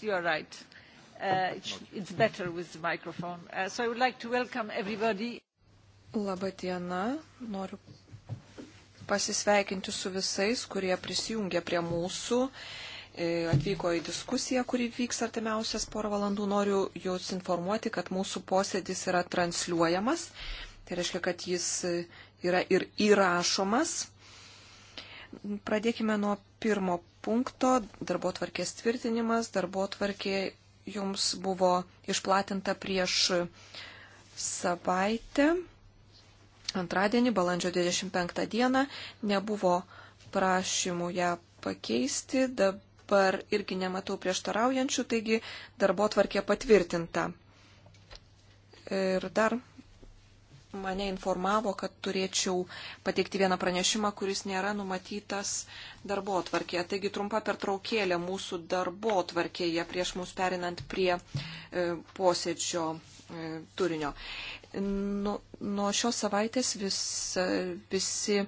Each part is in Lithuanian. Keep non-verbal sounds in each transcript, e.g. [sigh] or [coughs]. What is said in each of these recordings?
You're right. Uh, it's better with the microphone. Uh, so I would like to welcome everybody. Labą dieną. Noriu pasisveikinti su visais, kurie prisijungia prie mūsų e, atvyko į diskusiją, kuri vyks artimiausias porą valandų. Noriu jūs informuoti, kad mūsų posėdis yra transliuojamas. Tai reiškia, kad jis e, yra ir įrašomas. Pradėkime nuo pirmo punkto darbo tvarkės tvirtinimas. Darbo tvarkė jums buvo išplatinta prieš savaitę. Antradienį, balandžio 25 dieną, nebuvo prašymų ją pakeisti. Dabar irgi nematau prieštaraujančių, taigi darbo tvarkė patvirtinta. Ir dar mane informavo, kad turėčiau pateikti vieną pranešimą, kuris nėra numatytas darbo atvarkėje. Taigi trumpa pertraukėlė mūsų darbo atvarkėje prieš mus perinant prie e, posėdžio e, turinio. Nu, nuo šios savaitės vis, e, visi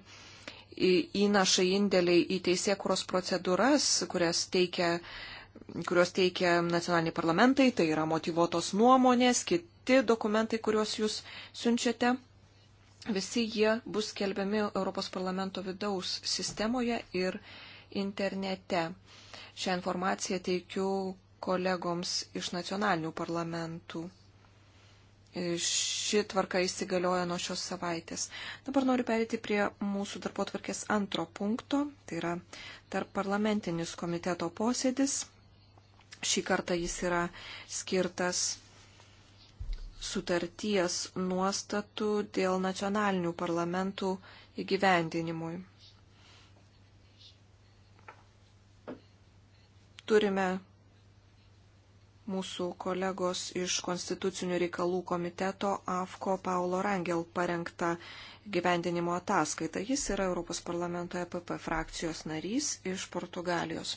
įnašai indėliai į teisėkuros procedūras, kurias teikia kuriuos teikia nacionaliniai parlamentai, tai yra motivuotos nuomonės, kit, kiti dokumentai, kuriuos jūs siunčiate, visi jie bus skelbiami Europos parlamento vidaus sistemoje ir internete. Šią informaciją teikiu kolegoms iš nacionalinių parlamentų. Ši tvarka įsigalioja nuo šios savaitės. Dabar noriu perėti prie mūsų darbo tvarkės antro punkto, tai yra tarp parlamentinis komiteto posėdis. Šį kartą jis yra skirtas sutarties nuostatų dėl nacionalinių parlamentų įgyvendinimui. Turime mūsų kolegos iš Konstitucinių reikalų komiteto AFKO Paulo Rangel parengtą gyvendinimo ataskaitą. Jis yra Europos parlamento EPP frakcijos narys iš Portugalijos.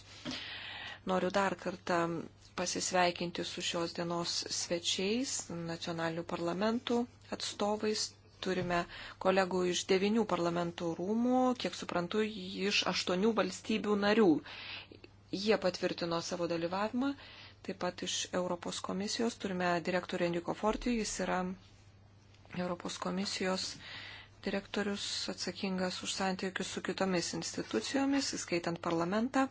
Noriu dar kartą pasisveikinti su šios dienos svečiais, nacionalinių parlamentų atstovais. Turime kolegų iš devinių parlamentų rūmų, kiek suprantu, iš aštuonių valstybių narių. Jie patvirtino savo dalyvavimą. Taip pat iš Europos komisijos turime direktorių Enrico Forti, jis yra Europos komisijos direktorius atsakingas už santykius su kitomis institucijomis, įskaitant parlamentą.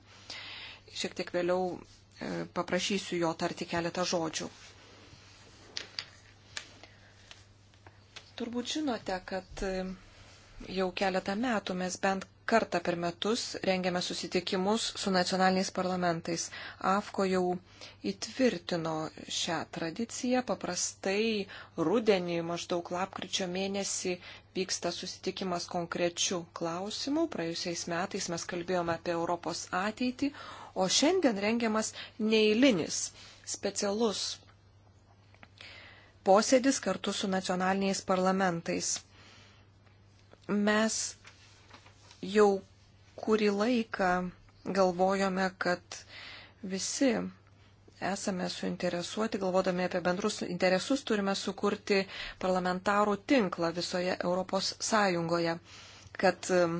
Šiek tiek vėliau E, paprašysiu jo tarti keletą žodžių. Turbūt žinote, kad e, jau keletą metų mes bent kartą per metus rengiame susitikimus su nacionaliniais parlamentais. AFKO jau įtvirtino šią tradiciją. Paprastai rudenį, maždaug lapkričio mėnesį, vyksta susitikimas konkrečių klausimų. Praėjusiais metais mes kalbėjome apie Europos ateitį, o šiandien rengiamas neįlinis, specialus posėdis kartu su nacionaliniais parlamentais. Mes jau kurį laiką galvojome, kad visi esame suinteresuoti, galvodami apie bendrus interesus, turime sukurti parlamentarų tinklą visoje Europos Sąjungoje, kad um,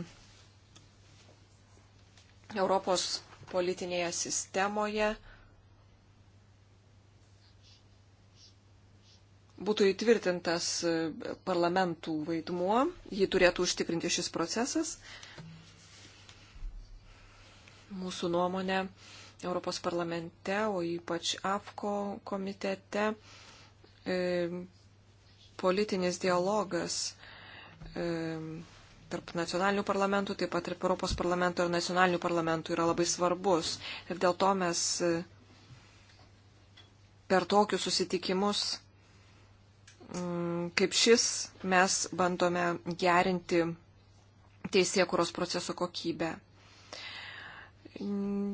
Europos politinėje sistemoje būtų įtvirtintas parlamentų vaidmuo, jį turėtų užtikrinti šis procesas. Mūsų nuomonė Europos parlamente, o ypač AFKO komitete, e, politinis dialogas e, tarp nacionalinių parlamentų, taip pat tarp Europos parlamento ir nacionalinių parlamentų yra labai svarbus. Ir dėl to mes e, per tokius susitikimus mm, kaip šis mes bandome gerinti teisėkuros proceso kokybę.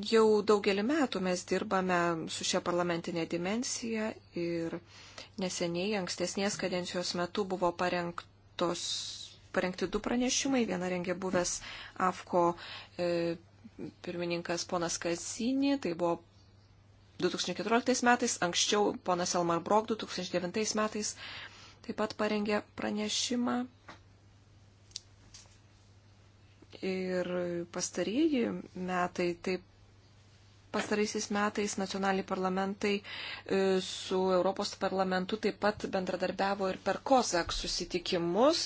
Jau daugelį metų mes dirbame su šia parlamentinė dimensija ir neseniai ankstesnės kadencijos metu buvo parengtos parengti du pranešimai. Vieną rengė buvęs AFKO e, pirmininkas ponas Kazinį, tai buvo 2014 metais, anksčiau ponas Elmar Brok 2009 metais taip pat parengė pranešimą. Ir pastarieji metai, taip pastaraisiais metais nacionaliniai parlamentai e, su Europos parlamentu taip pat bendradarbiavo ir per COSAC susitikimus.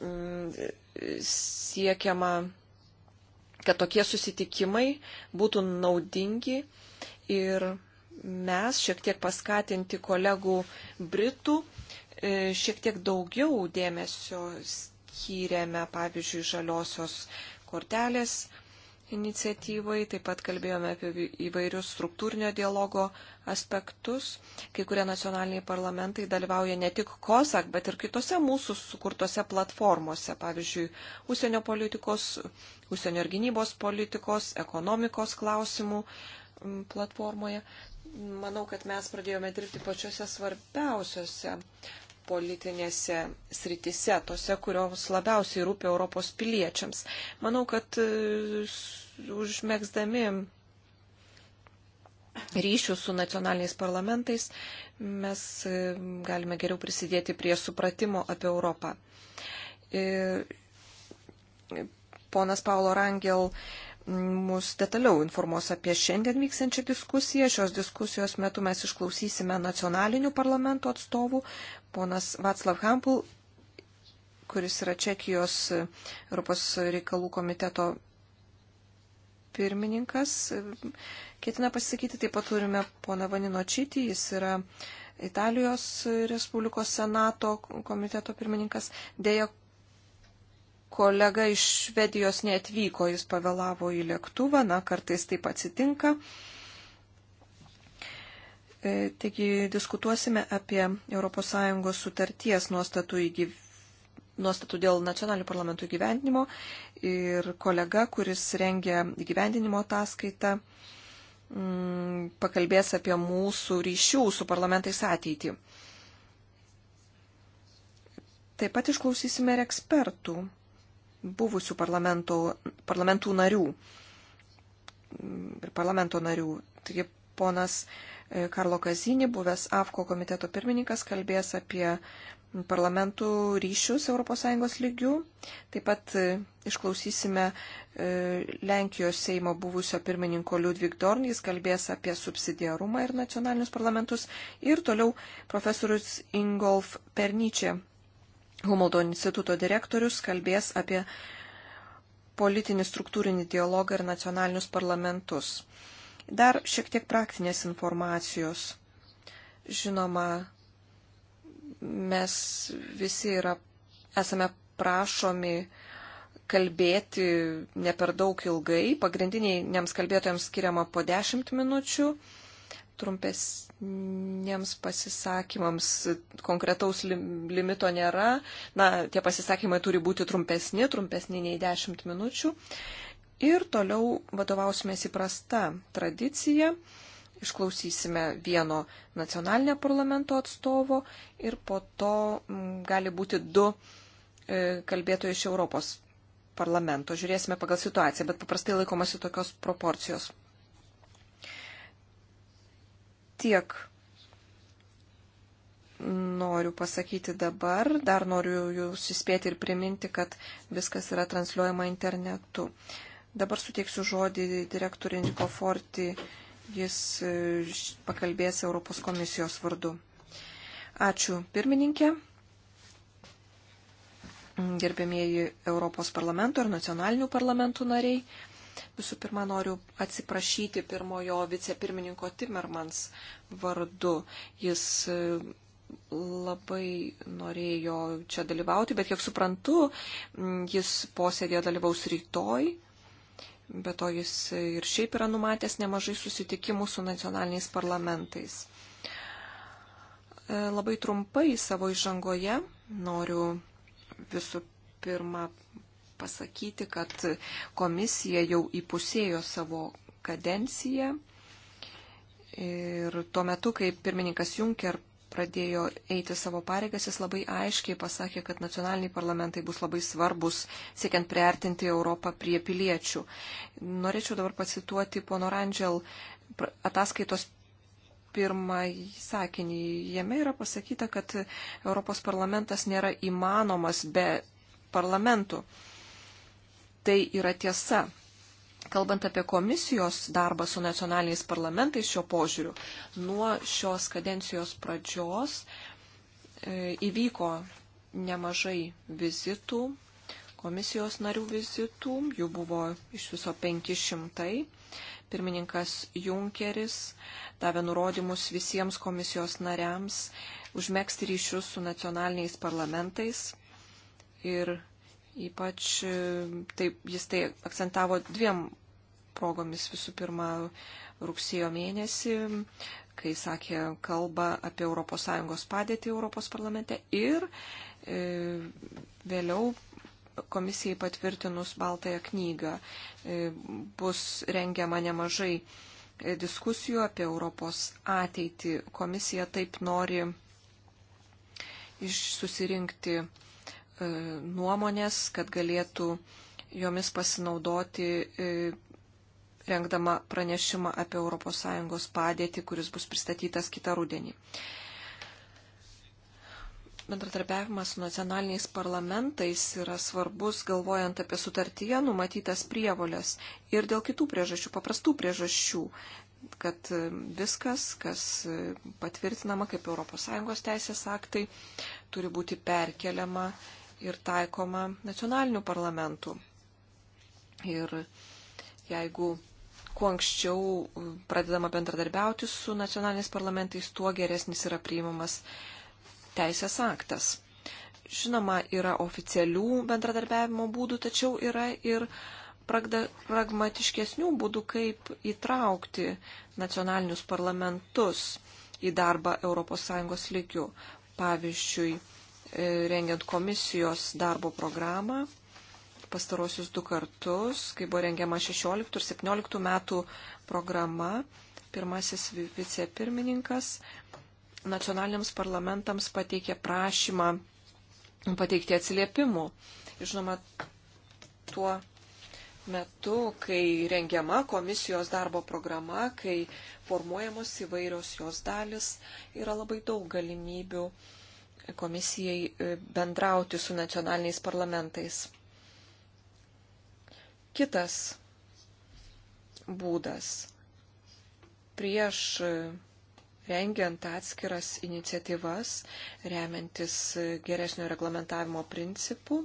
Mm, siekiama, kad tokie susitikimai būtų naudingi ir mes šiek tiek paskatinti kolegų Britų e, šiek tiek daugiau dėmesio skyrėme, pavyzdžiui, žaliosios kortelės iniciatyvai, taip pat kalbėjome apie įvairius struktūrinio dialogo aspektus. Kai kurie nacionaliniai parlamentai dalyvauja ne tik COSAC, bet ir kitose mūsų sukurtose platformose, pavyzdžiui, užsienio politikos, užsienio ir gynybos politikos, ekonomikos klausimų platformoje. Manau, kad mes pradėjome dirbti pačiuose svarbiausiuose politinėse sritise, tose, kurioms labiausiai rūpia Europos piliečiams. Manau, kad e, užmėgsdami ryšių su nacionaliniais parlamentais mes e, galime geriau prisidėti prie supratimo apie Europą. Ir e, ponas Paulo Rangel mus detaliau informuos apie šiandien vyksiančią diskusiją. Šios diskusijos metu mes išklausysime nacionalinių parlamento atstovų. Ponas Vaclav Hampul, kuris yra Čekijos Europos reikalų komiteto pirmininkas, ketina pasisakyti. Taip pat turime poną Vanino Čytį, jis yra Italijos Respublikos Senato komiteto pirmininkas. Dėja, kolega iš Švedijos neatvyko, jis pavėlavo į lėktuvą, na, kartais taip atsitinka. E, taigi diskutuosime apie ES sutarties nuostatų, įgyv... nuostatų dėl nacionalinių parlamentų įgyvendinimo ir kolega, kuris rengia įgyvendinimo ataskaitą, mm, pakalbės apie mūsų ryšių su parlamentais ateitį. Taip pat išklausysime ir ekspertų buvusių parlamentų, parlamentų narių ir parlamento narių. Taigi ponas e, Karlo Kazinį, buvęs AFKO komiteto pirmininkas, kalbės apie parlamentų ryšius ES lygių. Taip pat e, išklausysime e, Lenkijos Seimo buvusio pirmininko Ludvig Dorn, jis kalbės apie subsidiarumą ir nacionalinius parlamentus. Ir toliau profesorius Ingolf Pernyčia Humoldo instituto direktorius kalbės apie politinį struktūrinį dialogą ir nacionalinius parlamentus. Dar šiek tiek praktinės informacijos. Žinoma, mes visi yra, esame prašomi kalbėti ne per daug ilgai. Pagrindiniai nems kalbėtojams skiriama po 10 minučių trumpesniems pasisakymams konkretaus limito nėra. Na, tie pasisakymai turi būti trumpesni, trumpesni nei 10 minučių. Ir toliau vadovausimės įprasta tradicija. Išklausysime vieno nacionalinio parlamento atstovo ir po to m, gali būti du e, kalbėtojai iš Europos parlamento. Žiūrėsime pagal situaciją, bet paprastai laikomasi tokios proporcijos. Tiek noriu pasakyti dabar. Dar noriu jūs įspėti ir priminti, kad viskas yra transliuojama internetu. Dabar suteiksiu žodį direktoriui Niko Forti. Jis e, pakalbės Europos komisijos vardu. Ačiū pirmininkė. Gerbėmieji Europos parlamento ir nacionalinių parlamentų nariai. Visų pirma, noriu atsiprašyti pirmojo vicepirmininko Timmermans vardu. Jis e, labai norėjo čia dalyvauti, bet kiek suprantu, jis posėdėje dalyvaus rytoj. Be to jis ir šiaip yra numatęs nemažai susitikimų su nacionaliniais parlamentais. E, labai trumpai savo įžangoje noriu visų pirma pasakyti, kad komisija jau įpusėjo savo kadenciją. Ir tuo metu, kai pirmininkas Juncker pradėjo eiti savo pareigas, jis labai aiškiai pasakė, kad nacionaliniai parlamentai bus labai svarbus, siekiant priartinti Europą prie piliečių. Norėčiau dabar pacituoti pono Randžel ataskaitos pirmąjį sakinį. Jame yra pasakyta, kad Europos parlamentas nėra įmanomas be parlamentų tai yra tiesa. Kalbant apie komisijos darbą su nacionaliniais parlamentais šiuo požiūriu, nuo šios kadencijos pradžios e, įvyko nemažai vizitų, komisijos narių vizitų, jų buvo iš viso 500. Pirmininkas Junkeris davė nurodymus visiems komisijos nariams užmėgsti ryšius su nacionaliniais parlamentais ir Ypač e, taip, jis tai akcentavo dviem progomis. Visų pirma, rugsėjo mėnesį, kai sakė kalbą apie ES padėtį Europos parlamente ir e, vėliau komisijai patvirtinus Baltąją knygą e, bus rengiama nemažai e, diskusijų apie Europos ateitį. Komisija taip nori susirinkti E, nuomonės, kad galėtų jomis pasinaudoti e, rengdama pranešimą apie ES padėtį, kuris bus pristatytas kitą rudenį. Bendradarbiavimas su nacionaliniais parlamentais yra svarbus, galvojant apie sutartyje numatytas prievolės ir dėl kitų priežasčių, paprastų priežasčių, kad e, viskas, kas patvirtinama kaip ES teisės aktai, turi būti perkeliama ir taikoma nacionalinių parlamentų. Ir jeigu kuo anksčiau uh, pradedama bendradarbiauti su nacionaliniais parlamentais, tuo geresnis yra priimamas teisės aktas. Žinoma, yra oficialių bendradarbiavimo būdų, tačiau yra ir pragmatiškesnių būdų, kaip įtraukti nacionalinius parlamentus į darbą ES lygių. Pavyzdžiui, E, rengiant komisijos darbo programą pastarosius du kartus, kai buvo rengiama 16 ir 17 metų programa. Pirmasis vicepirmininkas nacionaliniams parlamentams pateikė prašymą pateikti atsiliepimų. Ir žinoma, tuo metu, kai rengiama komisijos darbo programa, kai formuojamos įvairios jos dalis, yra labai daug galimybių komisijai e, bendrauti su nacionaliniais parlamentais. Kitas būdas prieš e, rengiant atskiras iniciatyvas, remiantis e, geresnio reglamentavimo principų,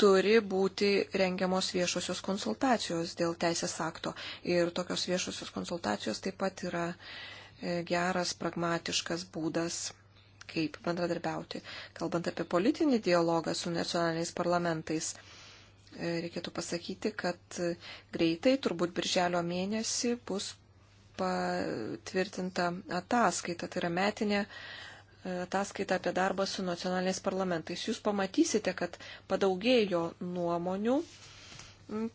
turi būti rengiamos viešosios konsultacijos dėl teisės akto. Ir tokios viešosios konsultacijos taip pat yra geras, pragmatiškas būdas, kaip bendradarbiauti. Kalbant apie politinį dialogą su nacionaliniais parlamentais, e, reikėtų pasakyti, kad greitai, turbūt birželio mėnesį, bus patvirtinta ataskaita, tai yra metinė e, ataskaita apie darbą su nacionaliniais parlamentais. Jūs pamatysite, kad padaugėjo nuomonių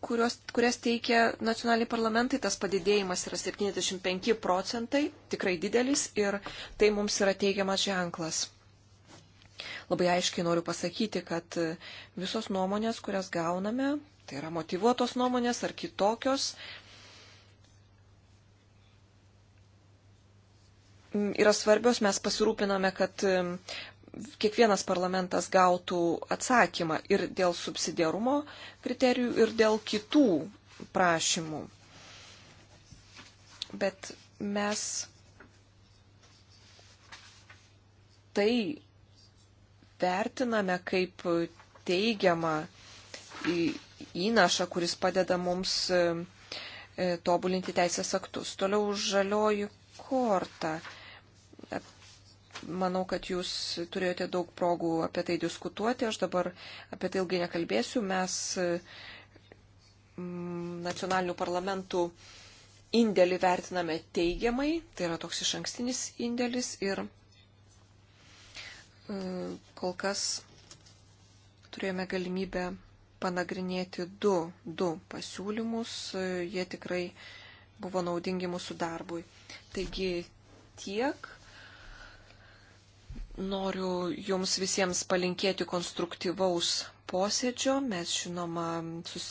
kurios, kurias teikia nacionaliniai parlamentai, tas padidėjimas yra 75 procentai, tikrai didelis ir tai mums yra teigiamas ženklas. Labai aiškiai noriu pasakyti, kad visos nuomonės, kurias gauname, tai yra motivuotos nuomonės ar kitokios, yra svarbios, mes pasirūpiname, kad kiekvienas parlamentas gautų atsakymą ir dėl subsidiarumo kriterijų, ir dėl kitų prašymų. Bet mes tai vertiname kaip teigiamą įnašą, kuris padeda mums e, e, tobulinti teisės aktus. Toliau žalioji korta. Manau, kad jūs turėjote daug progų apie tai diskutuoti. Aš dabar apie tai ilgai nekalbėsiu. Mes mm, nacionalinių parlamentų indėlį vertiname teigiamai. Tai yra toks iš ankstinis indėlis ir e, kol kas turėjome galimybę panagrinėti du, du pasiūlymus. E, jie tikrai buvo naudingi mūsų darbui. Taigi tiek Noriu jums visiems palinkėti konstruktyvaus posėdžio. Mes, žinoma, sus...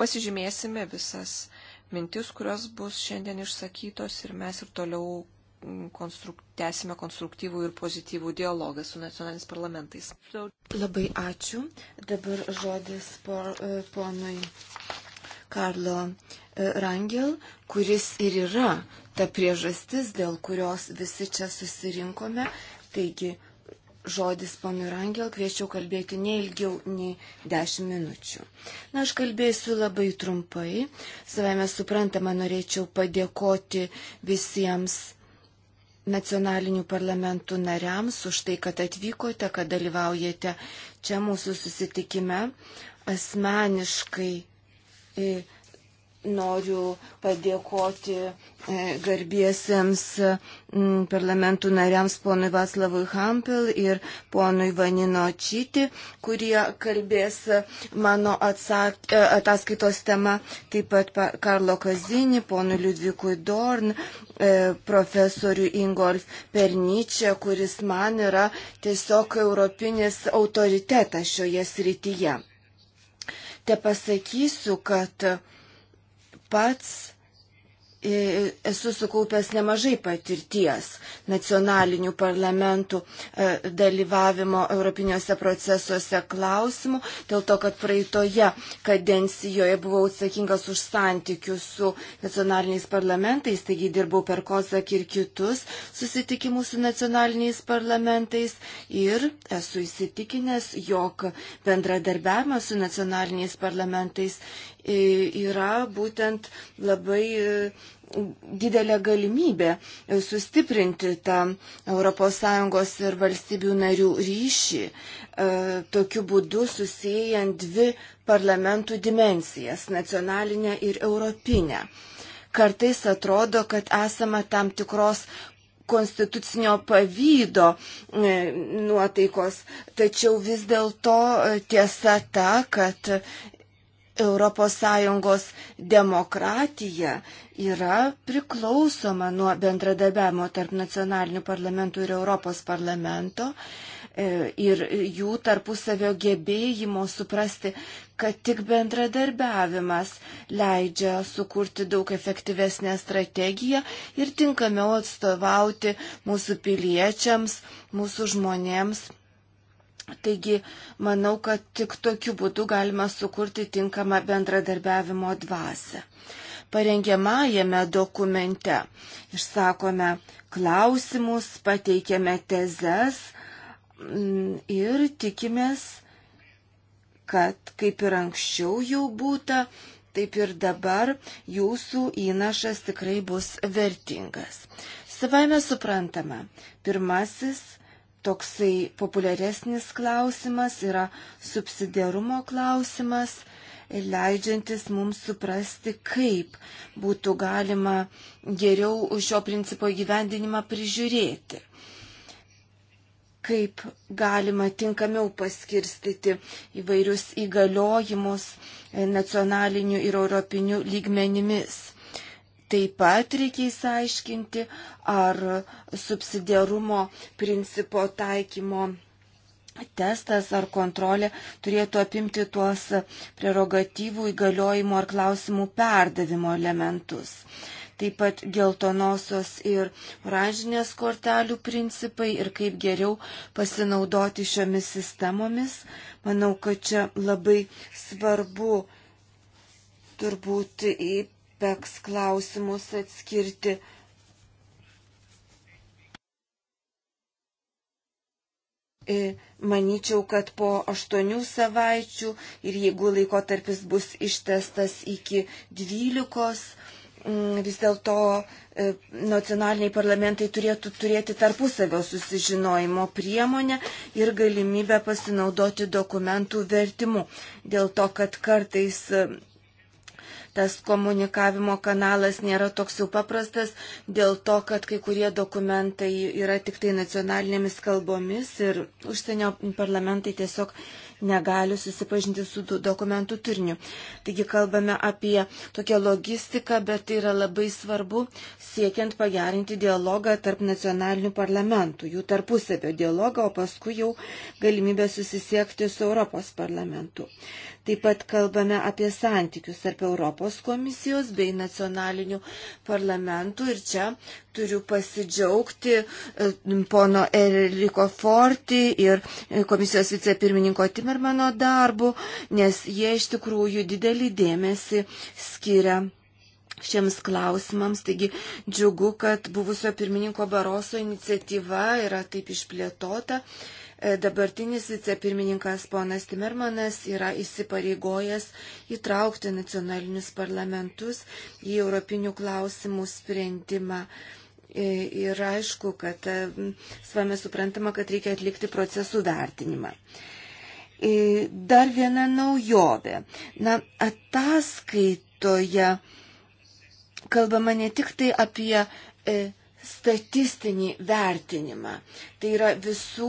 pasižymėsime visas mintis, kurios bus šiandien išsakytos ir mes ir toliau mm, konstruk... tęsime konstruktyvų ir pozityvų dialogą su nacionaliniais parlamentais. Labai ačiū. Dabar žodis por, e, ponui Karlo e, Rangel, kuris ir yra ta priežastis, dėl kurios visi čia susirinkome. Taigi, žodis ponui Rangel kviečiau kalbėti ne ilgiau nei 10 minučių. Na, aš kalbėsiu labai trumpai. Savame suprantama, norėčiau padėkoti visiems nacionalinių parlamentų nariams už tai, kad atvykote, kad dalyvaujate čia mūsų susitikime. Asmeniškai. E, noriu padėkoti e, garbiesiems parlamentų nariams ponui Vaslavui Hampel ir ponui Vanino Čyti, kurie kalbės mano atsak, e, ataskaitos tema, taip pat Karlo Kazinį, ponui Liudvikui Dorn, e, profesoriui Ingolf Pernyčia, kuris man yra tiesiog europinis autoritetas šioje srityje. Te pasakysiu, kad pats esu sukaupęs nemažai patirties nacionalinių parlamentų e, dalyvavimo europiniuose procesuose klausimų, dėl to, kad praeitoje kadencijoje buvau atsakingas už santykius su nacionaliniais parlamentais, taigi dirbau per Kozak ir kitus susitikimus su nacionaliniais parlamentais ir esu įsitikinęs, jog bendradarbiavimas su nacionaliniais parlamentais yra būtent labai e, didelė galimybė e, sustiprinti tą ES ir valstybių narių ryšį, e, tokiu būdu susijęjant dvi parlamentų dimensijas - nacionalinę ir europinę. Kartais atrodo, kad esama tam tikros konstitucinio pavydo nuotaikos, tačiau vis dėlto tiesa ta, kad ES demokratija yra priklausoma nuo bendradarbiavimo tarp nacionalinių parlamentų ir Europos parlamento e, ir jų tarpusavio gebėjimo suprasti, kad tik bendradarbiavimas leidžia sukurti daug efektyvesnę strategiją ir tinkamiau atstovauti mūsų piliečiams, mūsų žmonėms Taigi, manau, kad tik tokiu būdu galima sukurti tinkamą bendradarbiavimo dvasę. Parengiamajame dokumente išsakome klausimus, pateikėme tezes mm, ir tikimės, kad kaip ir anksčiau jau būta, taip ir dabar jūsų įnašas tikrai bus vertingas. Savaime suprantama, pirmasis – toksai populiaresnis klausimas yra subsidiarumo klausimas, leidžiantis mums suprasti, kaip būtų galima geriau šio principo įgyvendinimą prižiūrėti kaip galima tinkamiau paskirstyti įvairius įgaliojimus nacionaliniu ir europiniu lygmenimis. Taip pat reikia įsiaiškinti, ar subsidiarumo principo taikymo testas ar kontrolė turėtų apimti tuos prerogatyvų įgaliojimo ar klausimų perdavimo elementus. Taip pat geltonosios ir oranžinės kortelių principai ir kaip geriau pasinaudoti šiomis sistemomis. Manau, kad čia labai svarbu turbūt speks klausimus atskirti. E, Maničiau, kad po aštuonių savaičių ir jeigu laikotarpis bus ištestas iki dvylikos, mm, vis dėlto e, nacionaliniai parlamentai turėtų turėti tarpusavio susižinojimo priemonę ir galimybę pasinaudoti dokumentų vertimu. Dėl to, kad kartais tas komunikavimo kanalas nėra toks jau paprastas dėl to, kad kai kurie dokumentai yra tik tai nacionalinėmis kalbomis ir užsienio parlamentai tiesiog negali susipažinti su dokumentų turiniu. Taigi kalbame apie tokią logistiką, bet tai yra labai svarbu siekiant pagerinti dialogą tarp nacionalinių parlamentų, jų tarpusavio dialogą, o paskui jau galimybę susisiekti su Europos parlamentu. Taip pat kalbame apie santykius tarp Europos komisijos bei nacionalinių parlamentų ir čia turiu pasidžiaugti e, pono Eriko Forti ir komisijos vicepirmininko Timermano darbu, nes jie iš tikrųjų didelį dėmesį skiria šiems klausimams. Taigi džiugu, kad buvusio pirmininko Baroso iniciatyva yra taip išplėtota. E, dabartinis vicepirmininkas ponas Timermanas yra įsipareigojęs įtraukti nacionalinius parlamentus į europinių klausimų sprendimą. E, ir aišku, kad e, savame suprantama, kad reikia atlikti procesų vertinimą. Dar viena naujovė. Na, ataskaitoje kalbama ne tik tai apie statistinį vertinimą. Tai yra visų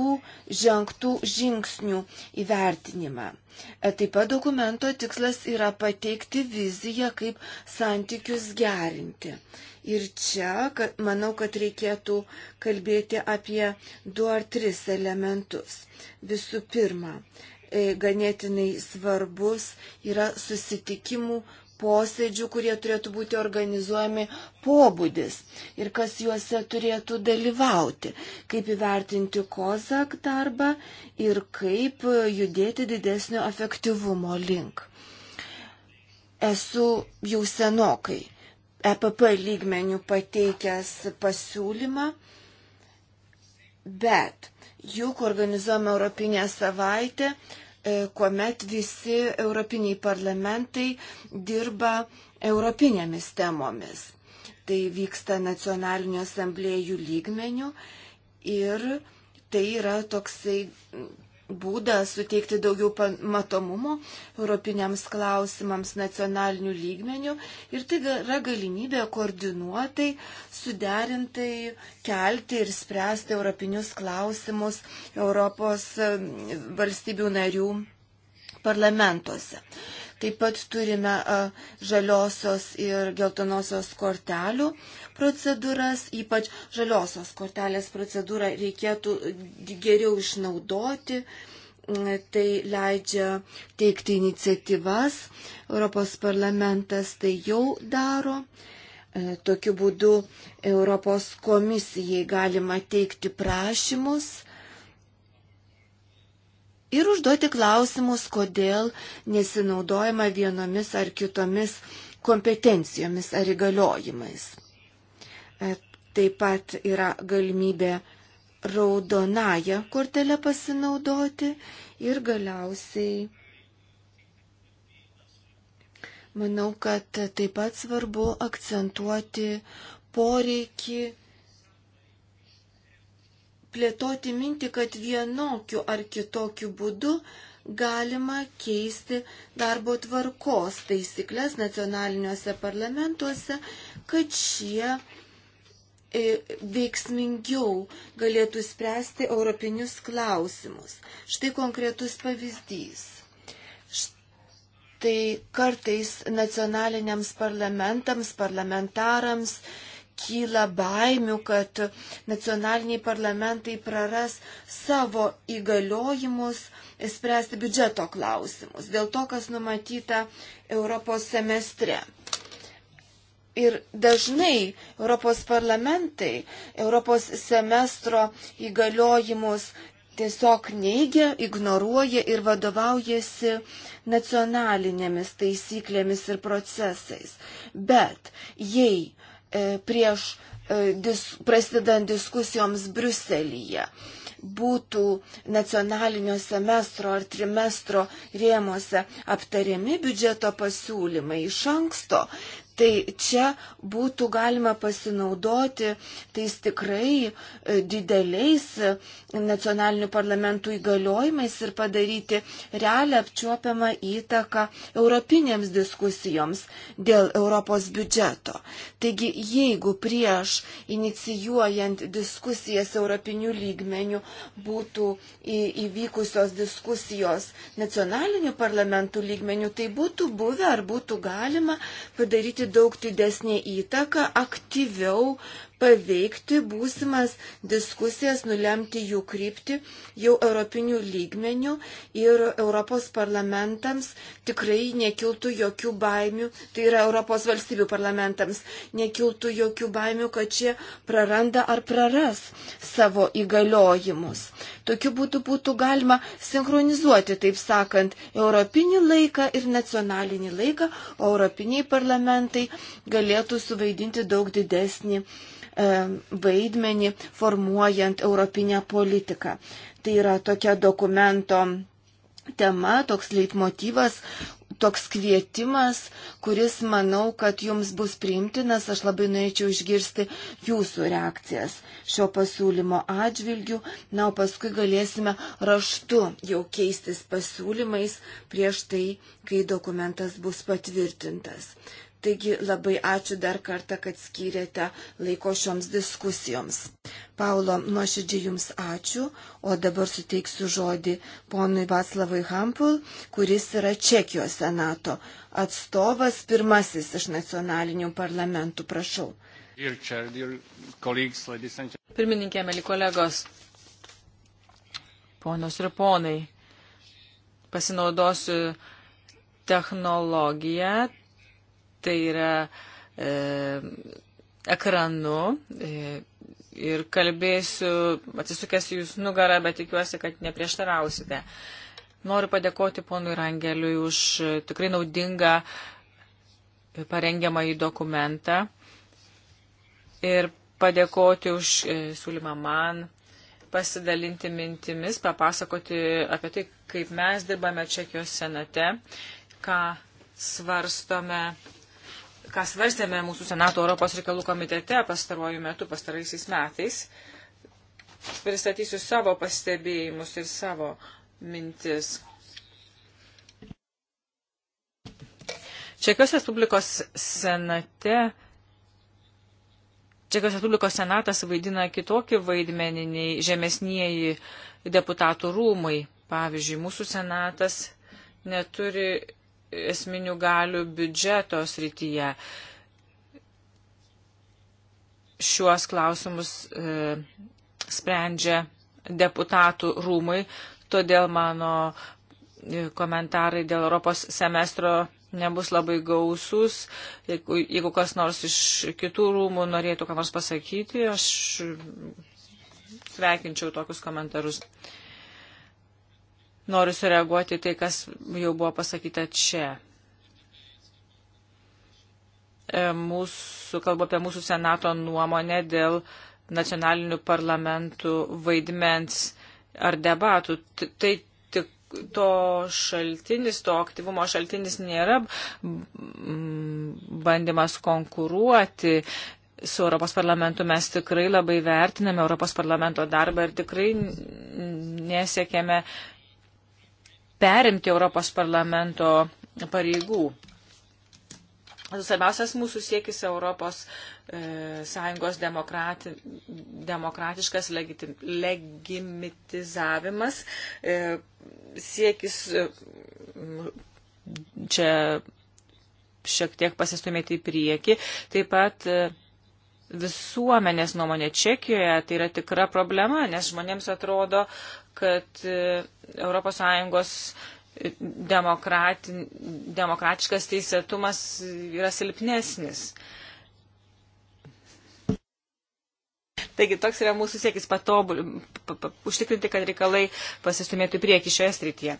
žengtų žingsnių įvertinimą. E, taip pat dokumento tikslas yra pateikti viziją, kaip santykius gerinti. Ir čia, kad, manau, kad reikėtų kalbėti apie du ar tris elementus. Visų pirma, e, ganėtinai svarbus yra susitikimų posėdžių, kurie turėtų būti organizuojami pobūdis ir kas juose turėtų dalyvauti, kaip įvertinti kozak darbą ir kaip judėti didesnio efektyvumo link. Esu jau senokai EPP lygmenių pateikęs pasiūlymą, bet juk organizuojama Europinė savaitė, E, kuomet visi europiniai parlamentai dirba europinėmis temomis. Tai vyksta nacionalinių asamblėjų lygmenių ir tai yra toksai būdą suteikti daugiau matomumo europiniams klausimams nacionalinių lygmenių ir tai yra galimybė koordinuotai, suderintai kelti ir spręsti europinius klausimus Europos valstybių narių parlamentuose. Taip pat turime žaliosios ir geltonosios kortelių procedūras, ypač žaliosios kortelės procedūrą reikėtų geriau išnaudoti. Mm, tai leidžia teikti iniciatyvas, Europos parlamentas tai jau daro. E, tokiu būdu Europos komisijai galima teikti prašymus ir užduoti klausimus, kodėl nesinaudojama vienomis ar kitomis kompetencijomis ar įgaliojimais. E, taip pat yra galimybė raudonąją kortelę pasinaudoti ir galiausiai manau, kad taip pat svarbu akcentuoti poreikį plėtoti mintį, kad vienokiu ar kitokiu būdu galima keisti darbo tvarkos taisyklės nacionaliniuose parlamentuose, kad šie e, veiksmingiau galėtų spręsti europinius klausimus. Štai konkretus pavyzdys. Štai kartais nacionaliniams parlamentams, parlamentarams kyla baimių, kad nacionaliniai parlamentai praras savo įgaliojimus spręsti biudžeto klausimus dėl to, kas numatyta Europos semestre. Ir dažnai Europos parlamentai Europos semestro įgaliojimus tiesiog neigia, ignoruoja ir vadovaujasi nacionalinėmis taisyklėmis ir procesais. Bet jei E, prieš e, dis, prasidant diskusijoms Briuselyje būtų nacionalinio semestro ar trimestro rėmose aptariami biudžeto pasiūlymai iš anksto, Tai čia būtų galima pasinaudoti tais tikrai e, dideliais e, nacionalinių parlamentų įgaliojimais ir padaryti realią apčiuopiamą įtaką europinėms diskusijoms dėl Europos biudžeto. Taigi, jeigu prieš inicijuojant diskusijas europinių lygmenių būtų įvykusios diskusijos nacionalinių parlamentų lygmenių, tai būtų buvę ar būtų galima padaryti daug didesnė įtaka aktyviau paveikti būsimas diskusijas, nulemti jų krypti jau europinių lygmenių ir Europos parlamentams tikrai nekiltų jokių baimių, tai yra Europos valstybių parlamentams, nekiltų jokių baimių, kad šie praranda ar praras savo įgaliojimus. Tokiu būdu būtų galima sinchronizuoti, taip sakant, europinį laiką ir nacionalinį laiką, o europiniai parlamentai galėtų suvaidinti daug didesnį E, vaidmenį formuojant europinę politiką. Tai yra tokia dokumento tema, toks leitmotyvas, toks kvietimas, kuris manau, kad jums bus priimtinas. Aš labai norėčiau išgirsti jūsų reakcijas šio pasiūlymo atžvilgių. Na, o paskui galėsime raštu jau keistis pasiūlymais prieš tai, kai dokumentas bus patvirtintas. Taigi labai ačiū dar kartą, kad skyrėte laiko šioms diskusijoms. Paulo, nuoširdžiai Jums ačiū, o dabar suteiksiu žodį ponui Vaslavui Hampul, kuris yra Čekijos senato atstovas, pirmasis iš nacionalinių parlamentų. Prašau. Pirmininkė, mėly kolegos, ponios ir ponai, pasinaudosiu technologiją tai yra e, ekranu e, ir kalbėsiu, atsisukęs jūs nugarą, bet tikiuosi, kad neprieštarausite. Noriu padėkoti ponui Rangeliui už e, tikrai naudingą e, parengiamą į dokumentą ir padėkoti už e, siūlymą man pasidalinti mintimis, papasakoti apie tai, kaip mes dirbame Čekijos senate, ką svarstome ką svarstėme mūsų Senato Europos reikalų komitete pastaruoju metu, pastaraisiais metais, pristatysiu savo pastebėjimus ir savo mintis. Čekijos Respublikos senate. Čekijos Respublikos senatas vaidina kitokį vaidmenį nei žemesnieji deputatų rūmai. Pavyzdžiui, mūsų senatas neturi esminių galių biudžeto srityje. Šiuos klausimus e, sprendžia deputatų rūmai, todėl mano e, komentarai dėl Europos semestro nebus labai gausus. Jeigu, jeigu kas nors iš kitų rūmų norėtų ką nors pasakyti, aš sveikinčiau tokius komentarus. Uh, Noriu sureaguoti tai, kas jau buvo pasakyta čia. E, mūsų, kalbu apie mūsų Senato nuomonę dėl nacionalinių parlamentų vaidmens ar debatų. Tai tik to šaltinis, to aktyvumo šaltinis nėra mm, bandymas konkuruoti su Europos parlamentu mes tikrai labai vertiname Europos parlamento darbą ir tikrai nesiekėme perimti Europos parlamento pareigų. Svarbiausias mūsų siekis Europos e, Sąjungos demokrati, demokratiškas legitim, legimitizavimas, e, siekis e, čia šiek tiek pasistumėti į priekį. Taip pat e, visuomenės nuomonė Čekijoje tai yra tikra problema, nes žmonėms atrodo, kad ES e, demokratiškas teisėtumas yra silpnesnis. Taigi toks yra mūsų siekis patobul, pa, pa, užtikrinti, kad reikalai pasistumėtų į priekį šioje srityje.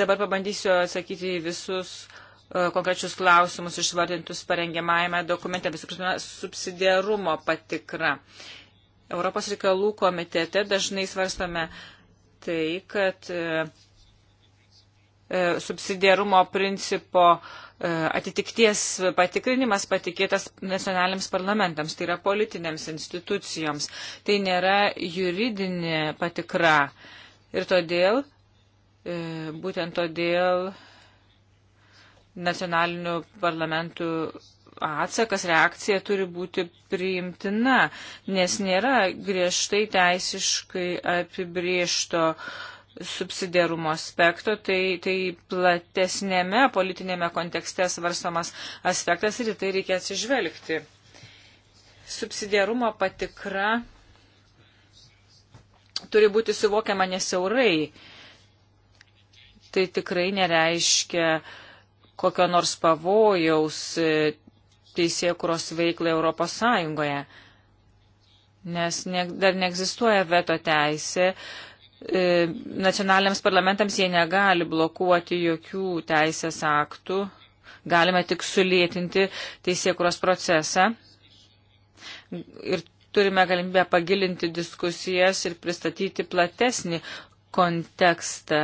Dabar pabandysiu atsakyti į visus uh, konkrečius klausimus išvardintus parengiamajame dokumente. Visų pirma, subsidiarumo patikra. Uh, Europos reikalų komitete dažnai svarstame tai, kad e, e, subsidiarumo principo e, atitikties patikrinimas patikėtas nacionaliniams parlamentams, tai yra politinėms institucijoms. Tai nėra juridinė patikra. Ir todėl, būtent todėl nacionalinių parlamentų atsakas, reakcija turi būti priimtina, nes nėra griežtai teisiškai apibriešto subsidiarumo aspekto, tai, tai platesnėme politinėme kontekste svarstamas aspektas ir į tai reikia atsižvelgti. Subsidiarumo patikra turi būti suvokiama nesiaurai. Tai tikrai nereiškia kokio nors pavojaus teisėkuros veiklai Europos Sąjungoje, nes ne, dar neegzistuoja veto teisė. E, nacionaliniams parlamentams jie negali blokuoti jokių teisės aktų, galime tik sulėtinti teisėkuros procesą ir turime galimybę pagilinti diskusijas ir pristatyti platesnį kontekstą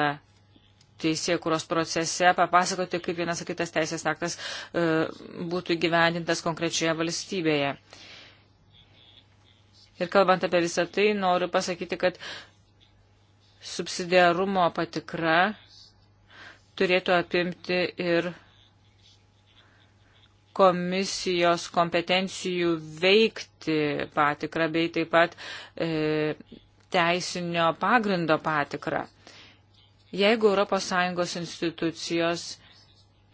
teisėkuros procese, papasakoti, kaip vienas ar kitas teisės aktas e, būtų gyvendintas konkrečioje valstybėje. Ir kalbant apie visą tai, noriu pasakyti, kad subsidiarumo patikra turėtų apimti ir komisijos kompetencijų veikti patikrą bei taip pat e, teisinio pagrindo patikrą. Jeigu ES institucijos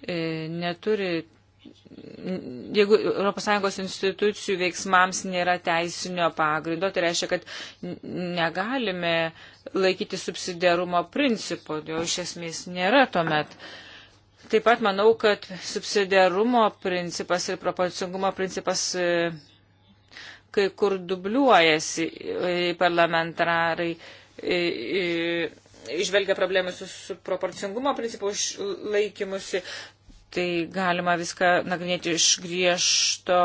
e, neturi, jeigu ES institucijų veiksmams nėra teisinio pagrindo, tai reiškia, kad negalime laikyti subsidiarumo principo, jo iš esmės nėra tuomet. Taip pat manau, kad subsidiarumo principas ir proporcingumo principas e, kai kur dubliuojasi e, parlamentarai e, išvelgia problemų su, su proporcingumo principu laikymusi, tai galima viską nagrinėti iš griežto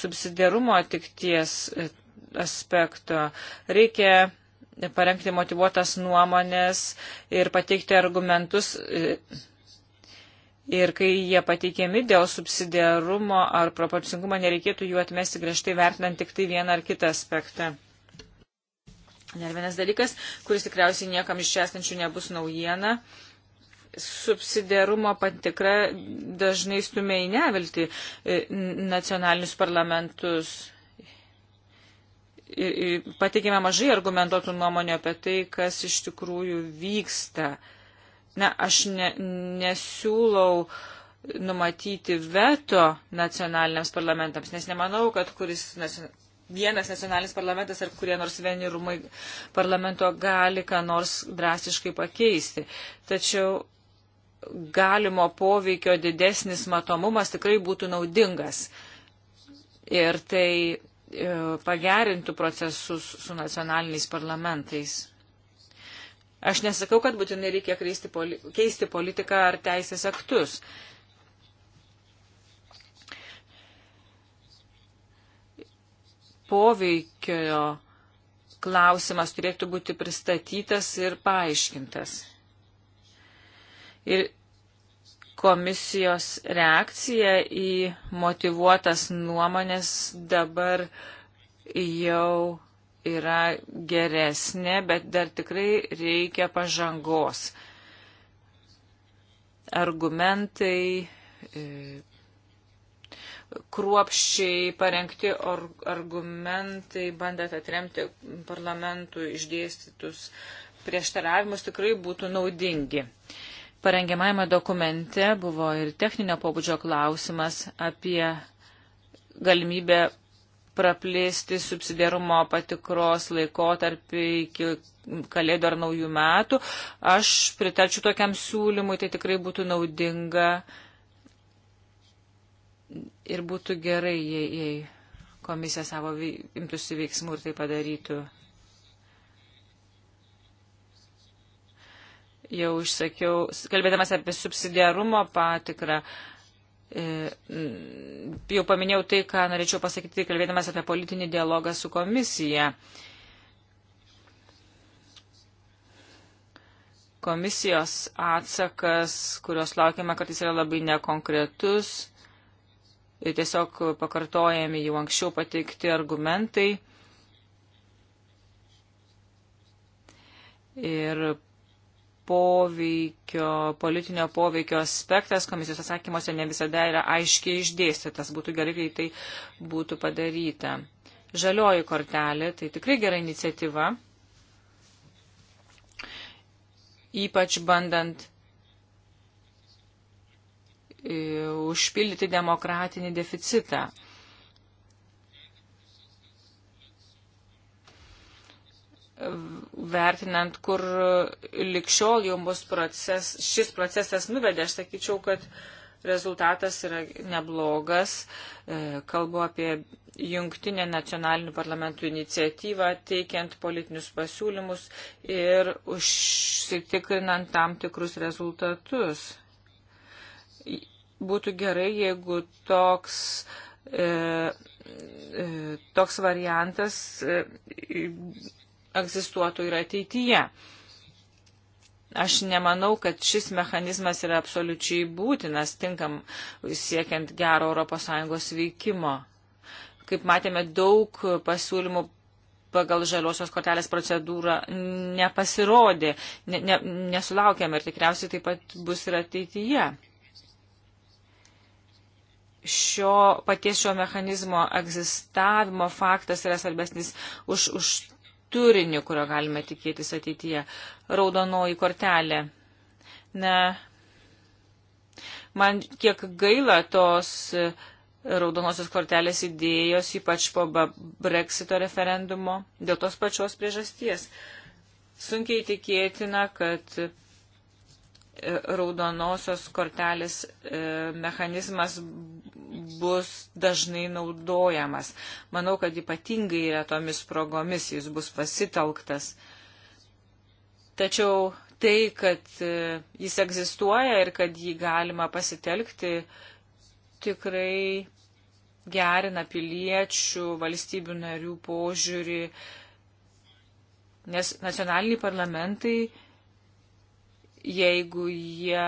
subsidiarumo tikties e, aspekto. Reikia parengti motivuotas nuomonės ir pateikti argumentus. E, ir kai jie pateikiami dėl subsidiarumo ar proporcingumo, nereikėtų jų atmesti griežtai vertinant tik tai vieną ar kitą aspektą. Dar vienas dalykas, kuris tikriausiai niekam iš čia esančių nebus naujiena. Subsidiarumo patikra dažnai stumia į nevilti e, nacionalinius parlamentus. Pateikėme mažai argumentuotų nuomonė apie tai, kas iš tikrųjų vyksta. Na, aš ne, nesiūlau uh, numatyti veto nacionaliniams parlamentams, nes nemanau, kad kuris vienas nacionalinis parlamentas ar kurie nors vieni rūmai parlamento gali ką nors drastiškai pakeisti. Tačiau galimo poveikio didesnis matomumas tikrai būtų naudingas. Ir tai e, pagerintų procesus su nacionaliniais parlamentais. Aš nesakau, kad būtinai reikia keisti politiką ar teisės aktus. Uh, poveikio klausimas turėtų būti pristatytas ir paaiškintas. Ir komisijos reakcija į motivuotas nuomonės dabar jau yra geresnė, bet dar tikrai reikia pažangos. Argumentai, e, kruopščiai parengti argumentai, bandant atremti parlamentų išdėstytus prieštaravimus, tikrai būtų naudingi. Parengiamajame dokumente buvo ir techninio pobūdžio klausimas apie galimybę praplėsti subsidiarumo patikros laikotarpį iki kalėdų ar naujų metų. Aš pritarčiau tokiam siūlymui, tai tikrai būtų naudinga uh, Ir būtų gerai, jei, jei komisija savo imtųsi veiksmų ir tai padarytų. Jau išsakiau, kalbėdamas apie subsidiarumo patikrą, e, jau paminėjau tai, ką norėčiau pasakyti, kalbėdamas apie politinį dialogą su komisija. Komisijos atsakas, kurios laukiama, kad jis yra labai nekonkretus tiesiog pakartojami jau anksčiau pateikti argumentai. Ir poveikio, politinio poveikio aspektas komisijos atsakymuose ne visada yra aiškiai išdėstytas. Būtų gerai, kai tai būtų padaryta. Žalioji kortelė tai tikrai gera iniciatyva, ypač bandant E, užpildyti demokratinį deficitą. Vertinant, kur likščiol jau bus proces, šis procesas nuvedė, aš sakyčiau, kad rezultatas yra neblogas. E, kalbu apie jungtinę nacionalinių parlamentų iniciatyvą, teikiant politinius pasiūlymus ir užsitikrinant tam tikrus rezultatus būtų gerai, jeigu toks, e, e, toks variantas e, egzistuotų ir ateityje. Aš nemanau, kad šis mechanizmas yra absoliučiai būtinas tinkam siekiant gero ES veikimo. Kaip matėme, daug pasiūlymų pagal žaliosios kortelės procedūrą nepasirodė, ne, ne, nesulaukėme ir tikriausiai taip pat bus ir ateityje šio paties šio mechanizmo egzistavimo faktas yra svarbesnis už, už turinį, kurio galime tikėtis ateityje. Raudonoji kortelė. Ne, man kiek gaila tos e, raudonosios kortelės idėjos, ypač po Brexito referendumo, dėl tos pačios priežasties. Sunkiai tikėtina, kad raudonosios kortelės e, mechanizmas bus dažnai naudojamas. Manau, kad ypatingai retomis progomis jis bus pasitelktas. Tačiau tai, kad e, jis egzistuoja ir kad jį galima pasitelkti, tikrai gerina piliečių, valstybių narių požiūrį, nes nacionaliniai parlamentai jeigu jie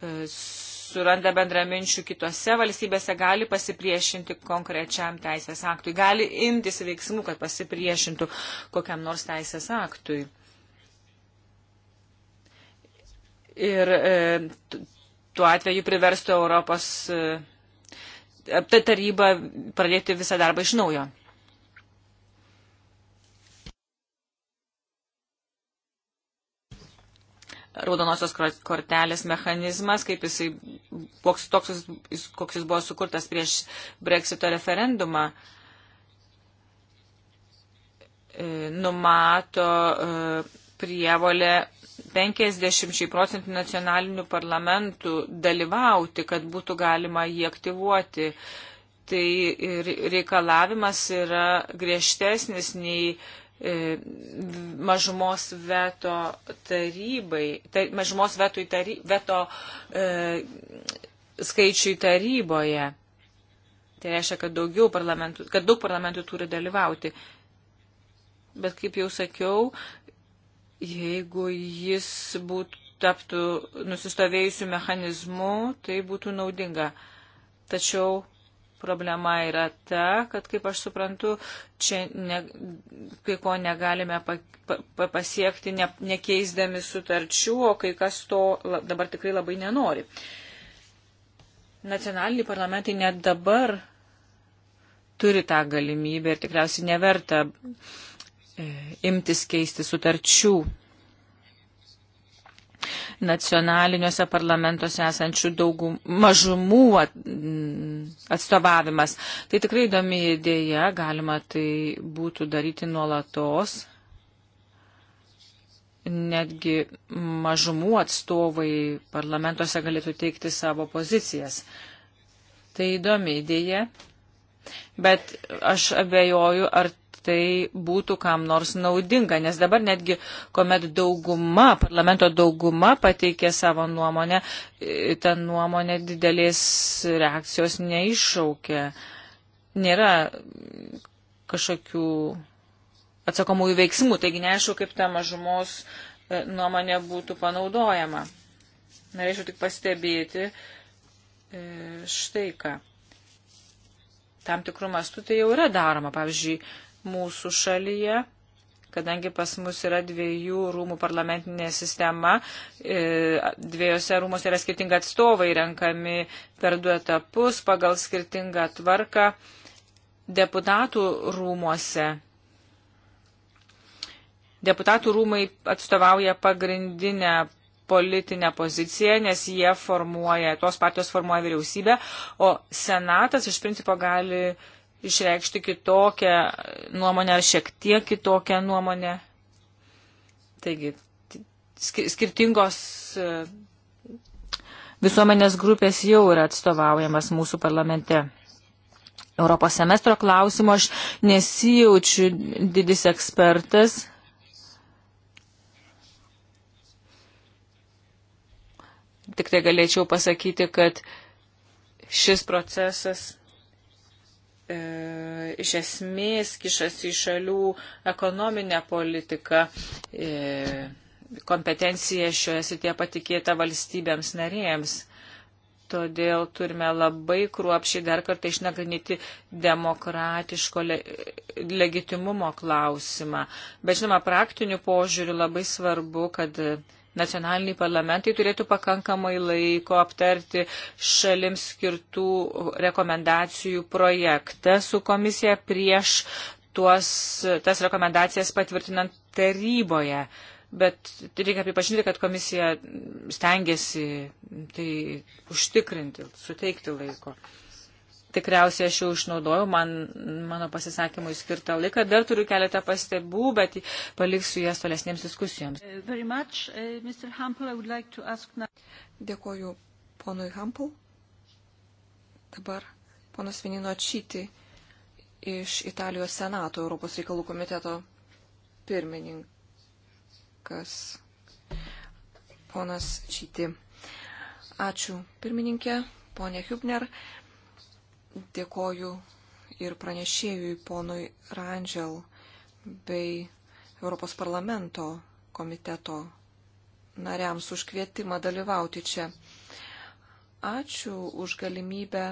e, suranda bendraminčių kitose valstybėse, gali pasipriešinti konkrečiam teisės aktui, gali imtis veiksmų, kad pasipriešintų kokiam nors teisės aktui. Ir e, tuo atveju priverstų Europos e, taryba pradėti visą darbą iš naujo. raudonosios kortelės mechanizmas, kaip jisai, koks, toks, koks jis buvo sukurtas prieš Brexito referendumą, e, numato e, prievolę 50 procentų nacionalinių parlamentų dalyvauti, kad būtų galima jį aktyvuoti. Tai reikalavimas yra griežtesnis nei E, mažumos veto tarybai, tai, mažumos veto, tary, veto e, skaičiui taryboje. Tai reiškia, kad, parlamentų, kad daug parlamentų turi dalyvauti. Bet kaip jau sakiau, jeigu jis būtų taptų nusistovėjusių mechanizmų, tai būtų naudinga. Tačiau problema yra ta, kad, kaip aš suprantu, čia ne, kai ko negalime pa, pa, pasiekti ne, nekeisdami sutarčių, o kai kas to dabar tikrai labai nenori. Nacionaliniai parlamentai net dabar turi tą galimybę ir tikriausiai neverta e, imtis keisti sutarčių nacionaliniuose parlamentuose esančių daugum, mažumų atstovavimas. Tai tikrai įdomi idėja, galima tai būtų daryti nuolatos. Netgi mažumų atstovai parlamentuose galėtų teikti savo pozicijas. Tai įdomi idėja, bet aš abejoju, ar tai būtų kam nors naudinga, nes dabar netgi, kuomet dauguma, parlamento dauguma pateikė savo nuomonę, e, ta nuomonė didelės reakcijos neiššaukė. Nėra kažkokių atsakomųjų veiksmų, taigi neaišku, kaip ta mažumos e, nuomonė būtų panaudojama. Norėčiau tik pastebėti e, štai ką. Tam tikrų mastų tai jau yra daroma. Pavyzdžiui, mūsų šalyje, kadangi pas mus yra dviejų rūmų parlamentinė sistema, e, dviejose rūmose yra skirtingi atstovai renkami per du etapus pagal skirtingą tvarką deputatų rūmose. Deputatų rūmai atstovauja pagrindinę politinę poziciją, nes jie formuoja, tos partijos formuoja vyriausybę, o senatas iš principo gali uh, išreikšti kitokią nuomonę ar šiek tiek kitokią nuomonę. Taigi, skirtingos e, visuomenės grupės jau yra atstovaujamas mūsų parlamente. Europos semestro klausimo aš nesijaučiu didis ekspertas. Tik tai galėčiau pasakyti, kad šis procesas E, iš esmės kišasi į šalių ekonominę politiką, e, kompetenciją šioje sitie patikėta valstybėms narėjams. Todėl turime labai kruopšiai dar kartą išnagrinėti demokratiško le legitimumo klausimą. Bet žinoma, praktiniu požiūriu labai svarbu, kad nacionaliniai parlamentai turėtų pakankamai laiko aptarti šalims skirtų rekomendacijų projektą su komisija prieš tuos, tas rekomendacijas patvirtinant taryboje. Bet reikia pripažinti, kad komisija stengiasi tai užtikrinti, suteikti laiko. Tikriausiai aš jau išnaudojau man, mano pasisakymui skirtą laiką. Dar turiu keletą pastebų, bet paliksiu jas tolesnėms diskusijoms. Uh, much, uh, Hampel, like ask... Dėkoju ponui Hampel. Dabar ponas Vinino Čyti iš Italijos Senato Europos reikalų komiteto pirmininkas. Ponas Čyti. Ačiū pirmininkė, ponė Hübner. Dėkoju ir pranešėjui ponui Rangel bei Europos parlamento komiteto nariams už kvietimą dalyvauti čia. Ačiū už galimybę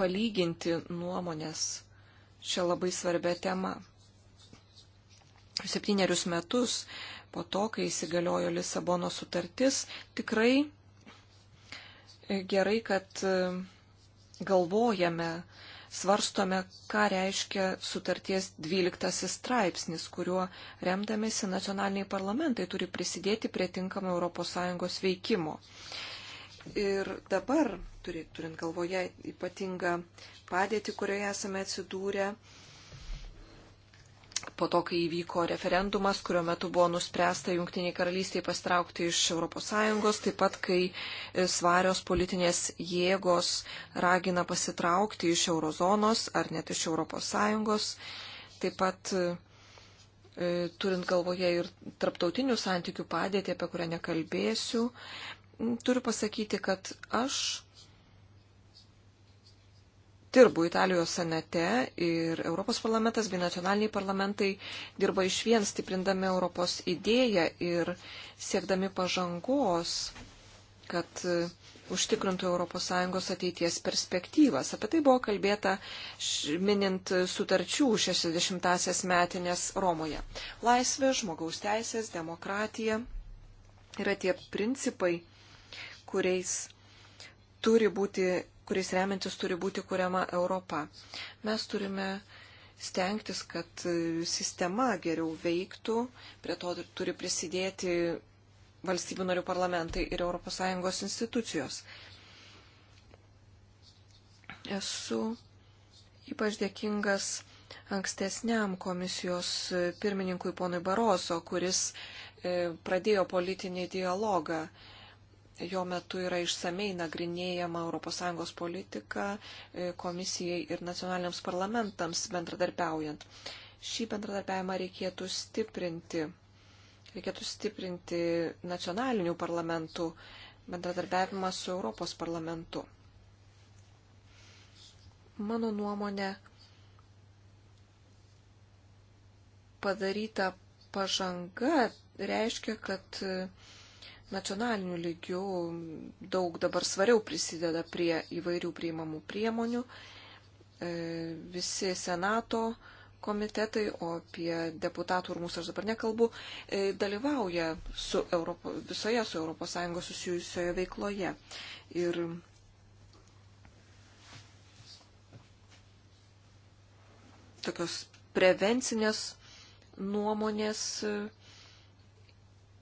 palyginti nuomonės šią labai svarbę temą. Septynerius metus po to, kai įsigaliojo Lisabono sutartis, tikrai gerai, kad galvojame, svarstome, ką reiškia sutarties 12 straipsnis, kuriuo remdamėsi nacionaliniai parlamentai turi prisidėti prie tinkamo ES veikimo. Ir dabar, turint galvoje ypatingą padėtį, kurioje esame atsidūrę, po to, kai įvyko referendumas, kurio metu buvo nuspręsta Junktiniai karalystiai pastraukti iš ES, taip pat, kai e, svarios politinės jėgos ragina pasitraukti iš eurozonos ar net iš ES, taip pat e, e, turint galvoje ir tarptautinių santykių padėtį, apie kurią nekalbėsiu, turiu pasakyti, kad aš dirbu Italijos senate ir Europos parlamentas bei nacionaliniai parlamentai dirba iš vien stiprindami Europos idėją ir siekdami pažangos, kad e, užtikrintų ES ateities perspektyvas. Apie tai buvo kalbėta minint sutarčių 60-asias metinės Romoje. Laisvė, žmogaus teisės, demokratija yra tie principai, kuriais turi būti kuriais remiantis turi būti kuriama Europa. Mes turime stengtis, kad sistema geriau veiktų, prie to turi prisidėti valstybių narių parlamentai ir ES institucijos. Esu ypač dėkingas ankstesniam komisijos pirmininkui ponui Baroso, kuris e, pradėjo politinį dialogą Jo metu yra išsamei nagrinėjama ES politika e, komisijai ir nacionaliniams parlamentams bendradarbiaujant. Šį bendradarbiavimą reikėtų stiprinti. Reikėtų stiprinti nacionalinių parlamentų bendradarbiavimą su Europos parlamentu. Mano nuomonė, padaryta pažanga reiškia, kad nacionaliniu lygiu daug dabar svariau prisideda prie įvairių priimamų priemonių. E, visi Senato komitetai, o apie deputatų ir mūsų aš dabar nekalbu, e, dalyvauja su Europo, visoje su ES susijusioje veikloje. Ir tokios prevencinės nuomonės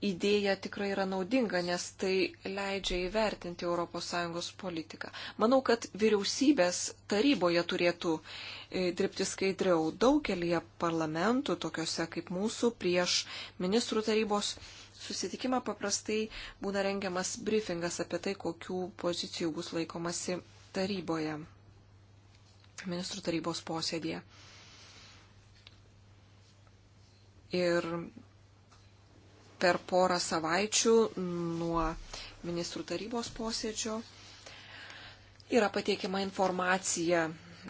idėja tikrai yra naudinga, nes tai leidžia įvertinti ES politiką. Manau, kad vyriausybės taryboje turėtų e, dirbti skaidriau. Daugelie parlamentų, tokiuose kaip mūsų, prieš ministrų tarybos susitikimą paprastai būna rengiamas briefingas apie tai, kokių pozicijų bus laikomasi taryboje, ministrų tarybos posėdėje. Ir per porą savaičių nuo ministrų tarybos posėdžio yra pateikiama informacija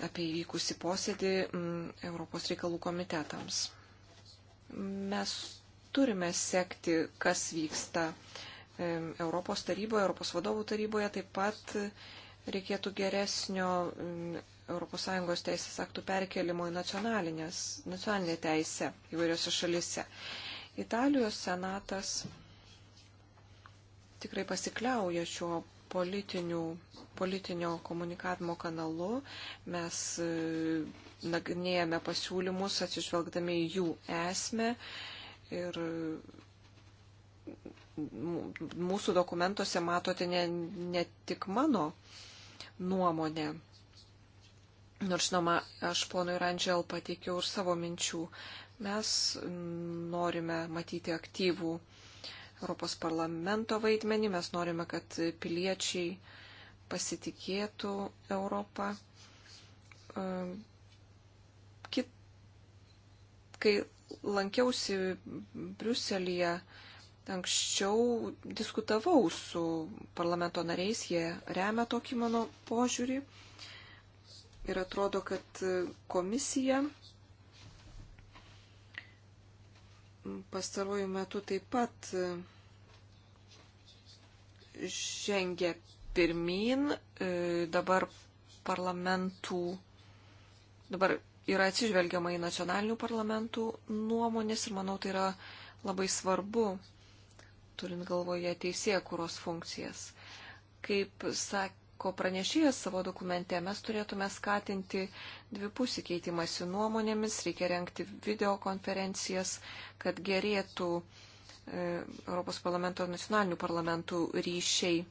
apie įvykusi posėdį mm, Europos reikalų komitetams. Mes turime sekti, kas vyksta Europos taryboje, Europos vadovų taryboje, taip pat reikėtų geresnio mm, ES teisės aktų perkelimo į nacionalinę teisę įvairiose šalise. Italijos senatas tikrai pasikliauja šiuo politiniu, politinio komunikavimo kanalu. Mes e, nagrinėjame pasiūlymus atsižvelgdami į jų esmę ir mūsų dokumentuose matote ne, ne tik mano nuomonę. Nors, žinoma, aš ponui Randžel pateikiau ir savo minčių, Mes norime matyti aktyvų Europos parlamento vaidmenį, mes norime, kad piliečiai pasitikėtų Europą. E, kit, kai lankiausi Briuselėje, anksčiau diskutavau su parlamento nariais, jie remia tokį mano požiūrį ir atrodo, kad komisija pastarojų metų taip pat e, žengia pirmin, e, dabar parlamentų, dabar yra atsižvelgiama į nacionalinių parlamentų nuomonės ir manau tai yra labai svarbu, turint galvoje teisėkuros funkcijas. Kaip sakė sako pranešėjas savo dokumente, mes turėtume skatinti dvipusį keitimąsi nuomonėmis, reikia renkti videokonferencijas, kad gerėtų e, Europos parlamento ir nacionalinių parlamentų ryšiai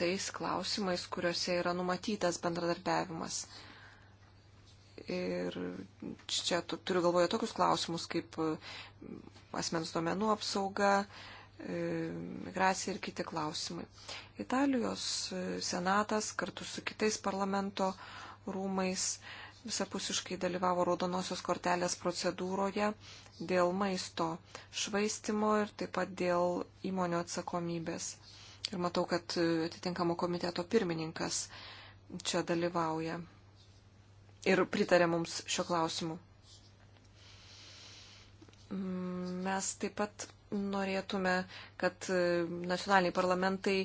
tais klausimais, kuriuose yra numatytas bendradarbiavimas. Ir čia turiu galvoje tokius klausimus kaip e, asmens duomenų apsauga, E, migracija ir kiti klausimai. Italijos e, senatas kartu su kitais parlamento rūmais visapusiškai dalyvavo raudonosios kortelės procedūroje dėl maisto švaistimo ir taip pat dėl įmonių atsakomybės. Ir matau, kad e, atitinkamo komiteto pirmininkas čia dalyvauja ir pritarė mums šio klausimu. Mm, mes taip pat norėtume, kad e, nacionaliniai parlamentai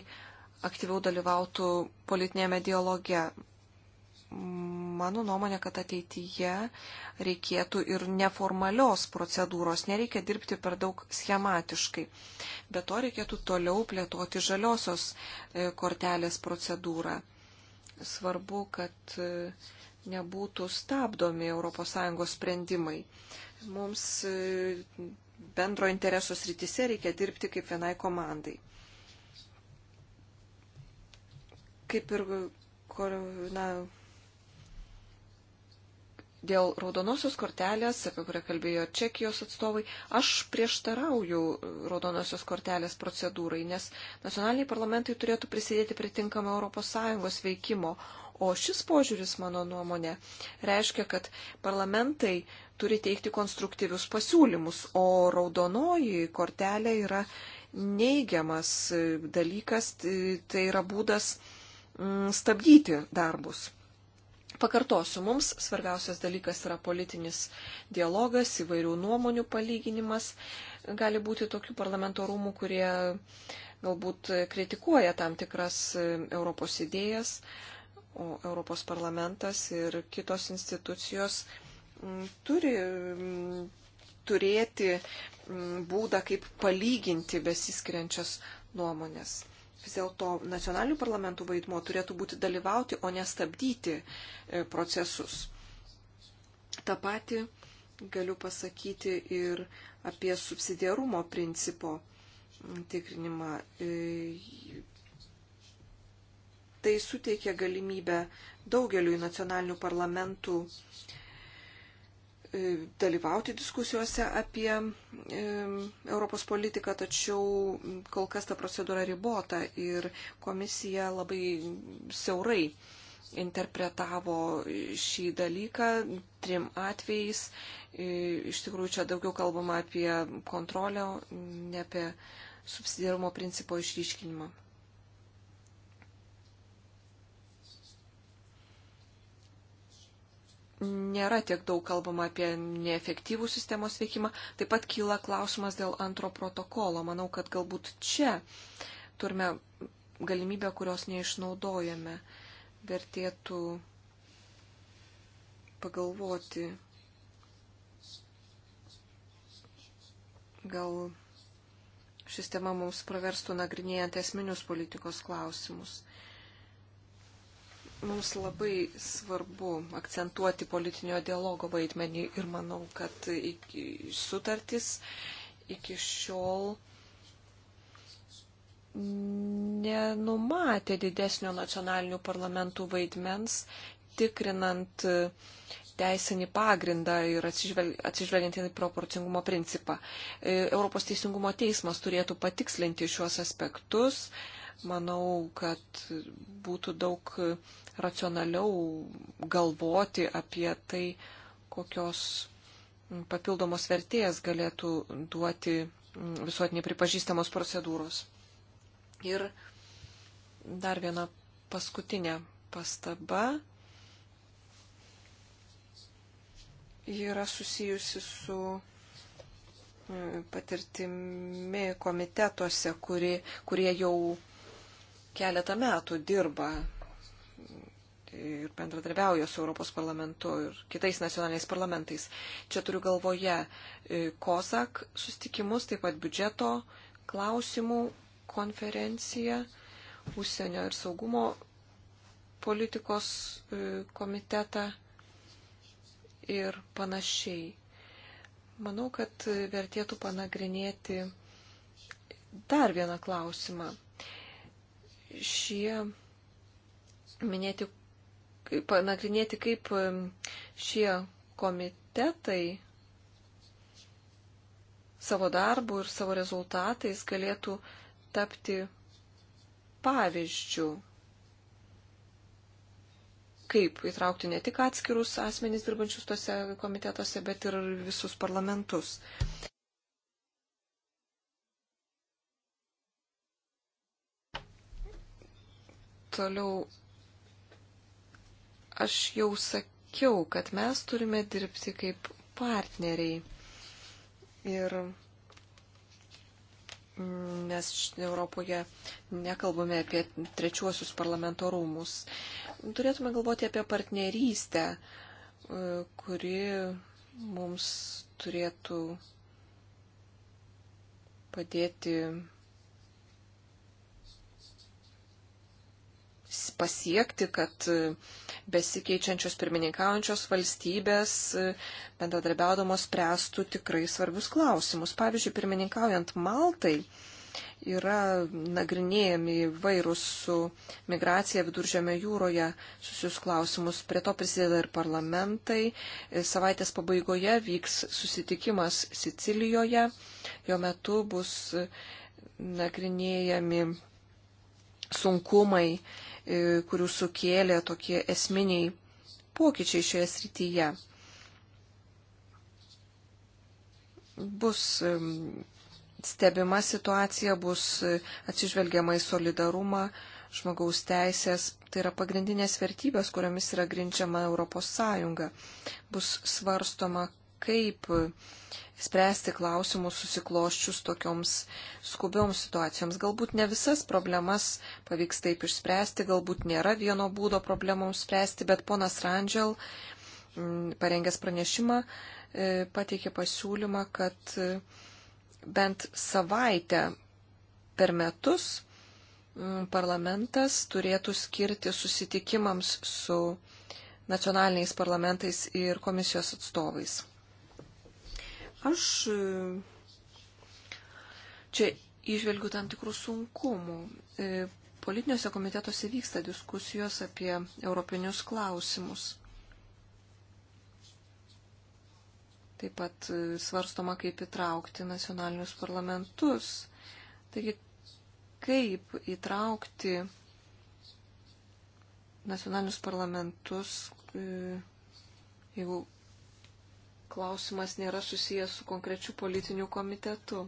aktyviau dalyvautų politinėme dialoge. Mano nuomonė, kad ateityje reikėtų ir neformalios procedūros, nereikia dirbti per daug schematiškai. Be to reikėtų toliau plėtoti žaliosios e, kortelės procedūrą. Svarbu, kad e, nebūtų stabdomi ES sprendimai. Mums bendro intereso srityse reikia dirbti kaip vienai komandai. Kaip ir na, dėl raudonosios kortelės, apie kurią kalbėjo Čekijos atstovai, aš prieštarauju raudonosios kortelės procedūrai, nes nacionaliniai parlamentai turėtų prisidėti prie tinkamo ES veikimo, o šis požiūris, mano nuomonė, reiškia, kad parlamentai turi teikti konstruktyvius pasiūlymus, o raudonoji kortelė yra neigiamas dalykas, tai, tai yra būdas mm, stabdyti darbus. Pakartosiu, mums svarbiausias dalykas yra politinis dialogas, įvairių nuomonių palyginimas. Gali būti tokių parlamento rūmų, kurie galbūt kritikuoja tam tikras Europos idėjas, o Europos parlamentas ir kitos institucijos turi turėti būdą, kaip palyginti besiskiriančias nuomonės. Vis dėlto nacionalinių parlamentų vaidmo turėtų būti dalyvauti, o nestabdyti e, procesus. Ta pati galiu pasakyti ir apie subsidiarumo principo tikrinimą. E, tai suteikia galimybę daugeliu nacionalinių parlamentų uh, E, dalyvauti diskusijose apie e, Europos politiką, tačiau kol kas ta procedūra ribota ir komisija labai siaurai interpretavo šį dalyką trim atvejais. E, iš tikrųjų, čia daugiau kalbama apie kontrolę, ne apie subsidiarumo principo išryškinimą. nėra tiek daug kalbama apie neefektyvų sistemos veikimą. Taip pat kyla klausimas dėl antro protokolo. Manau, kad galbūt čia turime galimybę, kurios neišnaudojame. Vertėtų pagalvoti. Gal šis tema mums praverstų nagrinėjant esminius politikos klausimus mums labai svarbu akcentuoti politinio dialogo vaidmenį ir manau, kad iki, sutartis iki šiol nenumatė didesnio nacionalinių parlamentų vaidmens, tikrinant teisinį pagrindą ir atsižvelgiant į proporcingumo principą. E, Europos teisingumo teismas turėtų patikslinti šiuos aspektus, manau, kad būtų daug racionaliau galvoti apie tai, kokios papildomos vertėjas galėtų duoti visuotiniai pripažįstamos procedūros. Ir dar viena paskutinė pastaba yra susijusi su mm, patirtimi komitetuose, kurie, kurie jau keletą metų dirba ir bendradarbiauja su Europos parlamentu ir kitais nacionaliniais parlamentais. Čia turiu galvoje e, COSAC sustikimus, taip pat biudžeto klausimų konferenciją, užsienio ir saugumo politikos e, komitetą ir panašiai. Manau, kad vertėtų panagrinėti dar vieną klausimą. Šie minėti, panagrinėti, kaip šie komitetai savo darbu ir savo rezultatais galėtų tapti pavyzdžių, kaip įtraukti ne tik atskirus asmenys dirbančius tose komitetuose, bet ir visus parlamentus. Toliau aš jau sakiau, kad mes turime dirbti kaip partneriai. Ir mm, mes Europoje nekalbame apie trečiuosius parlamento rūmus. Turėtume galvoti apie partnerystę, e, kuri mums turėtų padėti pasiekti, kad e, besikeičiančios pirmininkaujančios valstybės e, bendradarbiaudamos spręstų tikrai svarbius klausimus. Pavyzdžiui, pirmininkaujant Maltai yra nagrinėjami vairūs su migracija viduržėme jūroje susius klausimus. Prie to prisideda ir parlamentai. E, savaitės pabaigoje vyks susitikimas Sicilijoje. Jo metu bus nagrinėjami sunkumai E, kurių sukėlė tokie esminiai pokyčiai šioje srityje. Bus stebima situacija, bus e, atsižvelgiama į solidarumą, žmogaus teisės, tai yra pagrindinės vertybės, kuriomis yra grindžiama Europos Sąjunga. Bus svarstoma, kaip spręsti klausimus susikloščius tokioms skubioms situacijoms. Galbūt ne visas problemas pavyks taip išspręsti, galbūt nėra vieno būdo problemams spręsti, bet ponas Randžel mm, parengęs pranešimą e, pateikė pasiūlymą, kad e, bent savaitę per metus mm, parlamentas turėtų skirti susitikimams su nacionaliniais parlamentais ir komisijos atstovais. Aš e, čia išvelgiu tam tikrų sunkumų. E, politiniuose komitetuose vyksta diskusijos apie europinius klausimus. Taip pat e, svarstoma, kaip įtraukti nacionalinius parlamentus. Taigi, kaip įtraukti nacionalinius parlamentus, jeigu klausimas nėra susijęs su konkrečiu politiniu komitetu.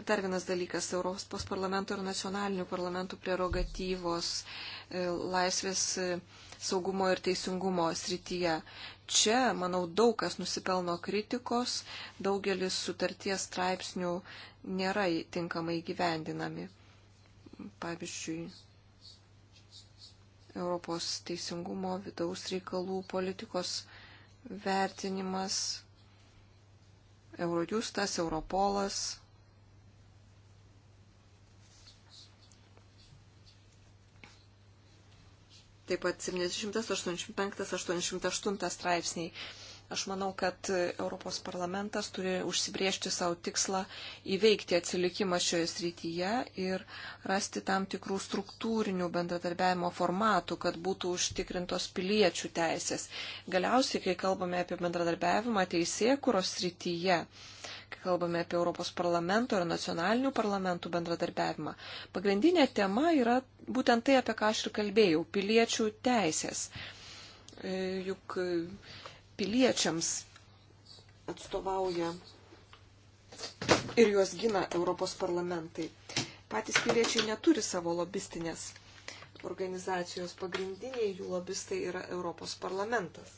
Ir dar vienas dalykas - Europos parlamento ir nacionalinių parlamentų prerogatyvos e, laisvės e, saugumo ir teisingumo srityje. Čia, manau, daug kas nusipelno kritikos, daugelis sutarties straipsnių nėra tinkamai gyvendinami. Pavyzdžiui, Europos teisingumo vidaus reikalų politikos vertinimas, Eurojustas, Europolas. Taip pat 785-88 straipsniai Aš manau, kad Europos parlamentas turi užsibriežti savo tikslą įveikti atsilikimą šioje srityje ir rasti tam tikrų struktūrinių bendradarbiavimo formatų, kad būtų užtikrintos piliečių teisės. Galiausiai, kai kalbame apie bendradarbiavimą teisėkuros srityje, kai kalbame apie Europos parlamento ir nacionalinių parlamentų bendradarbiavimą, pagrindinė tema yra būtent tai, apie ką aš ir kalbėjau - piliečių teisės. E, juk piliečiams atstovauja ir juos gina Europos parlamentai. Patys piliečiai neturi savo lobistinės organizacijos. Pagrindiniai jų lobistai yra Europos parlamentas.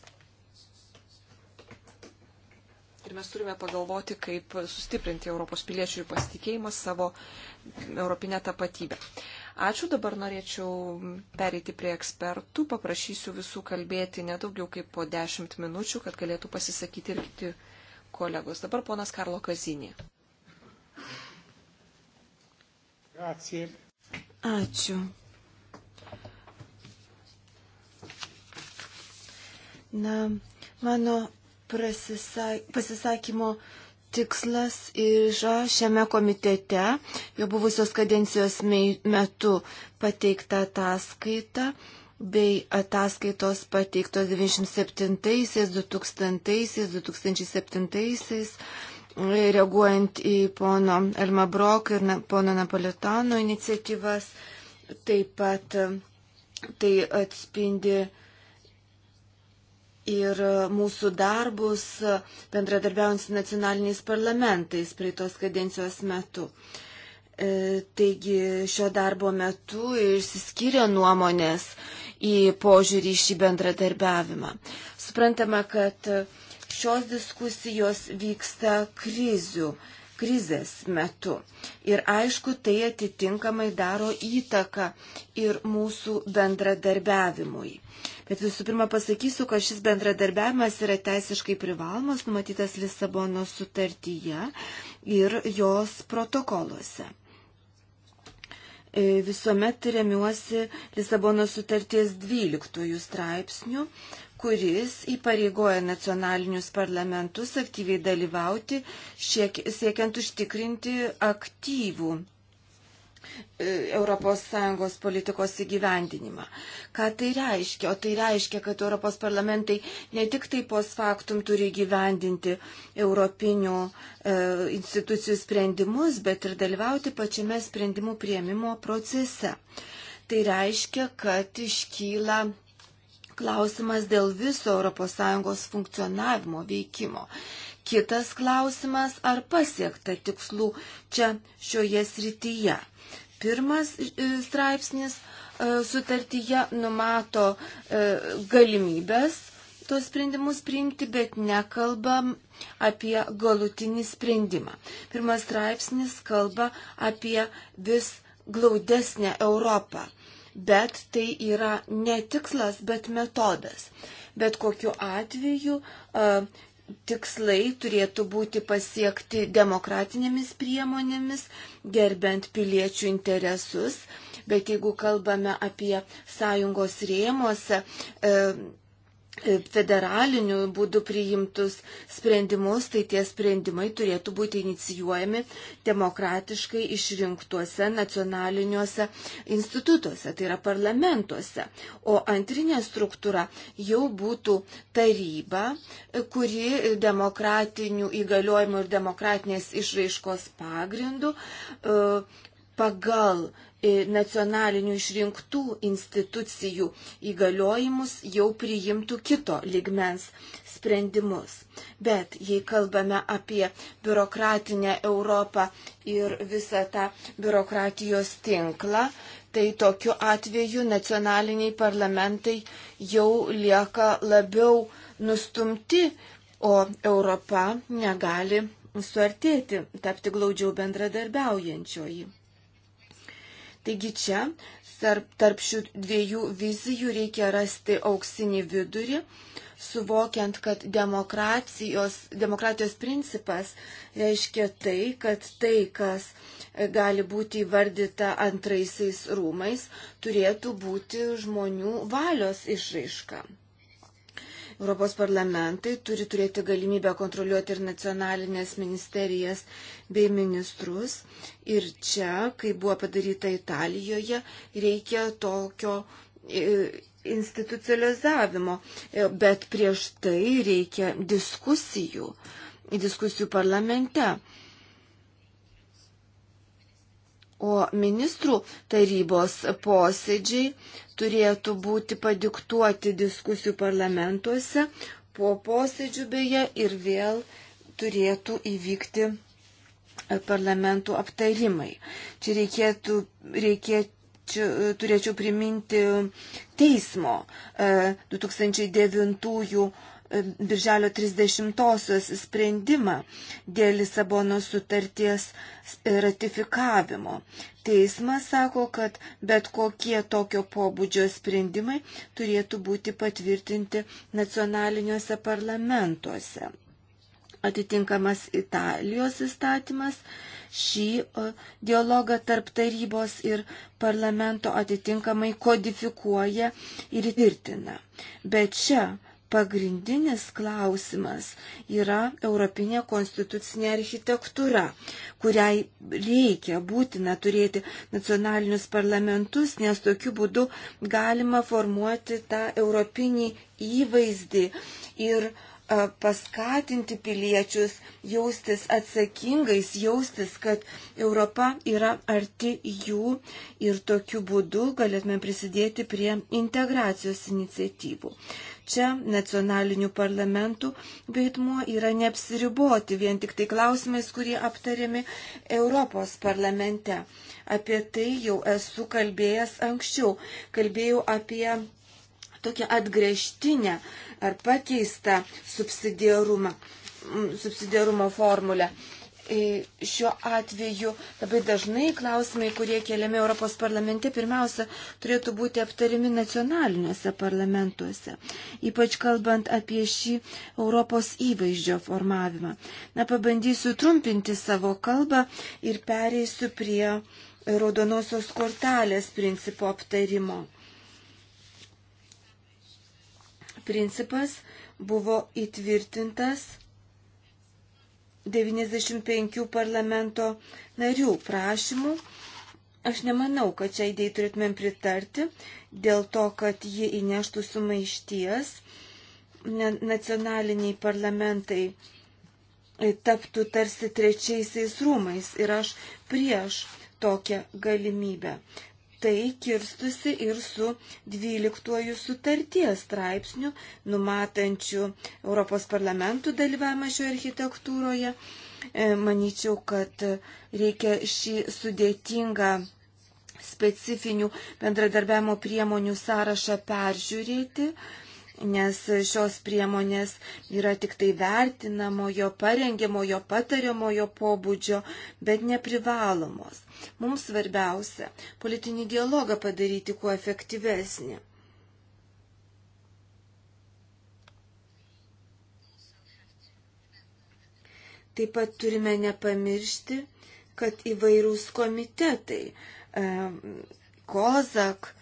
Ir mes turime pagalvoti, kaip sustiprinti Europos piliečių pasitikėjimą savo europinę tapatybę. Ačiū, dabar norėčiau pereiti prie ekspertų. Paprašysiu visų kalbėti nedaugiau kaip po 10 minučių, kad galėtų pasisakyti ir kiti kolegos. Dabar ponas Karlo Kazinė. Grazie. Ačiū. Na, mano prasisa... pasisakymo tikslas yra šiame komitete, jo buvusios kadencijos metu pateikta ataskaita bei ataskaitos pateiktos 97-aisiais, 2000-aisiais, 2007-aisiais, reaguojant į pono Elma Brok ir pono Napolitano iniciatyvas. Taip pat e, tai atspindi ir e, mūsų darbus e, bendradarbiaujant su nacionaliniais parlamentais praeitos kadencijos metu. E, taigi šio darbo metu išsiskyrė nuomonės į požiūrį į šį bendradarbiavimą. Suprantama, kad šios diskusijos vyksta krizių krizės metu. Ir aišku, tai atitinkamai daro įtaką ir mūsų bendradarbiavimui. Bet visų pirma pasakysiu, kad šis bendradarbiavimas yra teisiškai privalomas, numatytas Lisabono sutartyje ir jos protokoluose. E, visuomet remiuosi Lisabono sutarties 12 straipsnių, kuris įpareigoja nacionalinius parlamentus aktyviai dalyvauti, šiek, siekiant užtikrinti aktyvų ES politikos įgyvendinimą. Ką tai reiškia? O tai reiškia, kad Europos parlamentai ne tik tai pos faktum turi įgyvendinti europinių e, institucijų sprendimus, bet ir dalyvauti pačiame sprendimų prieimimo procese. Tai reiškia, kad iškyla klausimas dėl viso ES funkcionavimo veikimo. Kitas klausimas, ar pasiekta tikslų čia šioje srityje. Pirmas e, straipsnis e, sutartyje numato e, galimybės tuos sprendimus priimti, bet nekalbam apie galutinį sprendimą. Pirmas straipsnis kalba apie vis glaudesnę Europą bet tai yra ne tikslas, bet metodas. Bet kokiu atveju tikslai turėtų būti pasiekti demokratinėmis priemonėmis, gerbent piliečių interesus, bet jeigu kalbame apie sąjungos rėmose, e, E, federaliniu būdu priimtus sprendimus, tai tie sprendimai turėtų būti inicijuojami demokratiškai išrinktuose nacionaliniuose institutuose, tai yra parlamentuose. O antrinė struktūra jau būtų taryba, e, kuri demokratinių įgaliojimų ir demokratinės išraiškos pagrindų e, pagal nacionalinių išrinktų institucijų įgaliojimus jau priimtų kito ligmens sprendimus. Bet jei kalbame apie biurokratinę Europą ir visą tą biurokratijos tinklą, tai tokiu atveju nacionaliniai parlamentai jau lieka labiau nustumti, o Europa negali suartėti, tapti glaudžiau bendradarbiaujančioji. Taigi čia tarp, tarp šių dviejų vizijų reikia rasti auksinį vidurį, suvokiant, kad demokratijos, demokratijos principas reiškia tai, kad tai, kas gali būti įvardyta antraisiais rūmais, turėtų būti žmonių valios išraiška. Europos parlamentai turi turėti galimybę kontroliuoti ir nacionalinės ministerijas bei ministrus. Ir čia, kai buvo padaryta Italijoje, reikia tokio e, institucionalizavimo, e, bet prieš tai reikia diskusijų, diskusijų parlamente. O ministrų tarybos posėdžiai turėtų būti padiktuoti diskusijų parlamentuose, po posėdžių beje ir vėl turėtų įvykti e, parlamentų aptarimai. Čia reikėtų, reikėtų čia turėčiau priminti teismo 2009 e, Birželio 30-osios sprendimą dėl Lisabono sutarties ratifikavimo. Teismas sako, kad bet kokie tokio pobūdžio sprendimai turėtų būti patvirtinti nacionaliniuose parlamentuose. Atitinkamas Italijos įstatymas šį dialogą tarp tarybos ir parlamento atitinkamai kodifikuoja ir įtvirtina. Bet čia pagrindinis klausimas yra europinė konstitucinė architektūra, kuriai reikia būtina turėti nacionalinius parlamentus, nes tokiu būdu galima formuoti tą europinį įvaizdį ir paskatinti piliečius jaustis atsakingais, jaustis, kad Europa yra arti jų ir tokiu būdu galėtume prisidėti prie integracijos iniciatyvų. Čia nacionalinių parlamentų vaidmuo yra neapsiriboti vien tik tai klausimais, kurie aptariami Europos parlamente. Apie tai jau esu kalbėjęs anksčiau. Kalbėjau apie tokią atgrėžtinę ar pakeistą subsidiarumą subsidiarumo formulę. E, šiuo atveju labai dažnai klausimai, kurie keliami Europos parlamente, pirmiausia, turėtų būti aptarimi nacionaliniuose parlamentuose, ypač kalbant apie šį Europos įvaizdžio formavimą. Na, pabandysiu trumpinti savo kalbą ir pereisiu prie raudonosios kortelės principo aptarimo. Principas buvo įtvirtintas 95 parlamento narių prašymų. Aš nemanau, kad šią idėją turėtumėm pritarti dėl to, kad ji įneštų sumaišties. Nacionaliniai parlamentai taptų tarsi trečiaisiais rūmais ir aš prieš tokią galimybę tai kirstusi ir su 12 sutarties straipsniu, numatančiu Europos parlamentų dalyvavimą šioje architektūroje. E, manyčiau, kad reikia šį sudėtingą specifinių bendradarbiavimo priemonių sąrašą peržiūrėti nes šios priemonės yra tik tai vertinamojo, parengiamojo, patariamojo pobūdžio, bet neprivalomos. Mums svarbiausia - politinį dialogą padaryti kuo efektyvesnį. Taip pat turime nepamiršti, kad įvairūs komitetai, e, Kozak,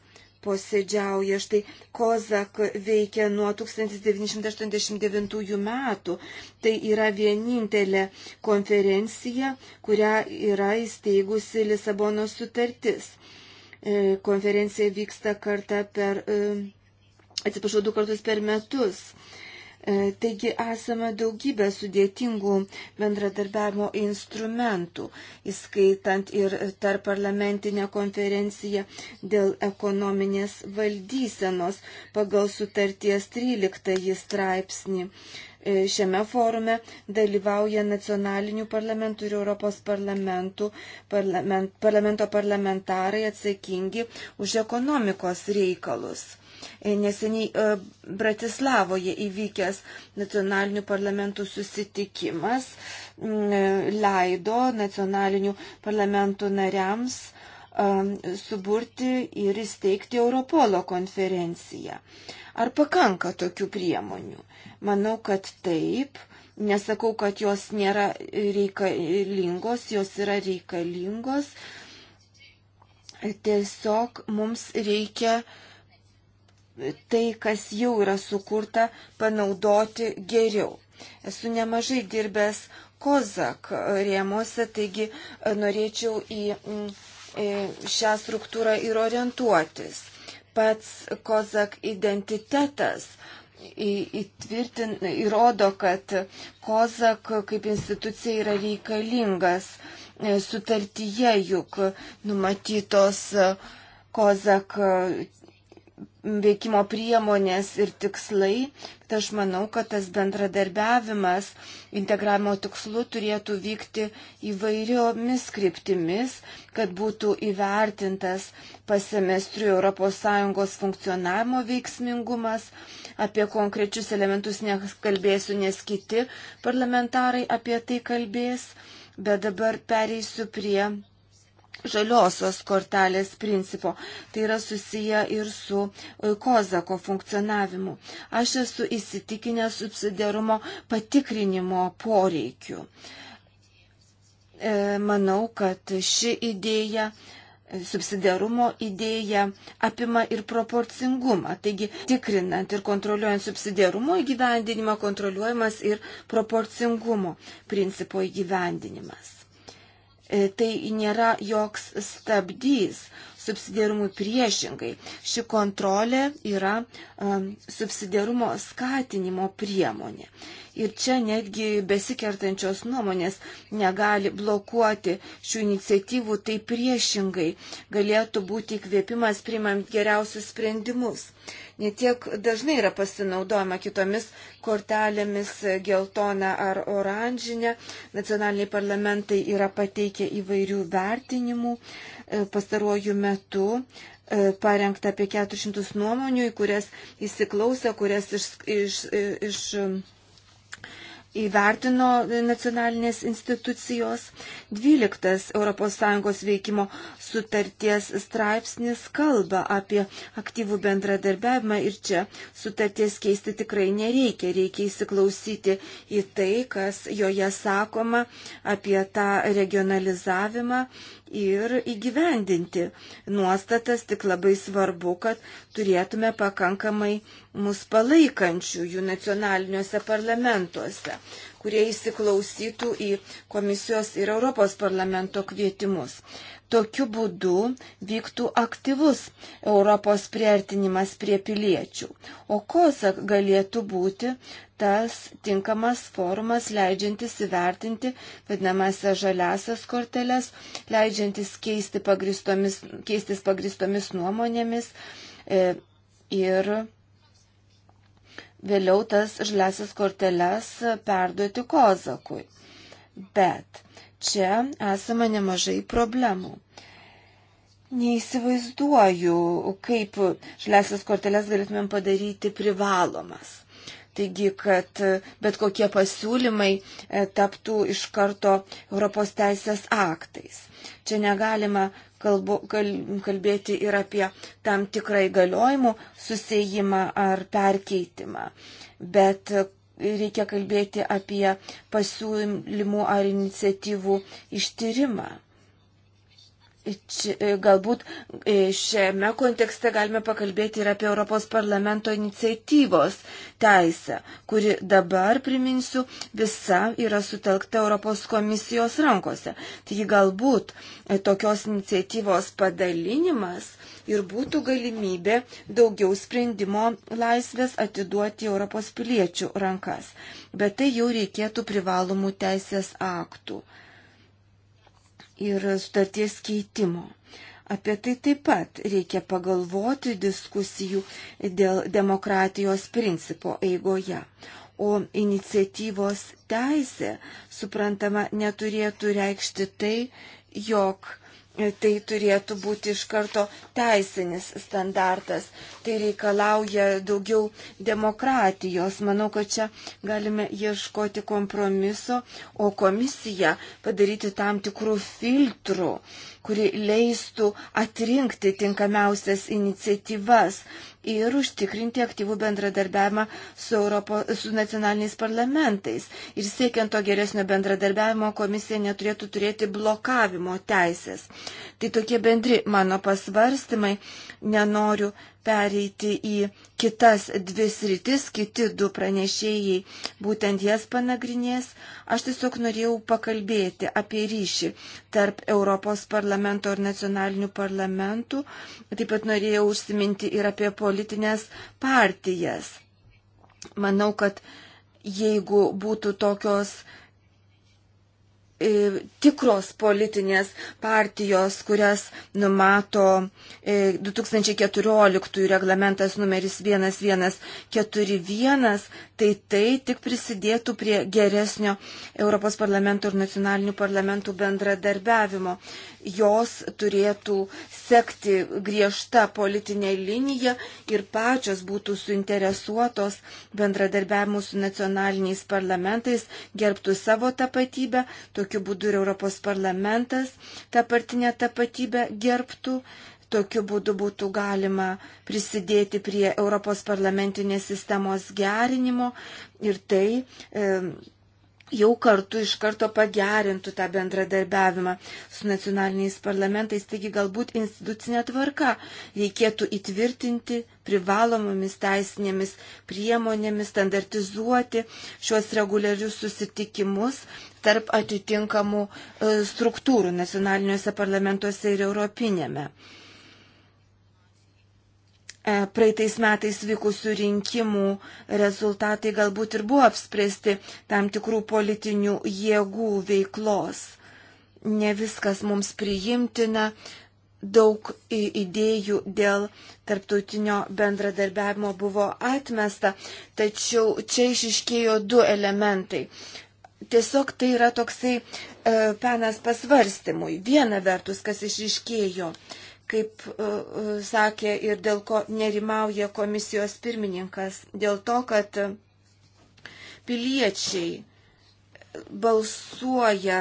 posėdžiauja. Štai Kozak veikia nuo 1989 metų. Tai yra vienintelė konferencija, kurią yra įsteigusi Lisabono sutartis. E, konferencija vyksta kartą per, e, atsiprašau, du kartus per metus. E, taigi esame daugybę sudėtingų bendradarbiavimo instrumentų, įskaitant ir tarp parlamentinę konferenciją dėl ekonominės valdysenos pagal sutarties 13 straipsnį. E, šiame forume dalyvauja nacionalinių parlamentų ir Europos parlamentų, parlament, parlamento parlamentarai atsakingi už ekonomikos reikalus. E, neseniai e, Bratislavoje įvykęs nacionalinių parlamentų susitikimas e, leido nacionalinių parlamentų nariams suburti ir įsteigti Europolo konferenciją. Ar pakanka tokių priemonių? Manau, kad taip. Nesakau, kad jos nėra reikalingos, jos yra reikalingos. Tiesiog mums reikia uh, tai, kas jau yra sukurta, panaudoti geriau. Esu nemažai dirbęs Kozak rėmose, taigi e, norėčiau į, į e, šią struktūrą ir orientuotis. Pats Kozak identitetas įtvirtin, įrodo, kad Kozak kaip institucija yra reikalingas. E, sutartyje juk numatytos Kozak veikimo priemonės ir tikslai, tai aš manau, kad tas bendradarbiavimas integravimo tikslu turėtų vykti įvairiomis kryptimis, kad būtų įvertintas pasemestrių ES funkcionavimo veiksmingumas. Apie konkrečius elementus nekalbėsiu, nes kiti parlamentarai apie tai kalbės, bet dabar pereisiu prie žaliosios kortelės principo. Tai yra susiję ir su e, kozako funkcionavimu. Aš esu įsitikinęs subsidiarumo patikrinimo poreikiu. E, manau, kad ši idėja e, subsidiarumo idėja apima ir proporcingumą. Taigi, tikrinant ir kontroliuojant subsidiarumo įgyvendinimą, kontroliuojamas ir proporcingumo principo įgyvendinimas. E, tai nėra joks stabdys subsidiarumui priešingai. Ši kontrolė yra um, subsidiarumo skatinimo priemonė. Ir čia netgi besikertančios nuomonės negali blokuoti šių iniciatyvų, tai priešingai galėtų būti įkvėpimas priimant geriausius sprendimus. Netiek dažnai yra pasinaudojama kitomis kortelėmis geltona ar oranžinė. Nacionaliniai parlamentai yra pateikę įvairių vertinimų. Uh, E, pastaruoju metu e, parengta apie 400 nuomonių, į kurias įsiklausė, kurias iš, iš, e, iš, įvertino nacionalinės institucijos. 12 ES veikimo sutarties straipsnis kalba apie aktyvų bendradarbiavimą ir čia sutarties keisti tikrai nereikia. Reikia įsiklausyti į tai, kas joje sakoma apie tą regionalizavimą ir įgyvendinti nuostatas, tik labai svarbu, kad turėtume pakankamai mus palaikančių jų nacionaliniuose parlamentuose, kurie įsiklausytų į komisijos ir Europos parlamento kvietimus. Tokiu būdu vyktų aktyvus Europos priartinimas prie piliečių, o kosak galėtų būti tas tinkamas formas leidžiantis įvertinti vadinamąsią žaliasias korteles, leidžiantis keisti pagristomis, keistis pagristomis nuomonėmis e, ir vėliau tas žaliasias korteles perduoti kozakui. Bet čia esama nemažai problemų. Neįsivaizduoju, kaip žlesias korteles galėtumėm padaryti privalomas. Taigi, kad bet kokie pasiūlymai e, taptų iš karto Europos teisės aktais. Čia negalima kalbu, kal, kalbėti ir apie tam tikrą įgaliojimų susijimą ar perkeitimą. Bet reikia kalbėti apie pasiūlymų ar iniciatyvų ištyrimą. E, galbūt e, šiame kontekste galime pakalbėti ir apie Europos parlamento iniciatyvos teisę, kuri dabar, priminsiu, visa yra sutelkta Europos komisijos rankose. Taigi galbūt e, tokios iniciatyvos padalinimas ir būtų galimybė daugiau sprendimo laisvės atiduoti Europos piliečių rankas. Bet tai jau reikėtų privalomų teisės aktų ir sutarties keitimo. Apie tai taip pat reikia pagalvoti diskusijų dėl demokratijos principo eigoje. O iniciatyvos teisė, suprantama, neturėtų reikšti tai, jog tai turėtų būti iš karto teisinis standartas. Tai reikalauja daugiau demokratijos. Manau, kad čia galime ieškoti kompromiso, o komisija padaryti tam tikrų filtrų, kuri leistų atrinkti tinkamiausias iniciatyvas ir užtikrinti aktyvų bendradarbiavimą su, Europo, su nacionaliniais parlamentais. Ir siekiant to geresnio bendradarbiavimo komisija neturėtų turėti blokavimo teisės. Tai tokie bendri mano pasvarstymai. Nenoriu pereiti į kitas dvi sritis, kiti du pranešėjai būtent jas panagrinės. Aš tiesiog norėjau pakalbėti apie ryšį tarp Europos parlamento ir nacionalinių parlamentų. Taip pat norėjau užsiminti ir apie politinės partijas. Manau, kad jeigu būtų tokios E, tikros politinės partijos, kurias numato 2014 e, reglamentas numeris 1141, tai tai tik prisidėtų prie geresnio Europos parlamento ir nacionalinių parlamentų bendradarbiavimo. Jos turėtų sekti griežta politinė linija ir pačios būtų suinteresuotos bendradarbiavimu su nacionaliniais parlamentais, gerbtų savo tapatybę, tokiu būdu ir Europos parlamentas tą partinę tapatybę gerbtų. Tokiu būdu būtų galima prisidėti prie Europos parlamentinės sistemos gerinimo ir tai e, jau kartu iš karto pagerintų tą bendradarbiavimą su nacionaliniais parlamentais. Taigi galbūt institucinė tvarka reikėtų įtvirtinti privalomomis teisinėmis priemonėmis, standartizuoti šiuos reguliarius susitikimus tarp atitinkamų e, struktūrų nacionaliniuose parlamentuose ir europinėme. E, praeitais metais vykusių rinkimų rezultatai galbūt ir buvo apspręsti tam tikrų politinių jėgų veiklos. Ne viskas mums priimtina, daug idėjų dėl tarptautinio bendradarbiavimo buvo atmesta, tačiau čia išiškėjo du elementai. Tiesiog tai yra toksai e, penas pasvarstymui. Viena vertus, kas išiškėjo, e, kaip e, e, sakė ir dėl ko nerimauja komisijos pirmininkas, dėl to, kad piliečiai balsuoja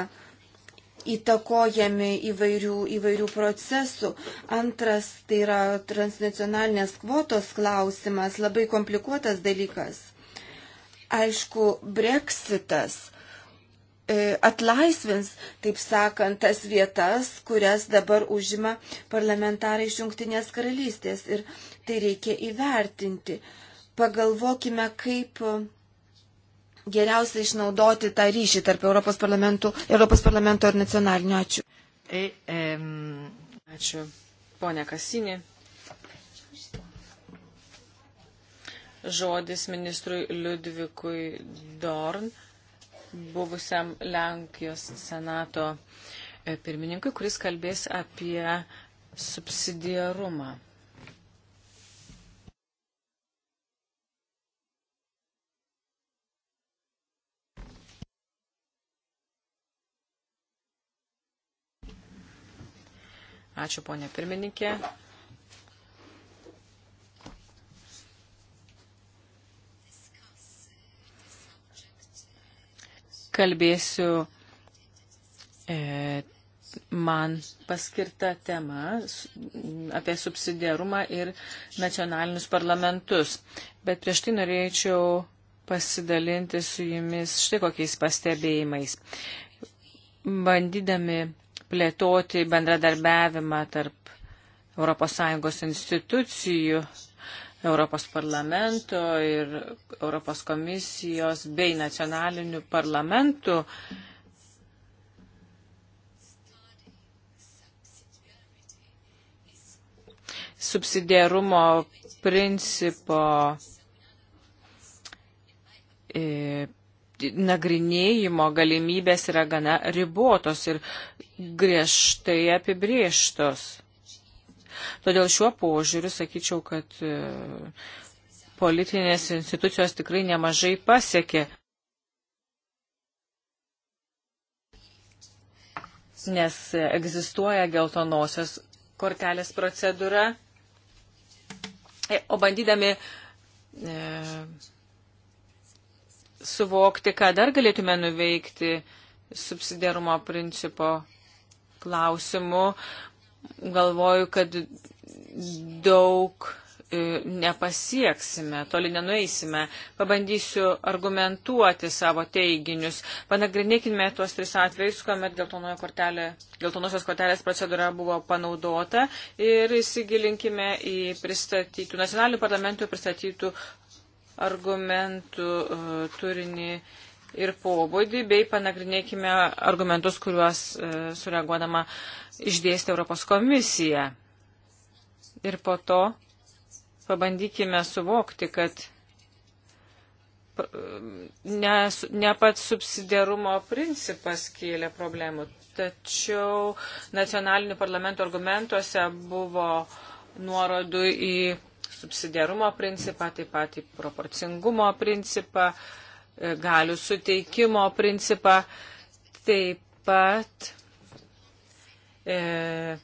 įtakojami įvairių, įvairių procesų. Antras, tai yra transnacionalinės kvotos klausimas, labai komplikuotas dalykas. Aišku, breksitas E, atlaisvins, taip sakant, tas vietas, kurias dabar užima parlamentarai iš Junktinės karalystės. Ir tai reikia įvertinti. Pagalvokime, kaip geriausiai išnaudoti tą ryšį tarp Europos, Europos parlamento ir nacionalinio. Ačiū. E, em, ačiū, ponia Kasinė. Žodis ministrui Liudvikui Dorn buvusiam Lenkijos senato e, pirmininkui, kuris kalbės apie subsidiarumą. Ačiū, ponė pirmininkė. kalbėsiu e, man paskirta tema apie subsidiarumą ir nacionalinius parlamentus. Bet prieš tai norėčiau pasidalinti su jumis štai kokiais pastebėjimais. Bandydami plėtoti bendradarbiavimą tarp ES institucijų, Europos parlamento ir Europos komisijos bei nacionalinių parlamentų subsidiarumo principo e, nagrinėjimo galimybės yra gana ribotos ir griežtai apibrieštos. Todėl šiuo požiūriu sakyčiau, kad e, politinės institucijos tikrai nemažai pasiekė. Nes egzistuoja geltonosios kortelės procedūra. E, o bandydami e, suvokti, ką dar galėtume nuveikti subsidiarumo principo klausimu, galvoju, kad daug e, nepasieksime, toli nenueisime. Pabandysiu argumentuoti savo teiginius. Panagrinėkime tuos tris atvejus, kuomet kortelė, geltonosios kortelės procedūra buvo panaudota ir įsigilinkime į pristatytų, nacionalinių parlamentų pristatytų argumentų uh, turinį ir pobūdį, bei panagrinėkime argumentus, kuriuos uh, sureaguodama uh, išdėstė Europos komisija. Ir po to pabandykime suvokti, kad ne, ne pats subsidiarumo principas kėlė problemų. Tačiau nacionalinių parlamentų argumentuose buvo nuorodų į subsidiarumo principą, taip pat į proporcingumo principą, e, galių suteikimo principą, taip pat e,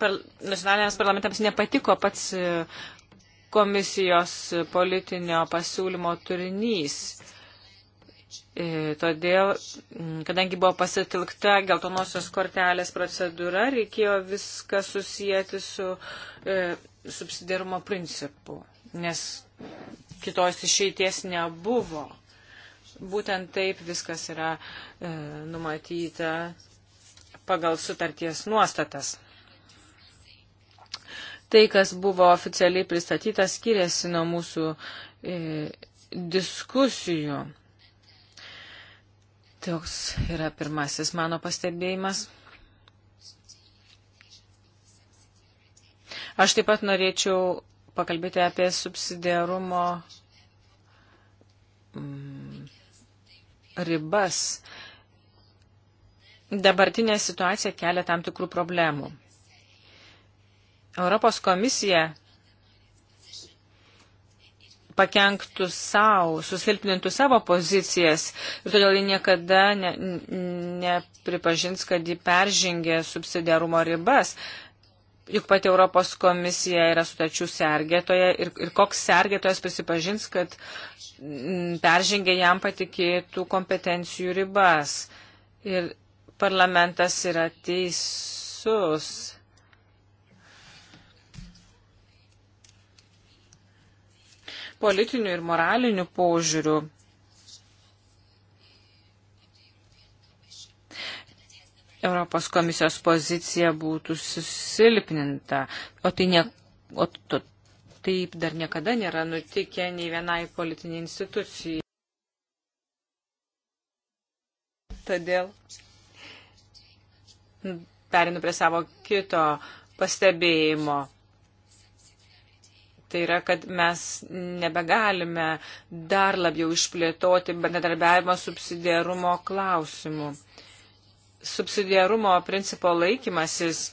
par, nacionaliniams parlamentams nepatiko pats e, komisijos politinio pasiūlymo turinys. E, todėl, kadangi buvo pasitilkta geltonosios kortelės procedūra, reikėjo viską susijęti su e, subsidiarumo principu, nes kitos išeities nebuvo. Būtent taip viskas yra e, numatyta pagal sutarties nuostatas. Tai, kas buvo oficialiai pristatytas, skiriasi nuo mūsų e, diskusijų. Toks yra pirmasis mano pastebėjimas. Aš taip pat norėčiau pakalbėti apie subsidiarumo mm, ribas dabartinė situacija kelia tam tikrų problemų. Europos komisija pakenktų savo, susilpnintų savo pozicijas ir todėl ji niekada nepripažins, ne, ne kad ji peržingė subsidiarumo ribas. Juk pati Europos komisija yra sutačių sergėtoje ir, ir koks sergėtojas prisipažins, kad peržengė jam patikėtų kompetencijų ribas. Ir parlamentas yra teisus. Politinių ir moralinių požiūrių Europos komisijos pozicija būtų susilpninta, o tai, ne, o to, taip dar niekada nėra nutikę nei vienai politiniai institucijai. Todėl perinu prie savo kito pastebėjimo. Tai yra, kad mes nebegalime dar labiau išplėtoti bendradarbiavimo subsidiarumo klausimų. Subsidiarumo principo laikymasis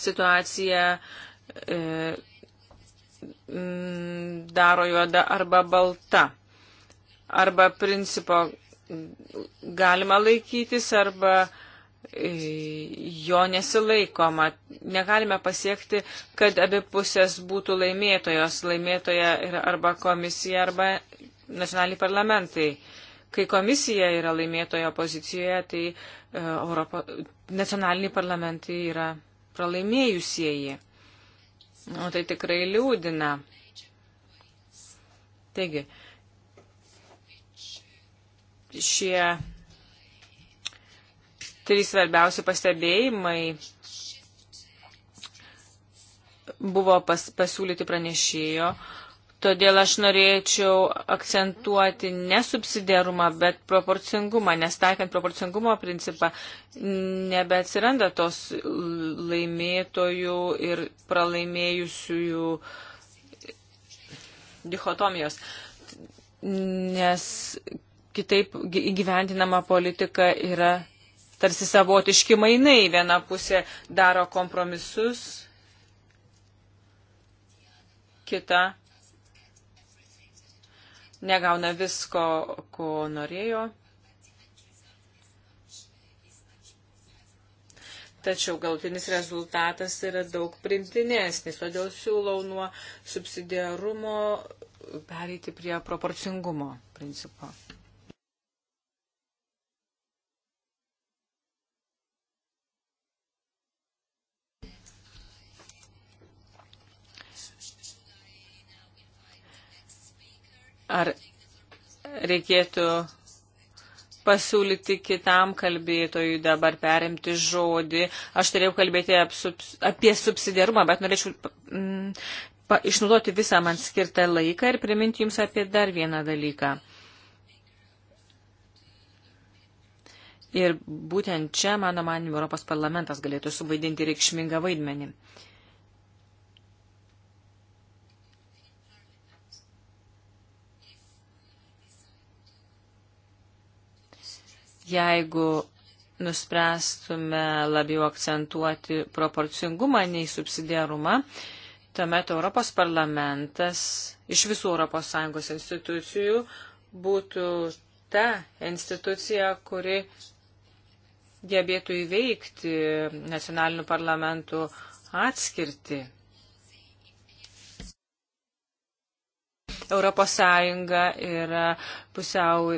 situaciją e, mm, daro juoda arba balta. Arba principo galima laikytis, arba e, jo nesilaikoma. Negalime pasiekti, kad abi pusės būtų laimėtojos, laimėtoja arba komisija arba nacionaliniai parlamentai. Kai komisija yra laimėtojo pozicijoje, tai e, Europo, nacionaliniai parlamentai yra pralaimėjusieji. O tai tikrai liūdina. Taigi, šie trys svarbiausi pastebėjimai buvo pas, pasiūlyti pranešėjo. Todėl aš norėčiau akcentuoti ne subsidiarumą, bet proporcingumą, nes taikant proporcingumo principą nebeatsiranda tos laimėtojų ir pralaimėjusiųjų dichotomijos, nes kitaip gyventinama politika yra tarsi savotiški mainai. Viena pusė daro kompromisus, kita negauna visko, ko norėjo. Tačiau galtinis rezultatas yra daug primtinesnis, todėl siūlau nuo subsidiarumo pereiti prie proporcingumo principo. Ar reikėtų pasiūlyti kitam kalbėtojui dabar perimti žodį. Aš turėjau kalbėti apie subsidiarumą, bet norėčiau mm, pa, išnaudoti visą man skirtą laiką ir priminti jums apie dar vieną dalyką. Ir būtent čia, mano manimu, Europos parlamentas galėtų suvaidinti reikšmingą vaidmenį. Uh, Jeigu nuspręstume labiau akcentuoti proporcingumą nei subsidiarumą, tuomet Europos parlamentas iš visų ES institucijų būtų ta institucija, kuri gebėtų įveikti nacionalinių parlamentų atskirti. Europos Sąjunga yra pusiau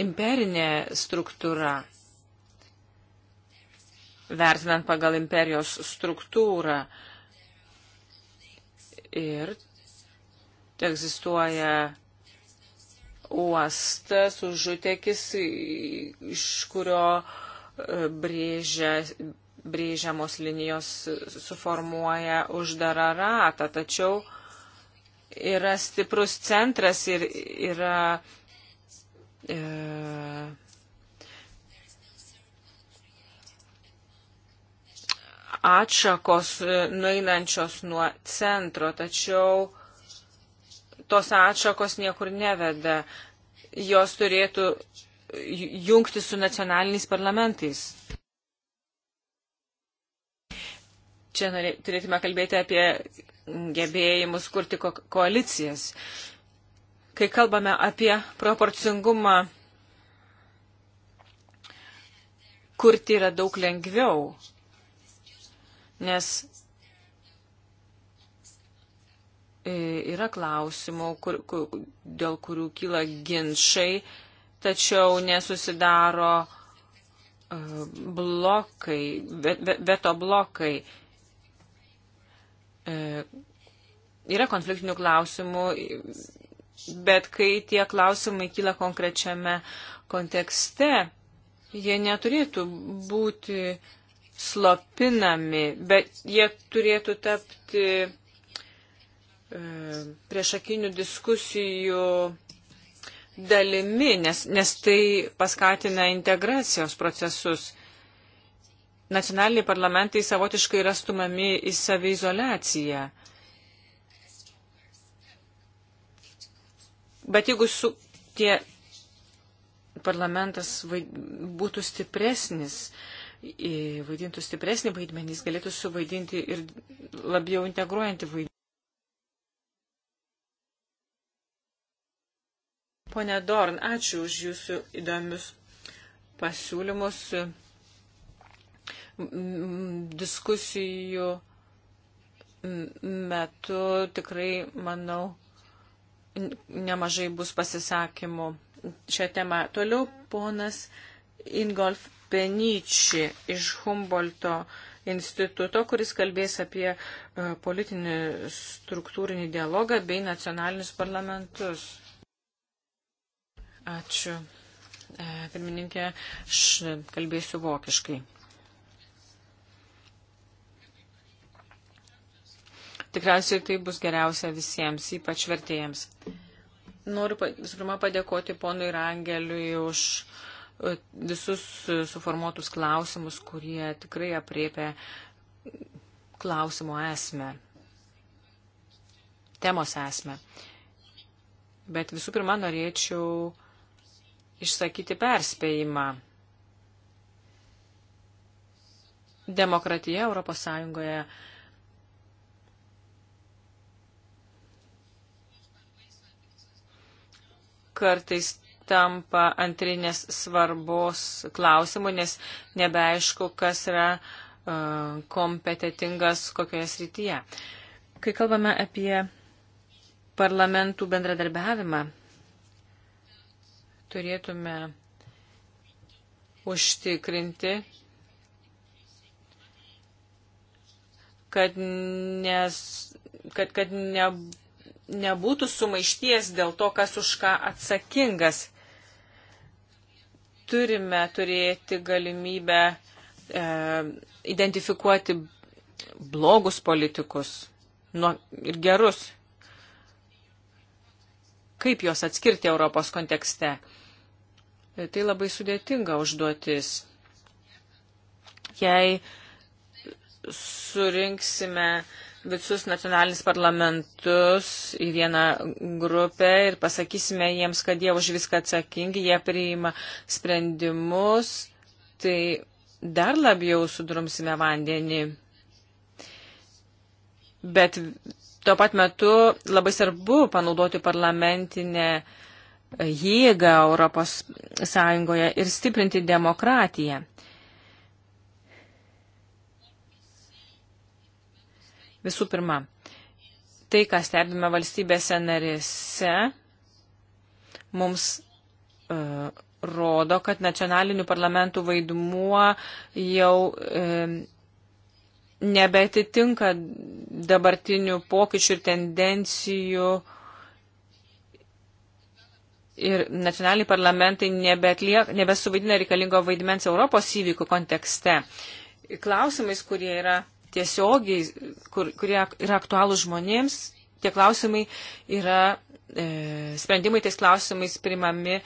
imperinė struktūra, vertinant pagal imperijos struktūrą. Ir egzistuoja uostas, užutekis, iš kurio e, brėžia, brėžiamos linijos suformuoja uždarą ratą, tačiau yra stiprus centras ir yra e, atšakos nueinančios nuo centro, tačiau tos atšakos niekur neveda. Jos turėtų jungti su nacionaliniais parlamentais. Čia norė, turėtume kalbėti apie gebėjimus kurti ko koalicijas kai kalbame apie proporcingumą, kurti yra daug lengviau, nes e, yra klausimų, kur, kur, dėl kurių kyla ginčiai, tačiau nesusidaro e, blokai, veto blokai. E, yra konfliktinių klausimų, bet kai tie klausimai kyla konkrečiame kontekste, jie neturėtų būti slopinami, bet jie turėtų tapti e, priešakinių diskusijų dalimi, nes, nes tai paskatina integracijos procesus. Nacionaliniai parlamentai savotiškai yra stumami į savizolaciją. izolaciją Bet jeigu su tie parlamentas vaid, būtų stipresnis, vaidintų stipresnį vaidmenį, jis galėtų suvaidinti ir labiau integruojantį vaidmenį. Pone Dorn, ačiū už jūsų įdomius pasiūlymus diskusijų metu tikrai, manau, nemažai bus pasisakymų šią temą. Toliau ponas Ingolf Penyči iš Humbolto instituto, kuris kalbės apie e, politinį struktūrinį dialogą bei nacionalinius parlamentus. Ačiū. E, pirmininkė, aš kalbėsiu vokiškai. Tikriausiai tai bus geriausia visiems, ypač vertėjams. Noriu visų pirma padėkoti ponui Rangeliui už e, visus e, suformuotus klausimus, kurie tikrai apriepia klausimo esmę, temos esmę. Bet visų pirma norėčiau išsakyti perspėjimą. Demokratija Europos Sąjungoje kartais tampa antrinės svarbos klausimų, nes nebeaišku, kas yra e, kompetitingas kokioje srityje. Kai kalbame apie parlamentų bendradarbiavimą, turėtume užtikrinti, kad, nes, kad, kad nebūtų nebūtų sumaišties dėl to, kas už ką atsakingas. Turime turėti galimybę e, identifikuoti blogus politikus nuo, ir gerus. Kaip juos atskirti Europos kontekste? E, tai labai sudėtinga užduotis. Jei surinksime uh, visus nacionalinius parlamentus į vieną grupę ir pasakysime jiems, kad jie už viską atsakingi, jie priima sprendimus, tai dar labiau sudrumsime vandenį. Bet tuo pat metu labai svarbu panaudoti parlamentinę jėgą Europos Sąjungoje ir stiprinti demokratiją. Visų pirma, tai, ką stebime valstybėse narėse, mums uh, rodo, kad nacionalinių parlamentų vaidmuo jau e, nebetitinka dabartinių pokyčių ir tendencijų ir nacionaliniai parlamentai nebesuvaidina reikalingo vaidmens Europos įvykių kontekste. Klausimais, kurie yra tiesiogiai, kur, kurie yra aktualūs žmonėms, tie klausimai yra, e, sprendimai tais klausimais primami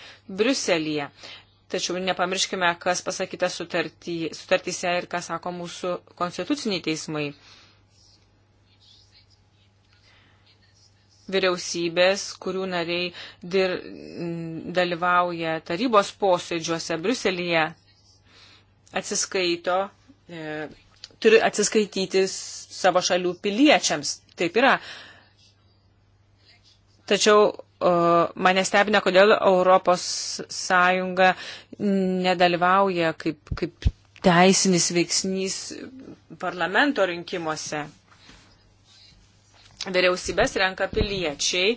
Briuselėje. Tačiau nepamirškime, kas pasakyta sutarty, sutartyse ir ką sako mūsų konstituciniai teismai. Vyriausybės, kurių nariai dir, dalyvauja tarybos posėdžiuose Briuselėje, atsiskaito e, turi atsiskaityti savo šalių piliečiams. Taip yra. Tačiau mane stebina, kodėl Europos Sąjunga nedalyvauja kaip, kaip teisinis veiksnys parlamento rinkimuose. Vyriausybės renka piliečiai,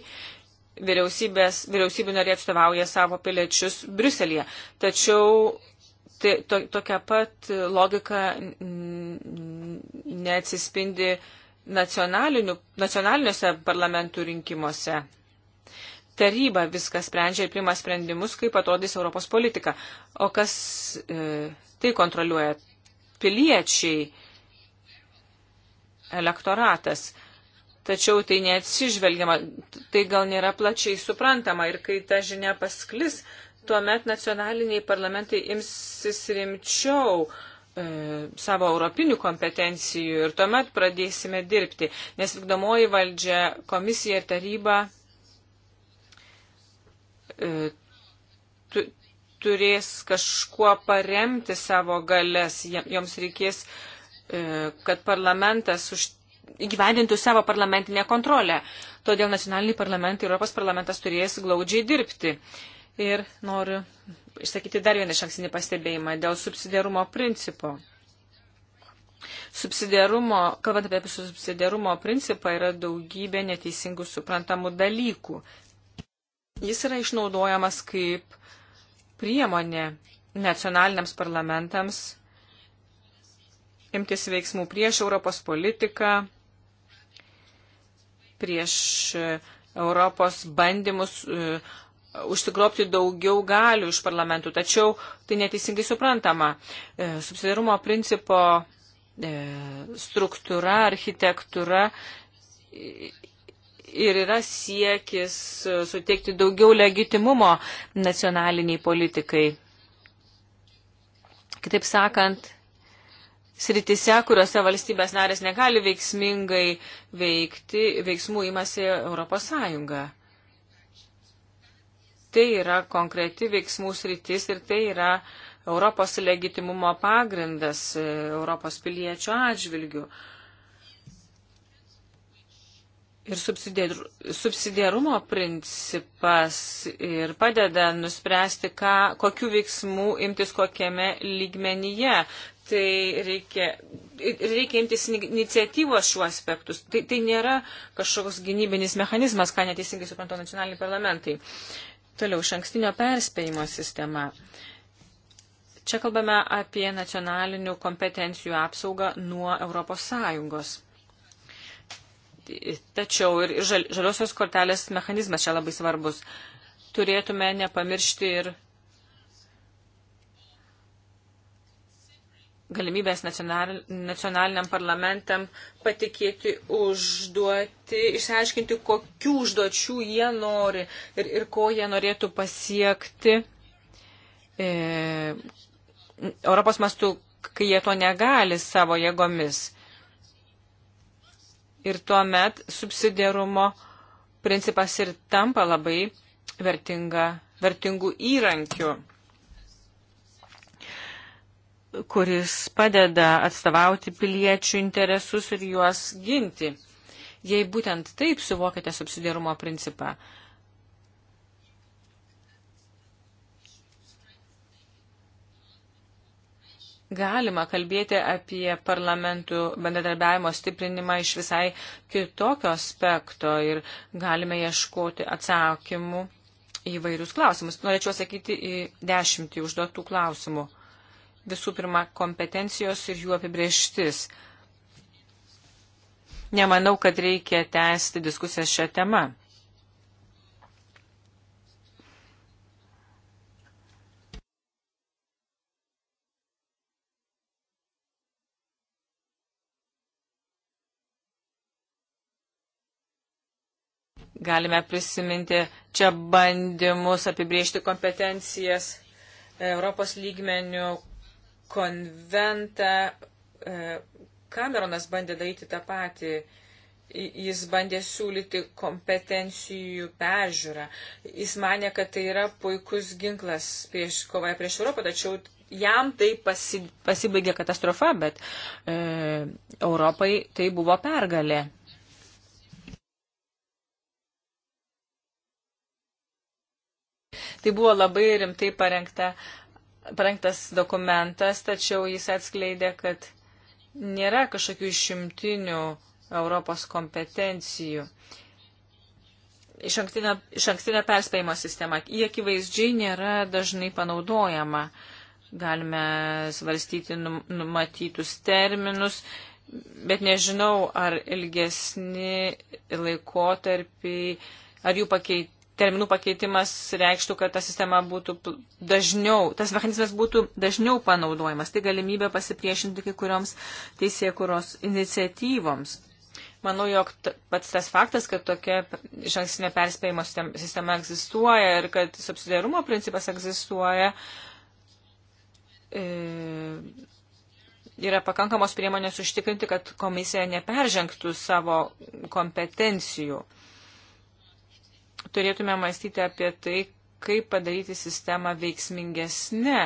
vyriausybės, vyriausybių norė atstovauja savo piliečius Briuselėje. Tačiau tai, to, tokia pat logika neatsispindi nacionaliniuose parlamentų rinkimuose. Taryba viską sprendžia ir prima sprendimus, kaip atrodys Europos politika. O kas e, tai kontroliuoja? Piliečiai, elektoratas. Tačiau tai neatsižvelgiama, tai gal nėra plačiai suprantama ir kai ta žinia pasklis, tuomet nacionaliniai parlamentai imsis rimčiau uh, E, savo europinių kompetencijų ir tuomet pradėsime dirbti, nes vykdomoji valdžia, komisija ir taryba e, turės kažkuo paremti savo galės, joms reikės, e, kad parlamentas už, įgyvendintų savo parlamentinę kontrolę. Todėl nacionaliniai parlamentai, Europos parlamentas turės glaudžiai dirbti. Ir noriu išsakyti dar vieną išankstinį pastebėjimą dėl subsidiarumo principo. Subsidiarumo, kalbant apie subsidiarumo principą, yra daugybė neteisingų suprantamų dalykų. Jis yra išnaudojamas kaip priemonė nacionaliniams parlamentams imtis veiksmų prieš Europos politiką, prieš e, Europos bandymus e, užsikropti daugiau galių iš parlamentų, tačiau tai neteisingai suprantama. E, Subsidarumo principo e, struktūra, architektūra ir yra siekis e, suteikti daugiau legitimumo nacionaliniai politikai. Kitaip sakant, sritise, kuriuose valstybės narės negali veiksmingai veikti, veiksmų imasi Europos Sąjunga tai yra konkreti veiksmų sritis ir tai yra Europos legitimumo pagrindas e, Europos piliečių atžvilgių. Ir subsidiarumo principas ir padeda nuspręsti, ką, kokiu veiksmu imtis kokiame lygmenyje. Tai reikia, reikia imtis iniciatyvos šiuo aspektus. Tai, tai nėra kažkoks gynybinis mechanizmas, ką neteisingai suprantu nacionaliniai parlamentai. Uh, Toliau, šankstinio perspėjimo sistema. Čia kalbame apie nacionalinių kompetencijų apsaugą nuo ES. Tačiau ir žaliosios kortelės mechanizmas čia labai svarbus. Turėtume nepamiršti ir galimybės nacional, nacionaliniam parlamentam patikėti užduoti, išsiaiškinti, kokių užduočių jie nori ir, ir ko jie norėtų pasiekti e, Europos mastu, kai jie to negali savo jėgomis. Ir tuomet subsidiarumo principas ir tampa labai vertinga, vertingų įrankių kuris padeda atstovauti piliečių interesus ir juos ginti. Jei būtent taip suvokite subsidiarumo principą, galima kalbėti apie parlamentų bendradarbiavimo stiprinimą iš visai kitokio aspekto ir galime ieškoti atsakymų į vairius klausimus. Norėčiau sakyti į dešimtį užduotų klausimų visų pirma kompetencijos ir jų apibrieštis. Nemanau, kad reikia tęsti diskusiją šią temą. Galime prisiminti čia bandymus apibriežti kompetencijas Europos lygmenių, konventą. Kameronas e, bandė daryti tą patį. Jis bandė siūlyti kompetencijų peržiūrą. Jis mane, kad tai yra puikus ginklas prieš kovoje prieš Europą, tačiau jam tai pasi, pasibaigė katastrofa, bet e, Europai tai buvo pergalė. Tai buvo labai rimtai parengta parengtas dokumentas, tačiau jis atskleidė, kad nėra kažkokių išimtinių Europos kompetencijų. Iš ankstinio, iš ankstinio perspėjimo sistema. Jie akivaizdžiai nėra dažnai panaudojama. Galime svarstyti numatytus terminus, bet nežinau, ar ilgesni laikotarpiai, ar jų pakeitimas terminų pakeitimas reikštų, kad ta sistema būtų dažniau, tas mechanizmas būtų dažniau panaudojamas. Tai galimybė pasipriešinti kai kurioms teisėkuros iniciatyvoms. Manau, jog pats tas faktas, kad tokia žangsinė perspėjimo sistema egzistuoja ir kad subsidiarumo principas egzistuoja, e, yra pakankamos priemonės užtikrinti, kad komisija neperžengtų savo kompetencijų. E, turėtume mąstyti apie tai, kaip padaryti sistemą veiksmingesnę.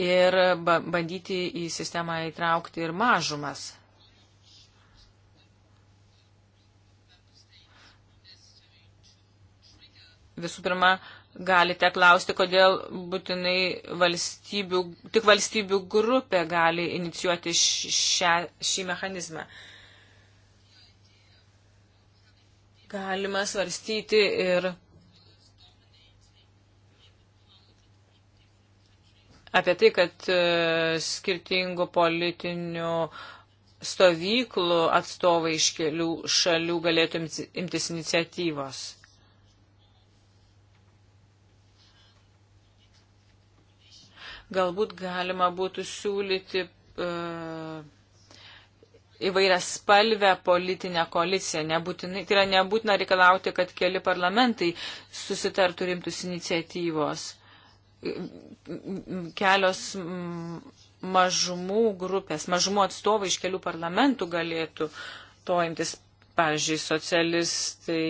Ir ba bandyti į sistemą įtraukti ir mažumas. Visų pirma, galite klausti, kodėl būtinai valstybių, tik valstybių grupė gali inicijuoti šią, šį mechanizmą. Uh, galima svarstyti ir apie tai, kad e, skirtingų politinių stovyklų atstovai iš kelių šalių galėtų imtis iniciatyvos. Galbūt galima būtų siūlyti uh, įvairią spalvę politinę koaliciją. Nebūtinai, tai yra nebūtina reikalauti, kad keli parlamentai susitartų rimtus iniciatyvos. Kelios mažumų grupės, mažumų atstovai iš kelių parlamentų galėtų to imtis, pavyzdžiui, socialistai.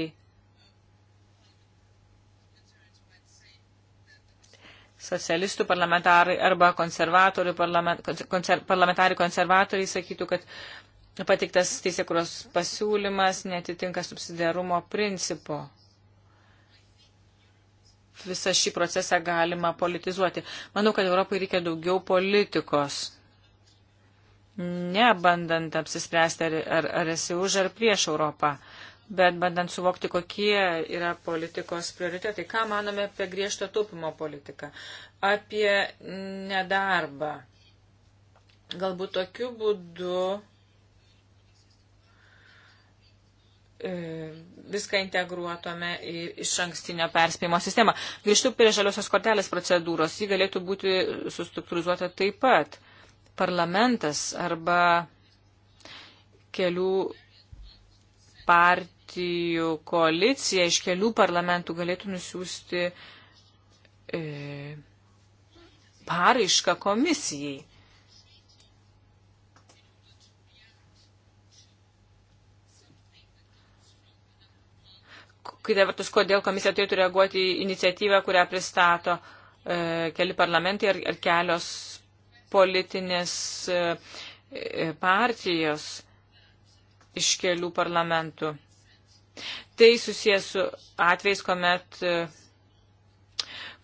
Socialistų parlamentarai arba konservatorių parlament, konser, parlamentarai konservatoriai sakytų, kad uh, pateiktas teisėkuros pasiūlymas netitinka subsidiarumo principo. Visą šį procesą galima politizuoti. Manau, kad Europai reikia daugiau politikos. Nebandant apsispręsti, ar, ar, ar esi už ar prieš Europą, bet bandant suvokti, kokie yra politikos prioritetai. Ką manome apie griežto taupimo politiką, apie nedarbą. Galbūt tokiu būdu E, viską integruotume į iš ankstinio perspėjimo sistemą. Grįžtu prie žaliosios kortelės procedūros. Ji galėtų būti sustruktūrizuota taip pat. Parlamentas arba kelių partijų koalicija iš kelių parlamentų galėtų nusiųsti e, paraišką komisijai. kita vertus, kodėl komisija turėtų reaguoti į iniciatyvą, kurią pristato e, keli parlamentai ar, ar kelios politinės e, e partijos iš kelių parlamentų. Tai susijęs su atvejais, kuomet e,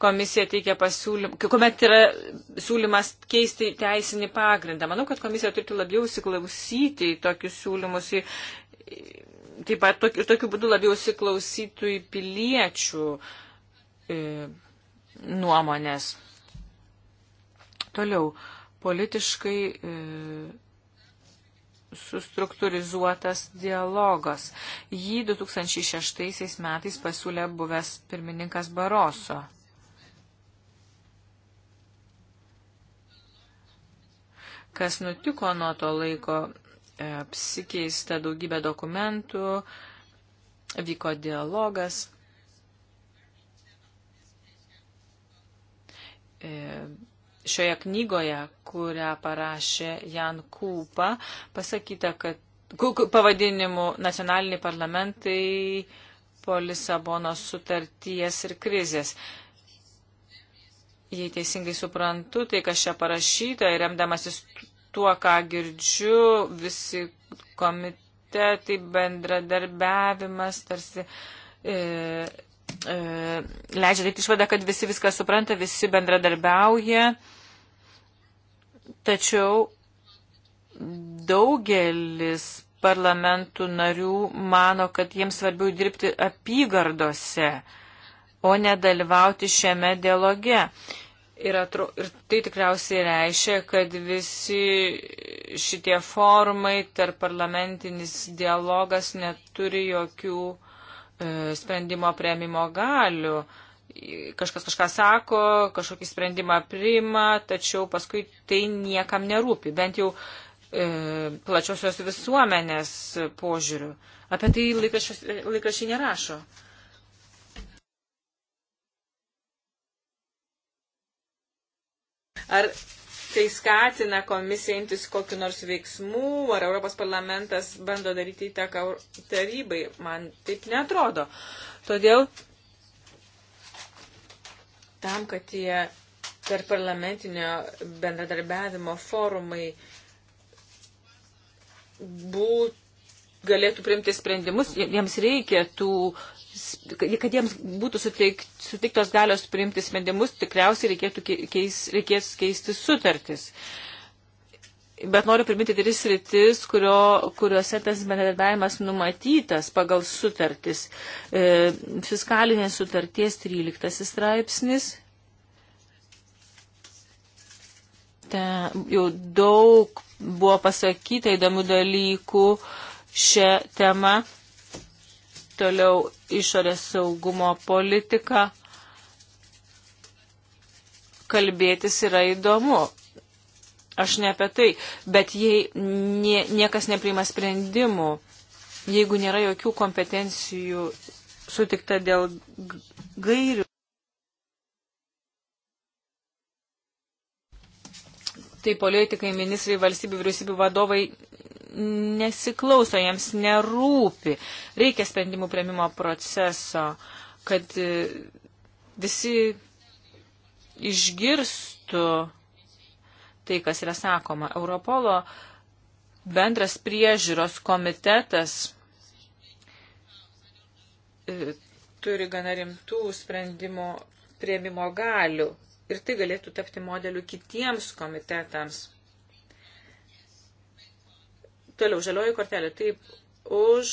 komisija teikia pasiūlymą, kuomet yra siūlymas keisti teisinį pagrindą. Manau, kad komisija turėtų labiau įsiklausyti į tokius siūlymus, į, taip pat tokiu, tokiu būdu labiau įsiklausytų į piliečių e, nuomonės. Toliau, politiškai e, sustruktūrizuotas dialogas. Jį 2006 metais pasiūlė buvęs pirmininkas Baroso. Kas nutiko nuo to laiko, E, apsikeista daugybė dokumentų, vyko dialogas. E, šioje knygoje, kurią parašė Jan Kūpa, pasakyta, kad pavadinimu nacionaliniai parlamentai po Lisabonos sutarties ir krizės. Jei teisingai suprantu, tai kas čia parašyta, remdamasis tuo, ką girdžiu, visi komitetai, bendradarbiavimas, tarsi e, e, leidžia daryti išvadą, kad visi viską supranta, visi bendradarbiauja. Tačiau daugelis parlamentų narių mano, kad jiems svarbiau dirbti apygardose, o nedalyvauti šiame dialoge. E, Ir, atro, ir tai tikriausiai reiškia, kad visi šitie formai, tarp parlamentinis dialogas neturi jokių e, sprendimo prieimimo galių. Kažkas kažką sako, kažkokį sprendimą priima, tačiau paskui tai niekam nerūpi, bent jau e, plačiosios visuomenės požiūrių. Apie tai laikrašiai nerašo. E, Ar tai skatina komisiją imtis kokiu nors veiksmų, ar Europos parlamentas bando daryti įtaką tarybai. Man taip netrodo. Todėl tam, kad tie tarp parlamentinio bendradarbiavimo forumai būt, galėtų priimti sprendimus, jiems reikia tų kad jiems būtų suteiktos galios priimti sprendimus, tikriausiai reikėtų keis, reikės keisti sutartis. Bet noriu priminti tris rytis, kurio, kuriuose tas bendradarbiavimas numatytas pagal sutartis. E, fiskalinės sutarties 13 straipsnis. Ten jau daug buvo pasakyta įdomių dalykų šią temą. Toliau išorės saugumo politika. Kalbėtis yra įdomu. Aš ne apie tai, bet jei nie, niekas neprima sprendimų, jeigu nėra jokių kompetencijų sutikta dėl gairių, tai politikai, ministrai, valstybių, vyriausybių vadovai nesiklauso, jiems nerūpi. Reikia sprendimų prieimimo proceso, kad e, visi išgirstų tai, kas yra sakoma. Europolo bendras priežiūros komitetas e, turi gana rimtų sprendimo prieimimo galių ir tai galėtų tapti modeliu kitiems komitetams. Toliau, žalioji kortelė. Taip, už,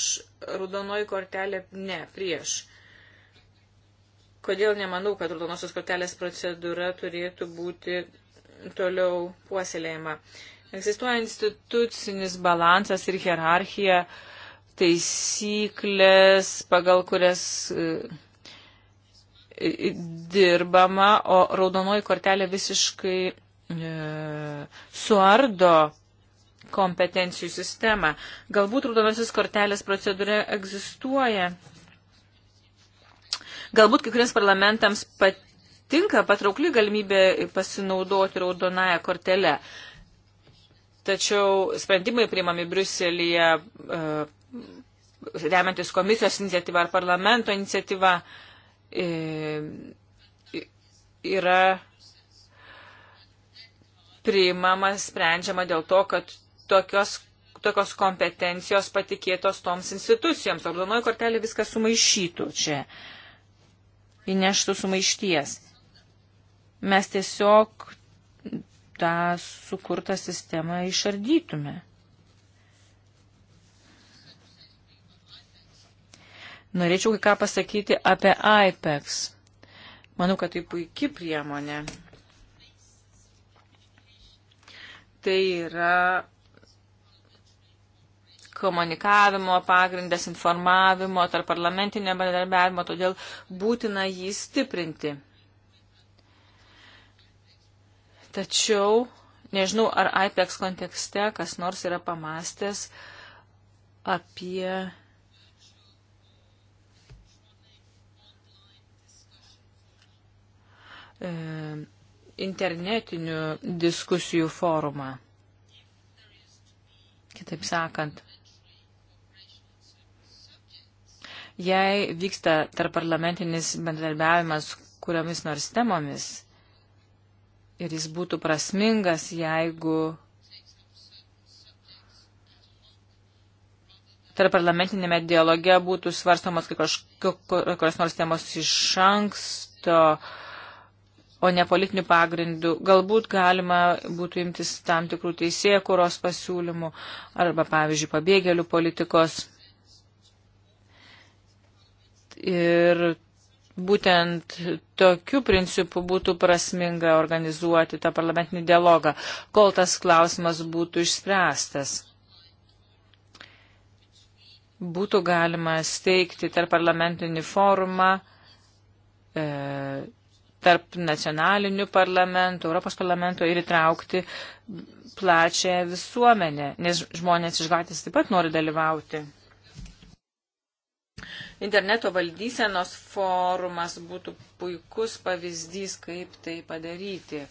raudonoji kortelė, ne, prieš. Kodėl nemanau, kad raudonosios kortelės procedūra turėtų būti toliau puoselėjama? Egzistuoja institucinis balansas ir hierarchija, taisyklės, pagal kurias e, e, dirbama, o raudonoji kortelė visiškai e, suardo kompetencijų sistemą. Galbūt raudonasis kortelės procedūra egzistuoja. Galbūt kiekvienas parlamentams patinka patraukli galimybė pasinaudoti raudonąją kortelę. Tačiau sprendimai priimami Bruselėje, e, remiantis komisijos iniciatyva ar parlamento iniciatyva, e, yra priimama, sprendžiama dėl to, kad tokios, tokios kompetencijos patikėtos toms institucijoms. Raudonoji kortelė viską sumaišytų čia, įneštų sumaišties. Mes tiesiog tą sukurtą sistemą išardytume. Norėčiau ką pasakyti apie IPEX. Manau, kad tai puikia priemonė. Tai yra komunikavimo pagrindas, informavimo, tarp parlamentinio bendradarbiavimo, todėl būtina jį stiprinti. Tačiau, nežinau, ar IPEX kontekste kas nors yra pamastęs apie e, internetinių diskusijų forumą. Kitaip sakant, Jei vyksta tarp parlamentinis bendradarbiavimas kuriomis nors temomis ir jis būtų prasmingas, jeigu tarp parlamentinėme dialoge būtų svarstamos kokios nors temos iš anksto, o ne politinių pagrindų. Galbūt galima būtų imtis tam tikrų teisėkuros pasiūlymų arba, pavyzdžiui, pabėgėlių politikos. Ir būtent tokiu principu būtų prasminga organizuoti tą parlamentinį dialogą, kol tas klausimas būtų išspręstas. Būtų galima steigti tarp parlamentinį forumą, e, tarp nacionalinių parlamentų, Europos parlamento ir įtraukti plačią visuomenę, nes žmonės iš gatvės taip pat nori dalyvauti. Interneto valdysenos forumas būtų puikus pavyzdys, kaip tai padaryti.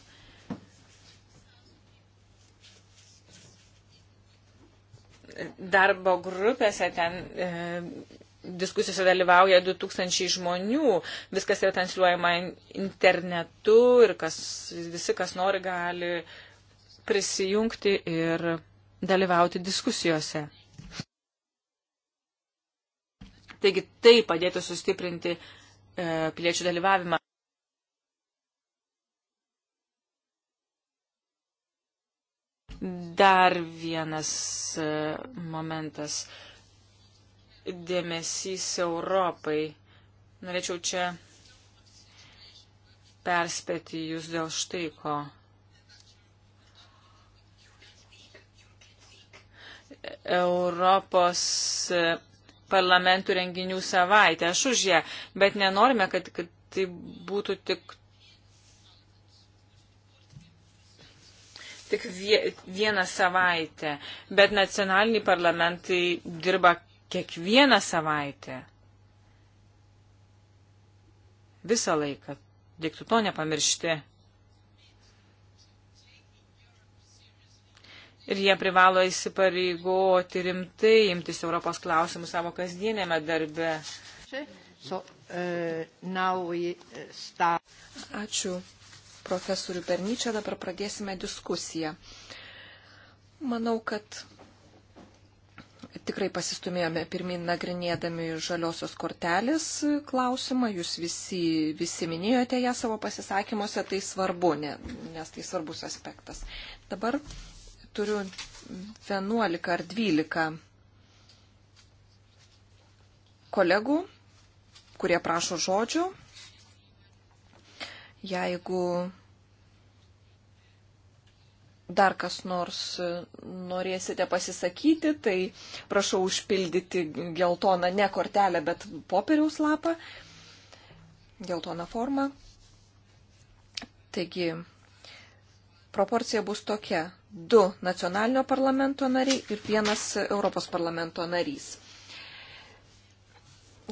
Darbo grupėse ten e, diskusijose dalyvauja 2000 žmonių, viskas yra transliuojama internetu ir kas, visi, kas nori, gali prisijungti ir dalyvauti diskusijose. Taigi tai padėtų sustiprinti e, piliečių dalyvavimą. Dar vienas e, momentas. Dėmesys Europai. Norėčiau čia perspėti jūs dėl štai ko. Europos e, parlamentų renginių savaitę. Aš už ją, bet nenorime, kad, kad tai būtų tik. Tik vieną savaitę, bet nacionaliniai parlamentai dirba kiekvieną savaitę. Visą laiką. Reiktų to nepamiršti. ir jie privalo įsipareigoti rimtai imtis Europos klausimų savo kasdienėme darbe. So, uh, uh Ačiū profesorių Pernyčią, dabar pradėsime diskusiją. Manau, kad tikrai pasistumėjome pirmin nagrinėdami žaliosios kortelės klausimą. Jūs visi, visi minėjote ją savo pasisakymuose, tai svarbu, ne, nes tai svarbus aspektas. Dabar turiu 11 ar 12 kolegų, kurie prašo žodžių. Jeigu dar kas nors norėsite pasisakyti, tai prašau užpildyti geltoną ne kortelę, bet popieriaus lapą, geltoną formą. Taigi, proporcija bus tokia du nacionalinio parlamento nariai ir vienas Europos parlamento narys.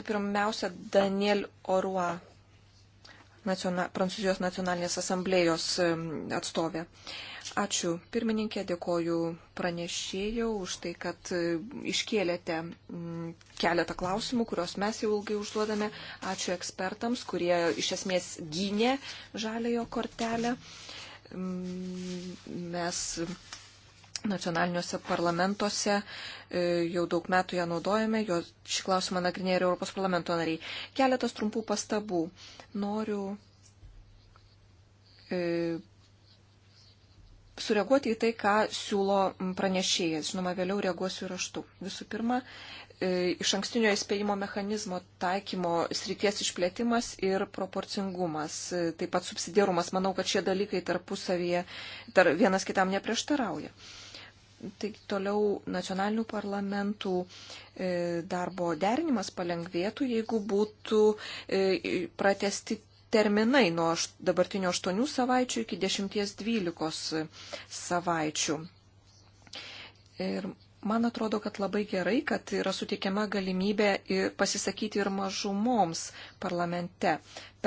Pirmiausia, Daniel Orua, nacional, Prancūzijos nacionalinės asamblėjos atstovė. Ačiū pirmininkė, dėkoju pranešėjau už tai, kad e, iškėlėte keletą klausimų, kuriuos mes jau ilgai užduodame. Ačiū ekspertams, kurie iš esmės gynė žalėjo kortelę. Uh, Mm, mes nacionaliniuose parlamentuose, e, jau daug metų ją naudojame, jo šį klausimą nagrinėja ir Europos parlamento nariai. Keletas trumpų pastabų. Noriu e, sureaguoti į tai, ką siūlo pranešėjas. Žinoma, vėliau reaguosiu raštu. Visų pirma, E, iš ankstinio įspėjimo mechanizmo taikymo srities išplėtimas ir proporcingumas, e, taip pat subsidiarumas. Manau, kad šie dalykai tarpusavėje tar, vienas kitam neprieštarauja. Tai toliau nacionalinių parlamentų e, darbo derinimas palengvėtų, jeigu būtų pratesti terminai nuo dabartinio 8 savaičių iki 10-12 savaičių. Ir Man atrodo, kad labai gerai, kad yra suteikiama galimybė pasisakyti ir mažumoms parlamente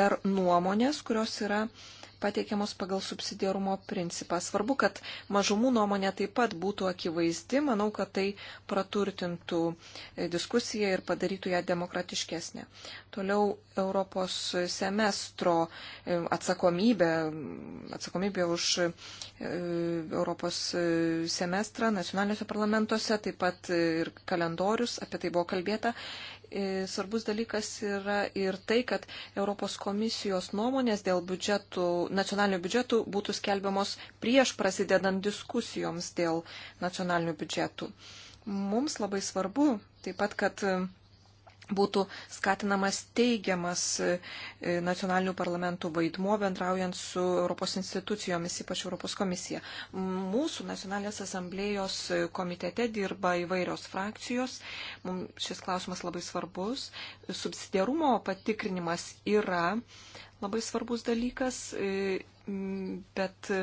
per nuomonės, kurios yra uh, pateikiamos pagal subsidiarumo principą. Svarbu, kad mažumų nuomonė taip pat būtų akivaizdi. Manau, kad tai praturtintų e, diskusiją ir padarytų ją demokratiškesnė. Toliau Europos semestro e, atsakomybė, atsakomybė už e, Europos semestrą nacionaliniuose parlamentuose, taip pat ir kalendorius, apie tai buvo kalbėta. E, svarbus dalykas yra ir tai, kad Europos komisijos nuomonės dėl biudžetų, nacionalinių biudžetų būtų skelbiamos prieš prasidedant diskusijoms dėl nacionalinių biudžetų. Mums labai svarbu taip pat, kad būtų skatinamas teigiamas e, nacionalinių parlamentų vaidmuo bendraujant su Europos institucijomis, ypač Europos komisija. Mūsų nacionalinės asamblėjos komitete dirba įvairios frakcijos. Mums šis klausimas labai svarbus. Subsidiarumo patikrinimas yra labai svarbus dalykas, e, bet e,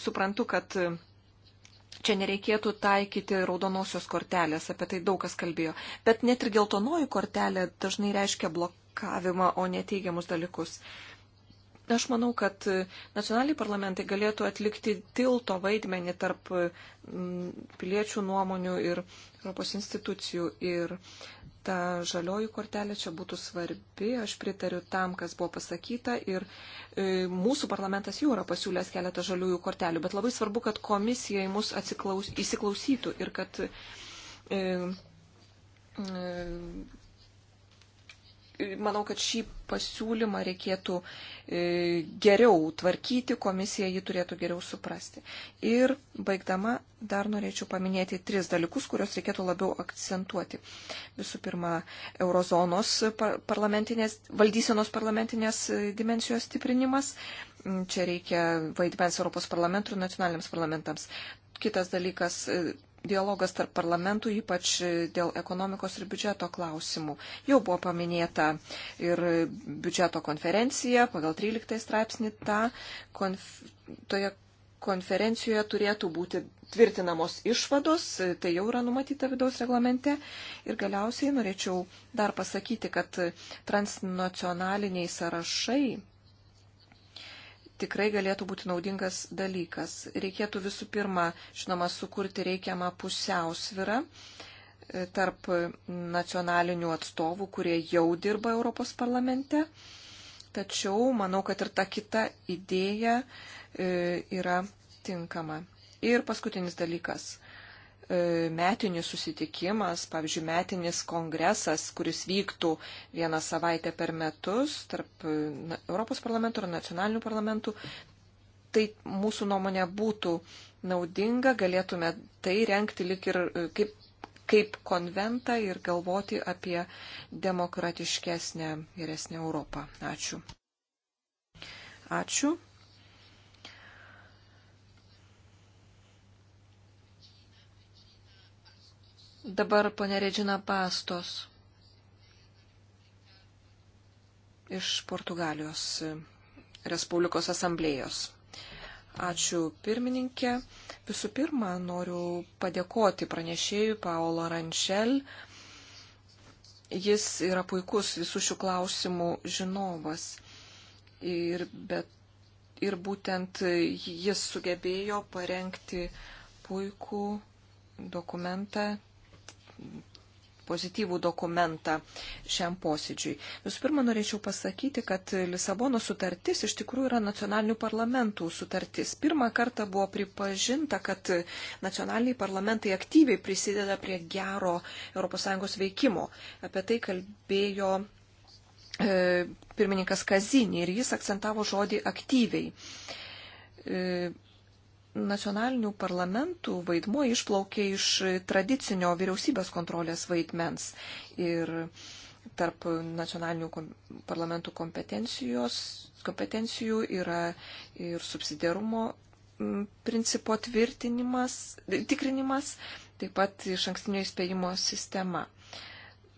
suprantu, kad čia nereikėtų taikyti raudonosios kortelės, apie tai daug kas kalbėjo. Bet net ir geltonoji kortelė dažnai reiškia blokavimą, o neteigiamus dalykus. Aš manau, kad nacionaliai parlamentai galėtų atlikti tilto vaidmenį tarp mm, piliečių nuomonių ir Europos institucijų. Ir ta žalioji kortelė čia būtų svarbi. Aš pritariu tam, kas buvo pasakyta ir e, mūsų parlamentas jau yra pasiūlęs keletą žaliųjų kortelių, bet labai svarbu, kad komisija į mus atsiklaus, įsiklausytų ir kad e, e, manau, kad šį pasiūlymą reikėtų e, geriau tvarkyti, komisija jį turėtų geriau suprasti. Ir baigdama dar norėčiau paminėti tris dalykus, kuriuos reikėtų labiau akcentuoti. Visų pirma, eurozonos parlamentinės, valdysenos parlamentinės e, dimensijos stiprinimas. Čia reikia vaidmens Europos parlamentui ir nacionaliniams parlamentams. Kitas dalykas e, dialogas tarp parlamentų, ypač dėl ekonomikos ir biudžeto klausimų. Jau buvo paminėta ir biudžeto konferencija, pagal 13 straipsnį ta, konf, toje konferencijoje turėtų būti tvirtinamos išvados, tai jau yra numatyta vidaus reglamente. Ir galiausiai norėčiau dar pasakyti, kad transnacionaliniai sąrašai tikrai galėtų būti naudingas dalykas. Reikėtų visų pirma, žinoma, sukurti reikiamą pusiausvirą e, tarp nacionalinių atstovų, kurie jau dirba Europos parlamente. Tačiau manau, kad ir ta kita idėja e, yra tinkama. Ir paskutinis dalykas. E, metinis susitikimas, pavyzdžiui, metinis kongresas, kuris vyktų vieną savaitę per metus tarp e, Europos parlamento ir nacionalinių parlamentų, tai mūsų nuomonė būtų naudinga, galėtume tai renkti lik ir e, kaip, kaip konventą ir galvoti apie demokratiškesnę geresnę Europą. Ačiū. Ačiū. Dabar ponė Redžina Pastos iš Portugalijos Respublikos asamblėjos. Ačiū pirmininkė. Visų pirma, noriu padėkoti pranešėjui Paolo Rančel. Jis yra puikus visų šių klausimų žinovas. Ir, bet, ir būtent jis sugebėjo parengti puikų dokumentą pozityvų dokumentą šiam posėdžiui. Visų pirma, norėčiau pasakyti, kad Lisabono sutartis iš tikrųjų yra nacionalinių parlamentų sutartis. Pirmą kartą buvo pripažinta, kad nacionaliniai parlamentai aktyviai prisideda prie gero ES veikimo. Apie tai kalbėjo e, pirmininkas Kazinį ir jis akcentavo žodį aktyviai. E, nacionalinių parlamentų vaidmuo išplaukė iš tradicinio vyriausybės kontrolės vaidmens. Ir tarp nacionalinių parlamentų kompetencijų yra ir subsidiarumo principo tvirtinimas, tikrinimas, taip pat iš ankstinio įspėjimo sistema.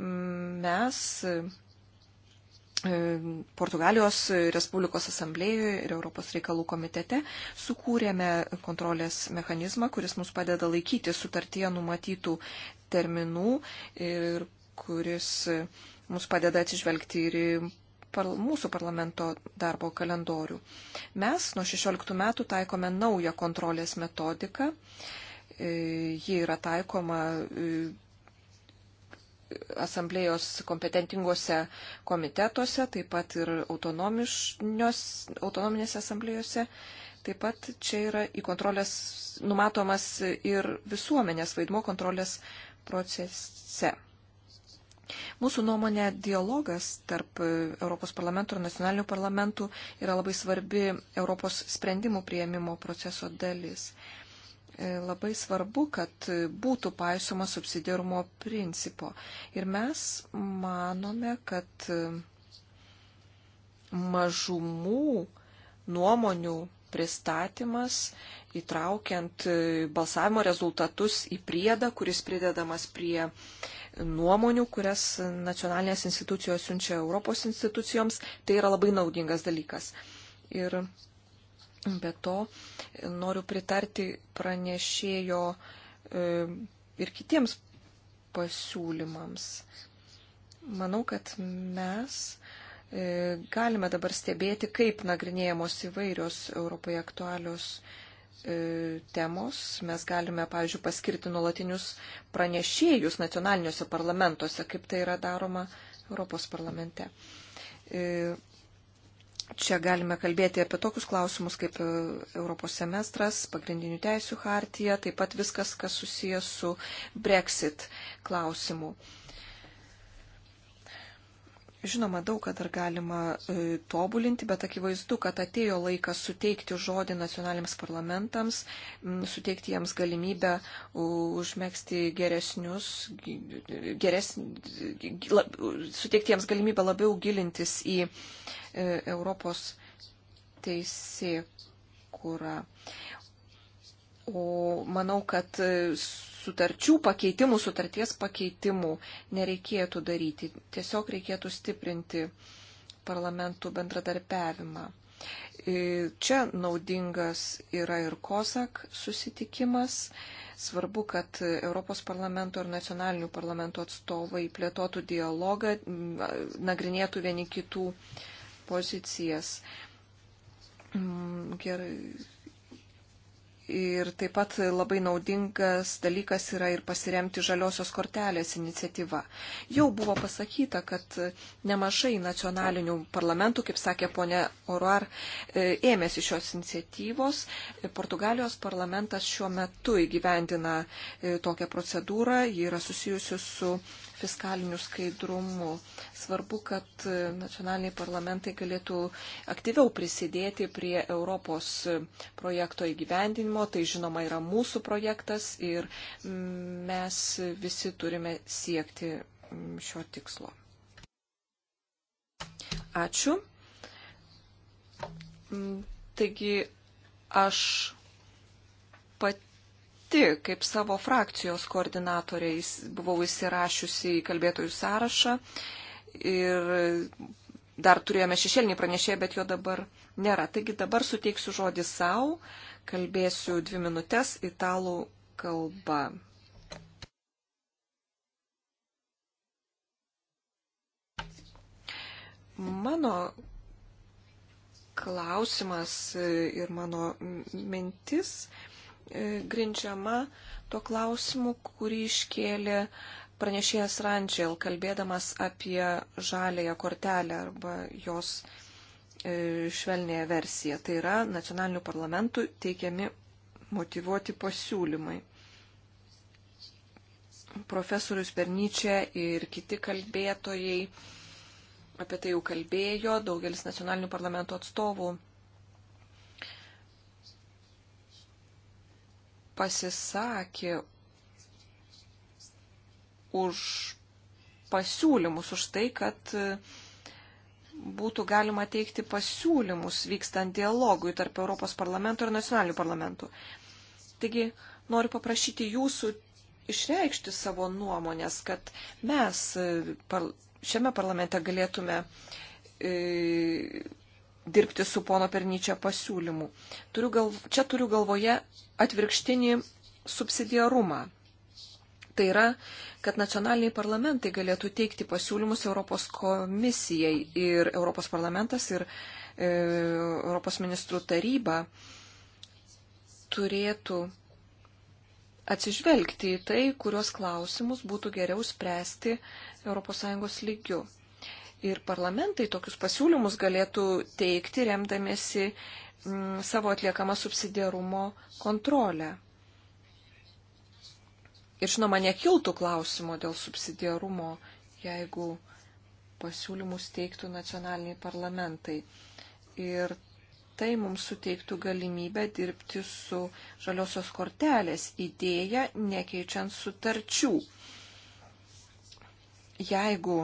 Mes E, Portugalijos Respublikos asamblėjoje ir Europos reikalų komitete sukūrėme kontrolės mechanizmą, kuris mums padeda laikyti sutartyje numatytų terminų ir kuris mums padeda atsižvelgti ir į par, mūsų parlamento darbo kalendorių. Mes nuo 16 metų taikome naują kontrolės metodiką. E, ji yra taikoma e, asamblėjos kompetentingose komitetuose, taip pat ir autonominėse asamblėjose. Taip pat čia yra į kontrolės numatomas ir visuomenės vaidmo kontrolės procese. Mūsų nuomonė dialogas tarp Europos parlamento ir nacionalinių parlamentų yra labai svarbi Europos sprendimų prieimimo proceso dalis. E, labai svarbu, kad būtų paisoma subsidiarumo principo. Ir mes manome, kad e, mažumų nuomonių pristatymas, įtraukiant e, balsavimo rezultatus į priedą, kuris pridedamas prie nuomonių, kurias nacionalinės institucijos siunčia Europos institucijoms, tai yra labai naudingas dalykas. Ir Be to, noriu pritarti pranešėjo e, ir kitiems pasiūlymams. Manau, kad mes e, galime dabar stebėti, kaip nagrinėjamos įvairios Europoje aktualios e, temos. Mes galime, pavyzdžiui, paskirti nuolatinius pranešėjus nacionaliniuose parlamentuose, kaip tai yra daroma Europos parlamente. Čia galime kalbėti apie tokius klausimus kaip e, Europos semestras, pagrindinių teisų hartija, taip pat viskas, kas susijęs su Brexit klausimu. Uh, Žinoma, daug ką dar galima e, tobulinti, bet akivaizdu, kad atėjo laikas suteikti žodį nacionaliniams parlamentams, m, suteikti jiems galimybę užmėgsti geresnius, geresn, lab, suteikti jiems galimybę labiau gilintis į e, Europos teisėkurą. O manau, kad. E, sutarčių pakeitimų, sutarties pakeitimų nereikėtų daryti. Tiesiog reikėtų stiprinti parlamentų bendradarbiavimą. E, čia naudingas yra ir COSAC susitikimas. Svarbu, kad Europos parlamento ir nacionalinių parlamento atstovai plėtotų dialogą, nagrinėtų vieni kitų pozicijas. Mm, gerai, Ir taip pat labai naudingas dalykas yra ir pasiremti žaliosios kortelės iniciatyva. Jau buvo pasakyta, kad nemažai nacionalinių parlamentų, kaip sakė ponė Oruar, e, ėmėsi šios iniciatyvos. Portugalijos parlamentas šiuo metu įgyvendina e, tokią procedūrą, ji yra susijusi su fiskaliniu skaidrumu. Svarbu, kad nacionaliniai parlamentai galėtų aktyviau prisidėti prie Europos projekto įgyvendinimo. Tai žinoma yra mūsų projektas ir mes visi turime siekti šio tikslo. Ačiū. Taigi aš pati pati, kaip savo frakcijos koordinatoriais, buvau įsirašiusi į kalbėtojų sąrašą ir dar turėjome šešėlinį pranešėją, bet jo dabar nėra. Taigi dabar suteiksiu žodį savo, kalbėsiu dvi minutės italų kalba. Mano klausimas ir mano mintis E, grindžiama tuo klausimu, kurį iškėlė pranešėjas Rančel, kalbėdamas apie žalėją kortelę arba jos e, švelnėje versiją. Tai yra nacionalinių parlamentų teikiami motivuoti pasiūlymai. Profesorius Bernyčia ir kiti kalbėtojai apie tai jau kalbėjo, daugelis nacionalinių parlamentų atstovų pasisakė už pasiūlymus, už tai, kad būtų galima teikti pasiūlymus vykstant dialogui tarp Europos parlamento ir nacionalinių parlamentų. Taigi, noriu paprašyti jūsų išreikšti savo nuomonės, kad mes šiame parlamente galėtume e, dirbti su pono Pernyčia pasiūlymu. Turiu gal, čia turiu galvoje atvirkštinį subsidiarumą. Tai yra, kad nacionaliniai parlamentai galėtų teikti pasiūlymus Europos komisijai ir Europos parlamentas ir e, Europos ministrų taryba turėtų atsižvelgti į tai, kurios klausimus būtų geriau spręsti ES lygiu ir parlamentai tokius pasiūlymus galėtų teikti, remdamėsi m, mm, savo atliekamą subsidiarumo kontrolę. Ir žinoma, nekiltų klausimo dėl subsidiarumo, jeigu pasiūlymus teiktų nacionaliniai parlamentai. Ir tai mums suteiktų galimybę dirbti su žaliosios kortelės idėja, nekeičiant sutarčių. Jeigu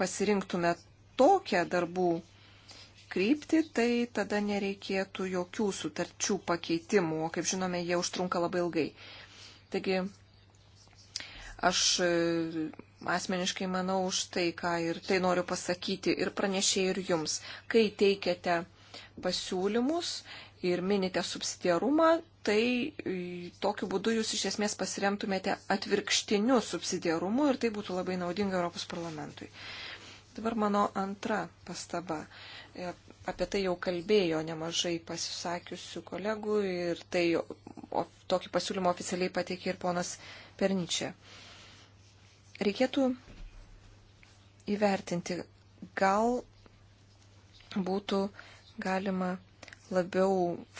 pasirinktume tokią darbų kryptį, tai tada nereikėtų jokių sutarčių pakeitimų, o kaip žinome, jie užtrunka labai ilgai. Taigi aš e, asmeniškai manau už tai, ką ir tai noriu pasakyti ir pranešėjai ir jums, kai teikiate pasiūlymus, ir minite subsidiarumą, tai e, tokiu būdu jūs iš esmės pasiremtumėte atvirkštiniu subsidiarumu ir tai būtų labai naudinga Europos parlamentui. Dabar mano antra pastaba. E, apie tai jau kalbėjo nemažai pasisakiusių kolegų ir tai o, tokį pasiūlymą oficialiai pateikė ir ponas Perničia. Reikėtų įvertinti, gal būtų galima labiau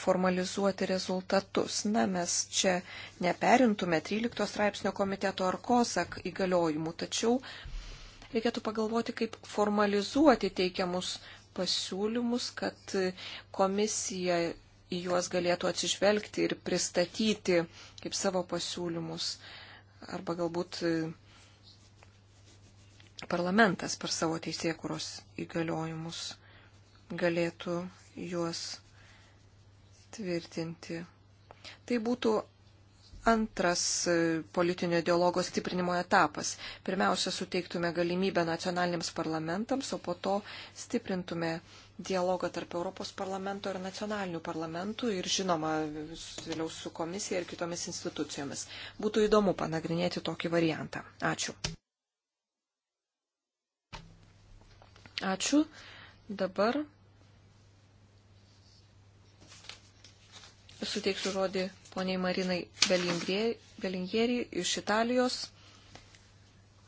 formalizuoti rezultatus. Na, mes čia neperintume 13 straipsnio komiteto ar kosak įgaliojimų, tačiau reikėtų pagalvoti, kaip formalizuoti teikiamus pasiūlymus, kad komisija į juos galėtų atsižvelgti ir pristatyti kaip savo pasiūlymus. Arba galbūt e, parlamentas per savo teisėkuros įgaliojimus galėtų juos tvirtinti. Tai būtų antras politinio dialogo stiprinimo etapas. Pirmiausia, suteiktume galimybę nacionaliniams parlamentams, o po to stiprintume dialogą tarp Europos parlamento ir nacionalinių parlamentų ir, žinoma, vėliau su komisija ir kitomis institucijomis. Būtų įdomu panagrinėti tokį variantą. Ačiū. Ačiū. Dabar suteiksiu žodį poniai Marinai Belingieri iš Italijos.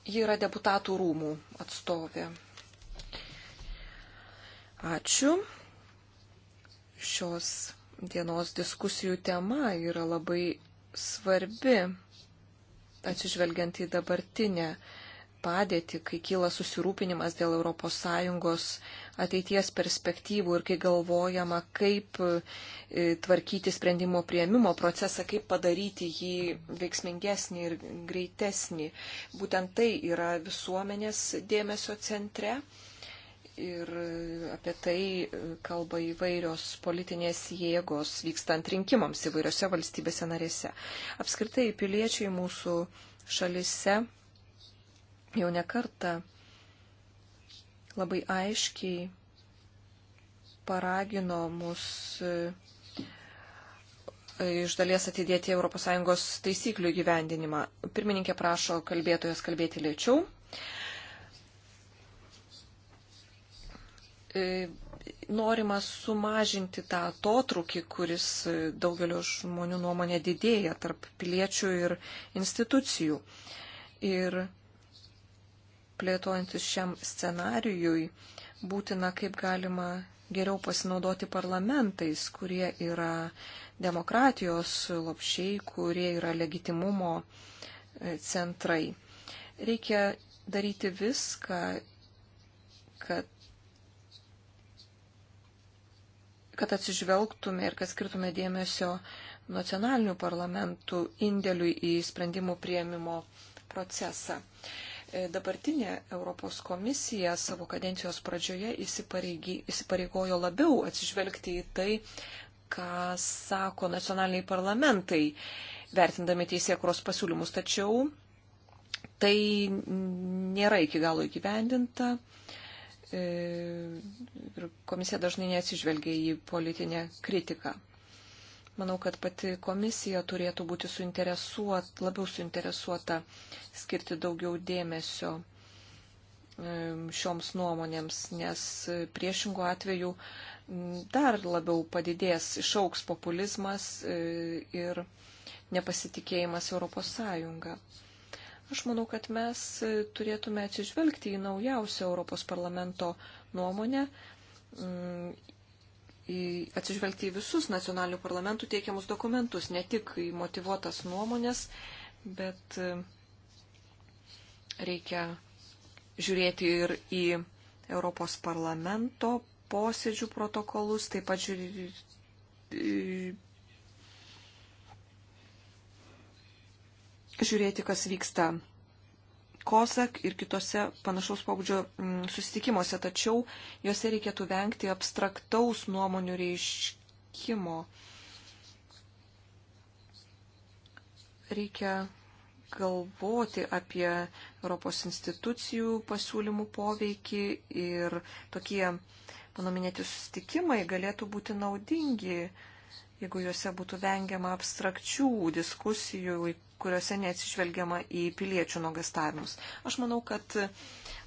Ji yra deputatų rūmų atstovė. Ačiū. Šios dienos diskusijų tema yra labai svarbi, atsižvelgiant į dabartinę uh, padėtį, kai kyla susirūpinimas dėl ES ateities perspektyvų ir kai galvojama, kaip e, tvarkyti sprendimo prieimimo procesą, kaip padaryti jį veiksmingesnį ir greitesnį. Būtent tai yra visuomenės dėmesio centre. Ir apie tai kalba įvairios politinės jėgos vykstant rinkimams įvairiose valstybėse narėse. Apskritai, piliečiai mūsų šalise jau nekarta labai aiškiai paragino mus e, iš dalies atidėti ES taisyklių gyvendinimą. Pirmininkė prašo kalbėtojas kalbėti lėčiau. E, norima sumažinti tą atotrukį, kuris daugelio žmonių nuomonė didėja tarp piliečių ir institucijų. Ir plėtojantis šiam scenarijui, būtina kaip galima geriau pasinaudoti parlamentais, kurie yra demokratijos lopšiai, kurie yra legitimumo e, centrai. Reikia daryti viską, kad kad atsižvelgtume ir kad skirtume dėmesio nacionalinių parlamentų indėliui į sprendimų prieimimo procesą. Uh, E, dabartinė Europos komisija savo kadencijos pradžioje įsipareigojo labiau atsižvelgti į tai, ką sako nacionaliniai parlamentai, vertindami teisėkros pasiūlymus. Tačiau tai nėra iki galo įgyvendinta. E, ir komisija dažnai neatsižvelgia į politinę kritiką. Manau, kad pati komisija turėtų būti suinteresuot, labiau suinteresuota skirti daugiau dėmesio šioms nuomonėms, nes priešingų atveju dar labiau padidės, išauks populizmas e, ir nepasitikėjimas Europos Sąjunga. Aš manau, kad mes e, turėtume atsižvelgti į naujausią Europos parlamento nuomonę, atsižvelgti į visus nacionalinių parlamentų teikiamus dokumentus, ne tik į motivuotas nuomonės, bet e, reikia žiūrėti ir į Europos parlamento posėdžių protokolus, taip pat žiūrėti, žiūrėti kas vyksta COSAC ir kitose panašaus pobūdžio mm, susitikimuose, tačiau juose reikėtų vengti abstraktaus nuomonių reiškimo. Reikia galvoti apie Europos institucijų pasiūlymų poveikį ir tokie, mano minėti, susitikimai galėtų būti naudingi, jeigu juose būtų vengiama abstrakčių diskusijų, kuriuose neatsižvelgiama į piliečių nuogastavimus. Aš manau, kad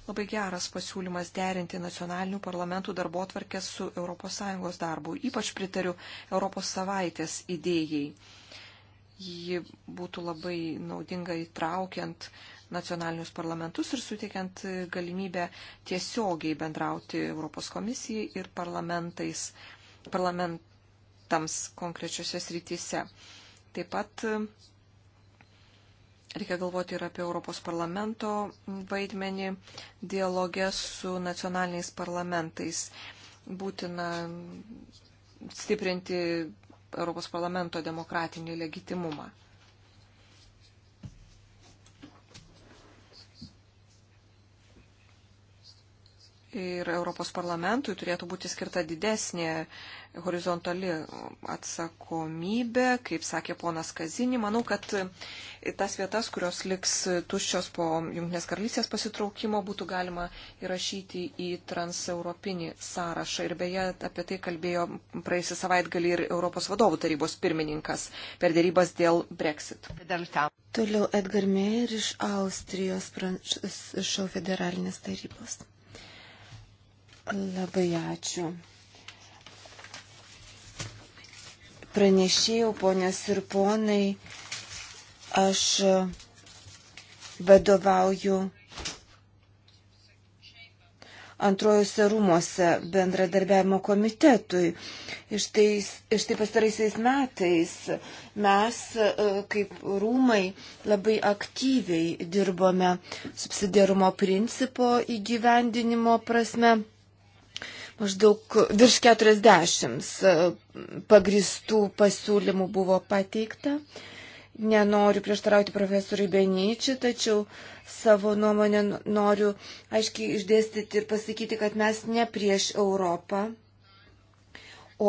labai geras pasiūlymas derinti nacionalinių parlamentų darbo tvarkės su ES darbu. Ypač pritariu Europos savaitės idėjai. Ji būtų labai naudinga įtraukiant nacionalinius parlamentus ir suteikiant galimybę tiesiogiai bendrauti Europos komisijai ir parlamentais, parlamentams konkrečiose srityse. Taip pat Reikia galvoti ir apie Europos parlamento vaidmenį dialogę su nacionaliniais parlamentais. Būtina stiprinti Europos parlamento demokratinį legitimumą. ir Europos parlamentui turėtų būti skirta didesnė horizontali atsakomybė, kaip sakė ponas Kazinį. Manau, kad tas vietas, kurios liks tuščios po Junktinės karalystės pasitraukimo, būtų galima įrašyti į transeuropinį sąrašą. Ir beje, apie tai kalbėjo praėjusią savaitgalį ir Europos vadovų tarybos pirmininkas per dėrybas dėl Brexit. Toliau Edgar Meijer iš Austrijos šanšų federalinės tarybos. Labai ačiū. Pranešėjau, ponės ir ponai, aš vadovauju antrojose rūmose bendradarbiavimo komitetui. Ir štai pastaraisiais metais mes e, kaip rūmai labai aktyviai dirbome subsidiarumo principo įgyvendinimo prasme. Maždaug virš 40 e, pagristų pasiūlymų buvo pateikta. Nenoriu prieštarauti profesoriui Benyčiui, tačiau savo nuomonę noriu aiškiai išdėstyti ir pasakyti, kad mes ne prieš Europą,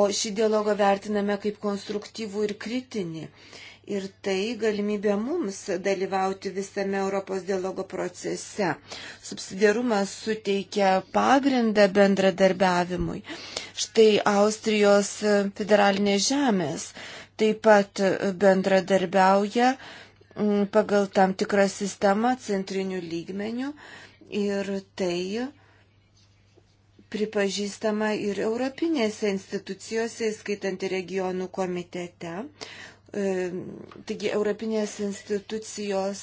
o šį dialogą vertiname kaip konstruktyvų ir kritinį. Uh, ir tai galimybė mums dalyvauti visame Europos dialogo procese. Subsidiarumas suteikia pagrindą bendradarbiavimui. Štai Austrijos federalinės žemės taip pat bendradarbiauja mm, pagal tam tikrą sistemą centrinių lygmenių ir tai pripažįstama ir europinėse institucijose, įskaitant ir regionų komitete. E, taigi Europinės institucijos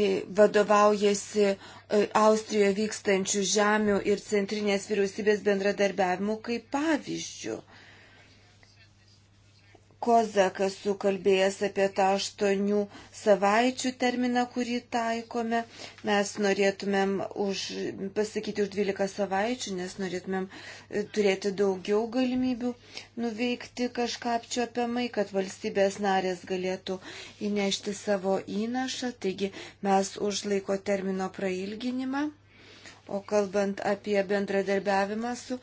e, vadovaujasi e, Austrijoje vykstančių žemių ir centrinės vyriausybės bendradarbiavimu kaip pavyzdžių. Kozakas sukalbėjęs apie tą aštuonių savaičių terminą, kurį taikome. Mes norėtumėm už, pasakyti už 12 savaičių, nes norėtumėm e, turėti daugiau galimybių nuveikti kažką apčiopiamai, kad valstybės narės galėtų įnešti savo įnašą. Taigi mes už laiko termino prailginimą O kalbant apie bendradarbiavimą su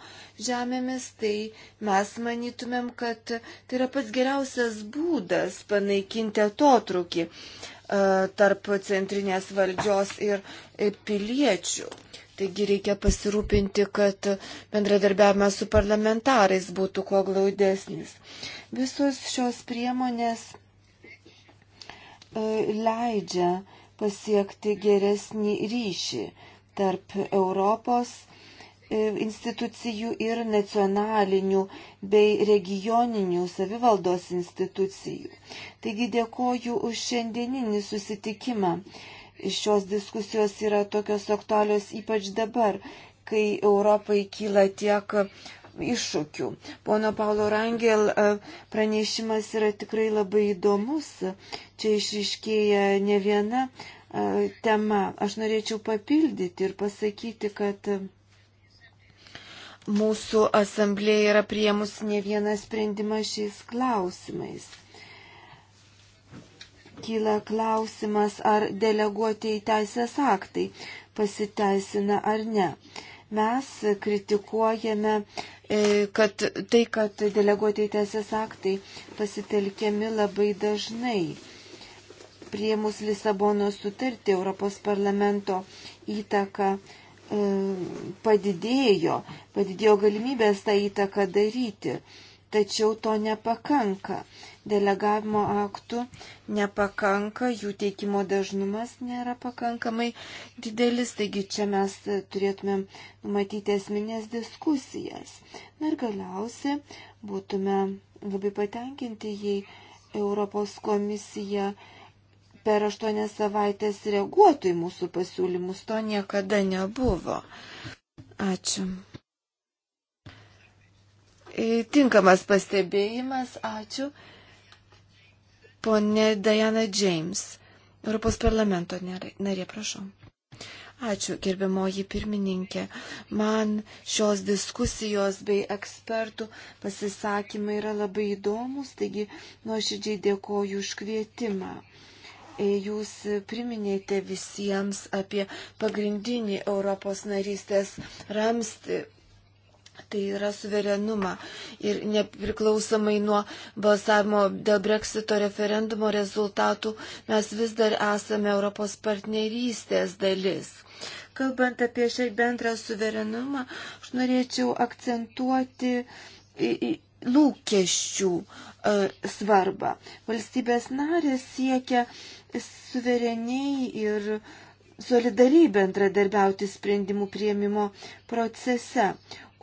žemėmis, tai mes manytumėm, kad tai yra pats geriausias būdas panaikinti atotrukį e, tarp centrinės valdžios ir e, piliečių. Taigi reikia pasirūpinti, kad bendradarbiavimas su parlamentarais būtų kuo glaudesnis. Visos šios priemonės e, leidžia pasiekti geresnį ryšį tarp Europos e, institucijų ir nacionalinių bei regioninių savivaldos institucijų. Taigi dėkoju už šiandieninį susitikimą. Šios diskusijos yra tokios aktualios ypač dabar, kai Europai kyla tiek iššūkių. Pono Paulo Rangel e, pranešimas yra tikrai labai įdomus. Čia išriškėja ne viena E, tema. Aš norėčiau papildyti ir pasakyti, kad mūsų asamblėje yra priemus ne vieną sprendimą šiais klausimais. Kyla klausimas, ar deleguoti į teisės aktai pasiteisina ar ne. Mes kritikuojame, e, kad tai, kad deleguoti į teisės aktai pasitelkiami labai dažnai Priemus Lisabono sutartį Europos parlamento įtaka e, padidėjo, padidėjo galimybės tą įtaką daryti, tačiau to nepakanka. Delegavimo aktų nepakanka, jų teikimo dažnumas nėra pakankamai didelis, taigi čia mes turėtumėm numatyti esminės diskusijas. Na ir galiausiai būtume labai patenkinti, jei Europos komisija uh, per aštuonias savaitės reaguotų į mūsų pasiūlymus. To niekada nebuvo. Ačiū. E, tinkamas pastebėjimas. Ačiū. Pone Diana James, Europos parlamento narė, prašau. Ačiū, gerbiamoji pirmininkė. Man šios diskusijos bei ekspertų pasisakymai yra labai įdomus, taigi nuoširdžiai dėkoju už kvietimą jūs priminėte visiems apie pagrindinį Europos narystės ramsti. Tai yra suverenumą ir nepriklausomai nuo balsavimo dėl breksito referendumo rezultatų mes vis dar esame Europos partnerystės dalis. Kalbant apie šią bendrą suverenumą, aš norėčiau akcentuoti lūkesčių e, svarbą. Valstybės narės siekia suvereniai ir solidariai bendradarbiauti sprendimų prieimimo procese,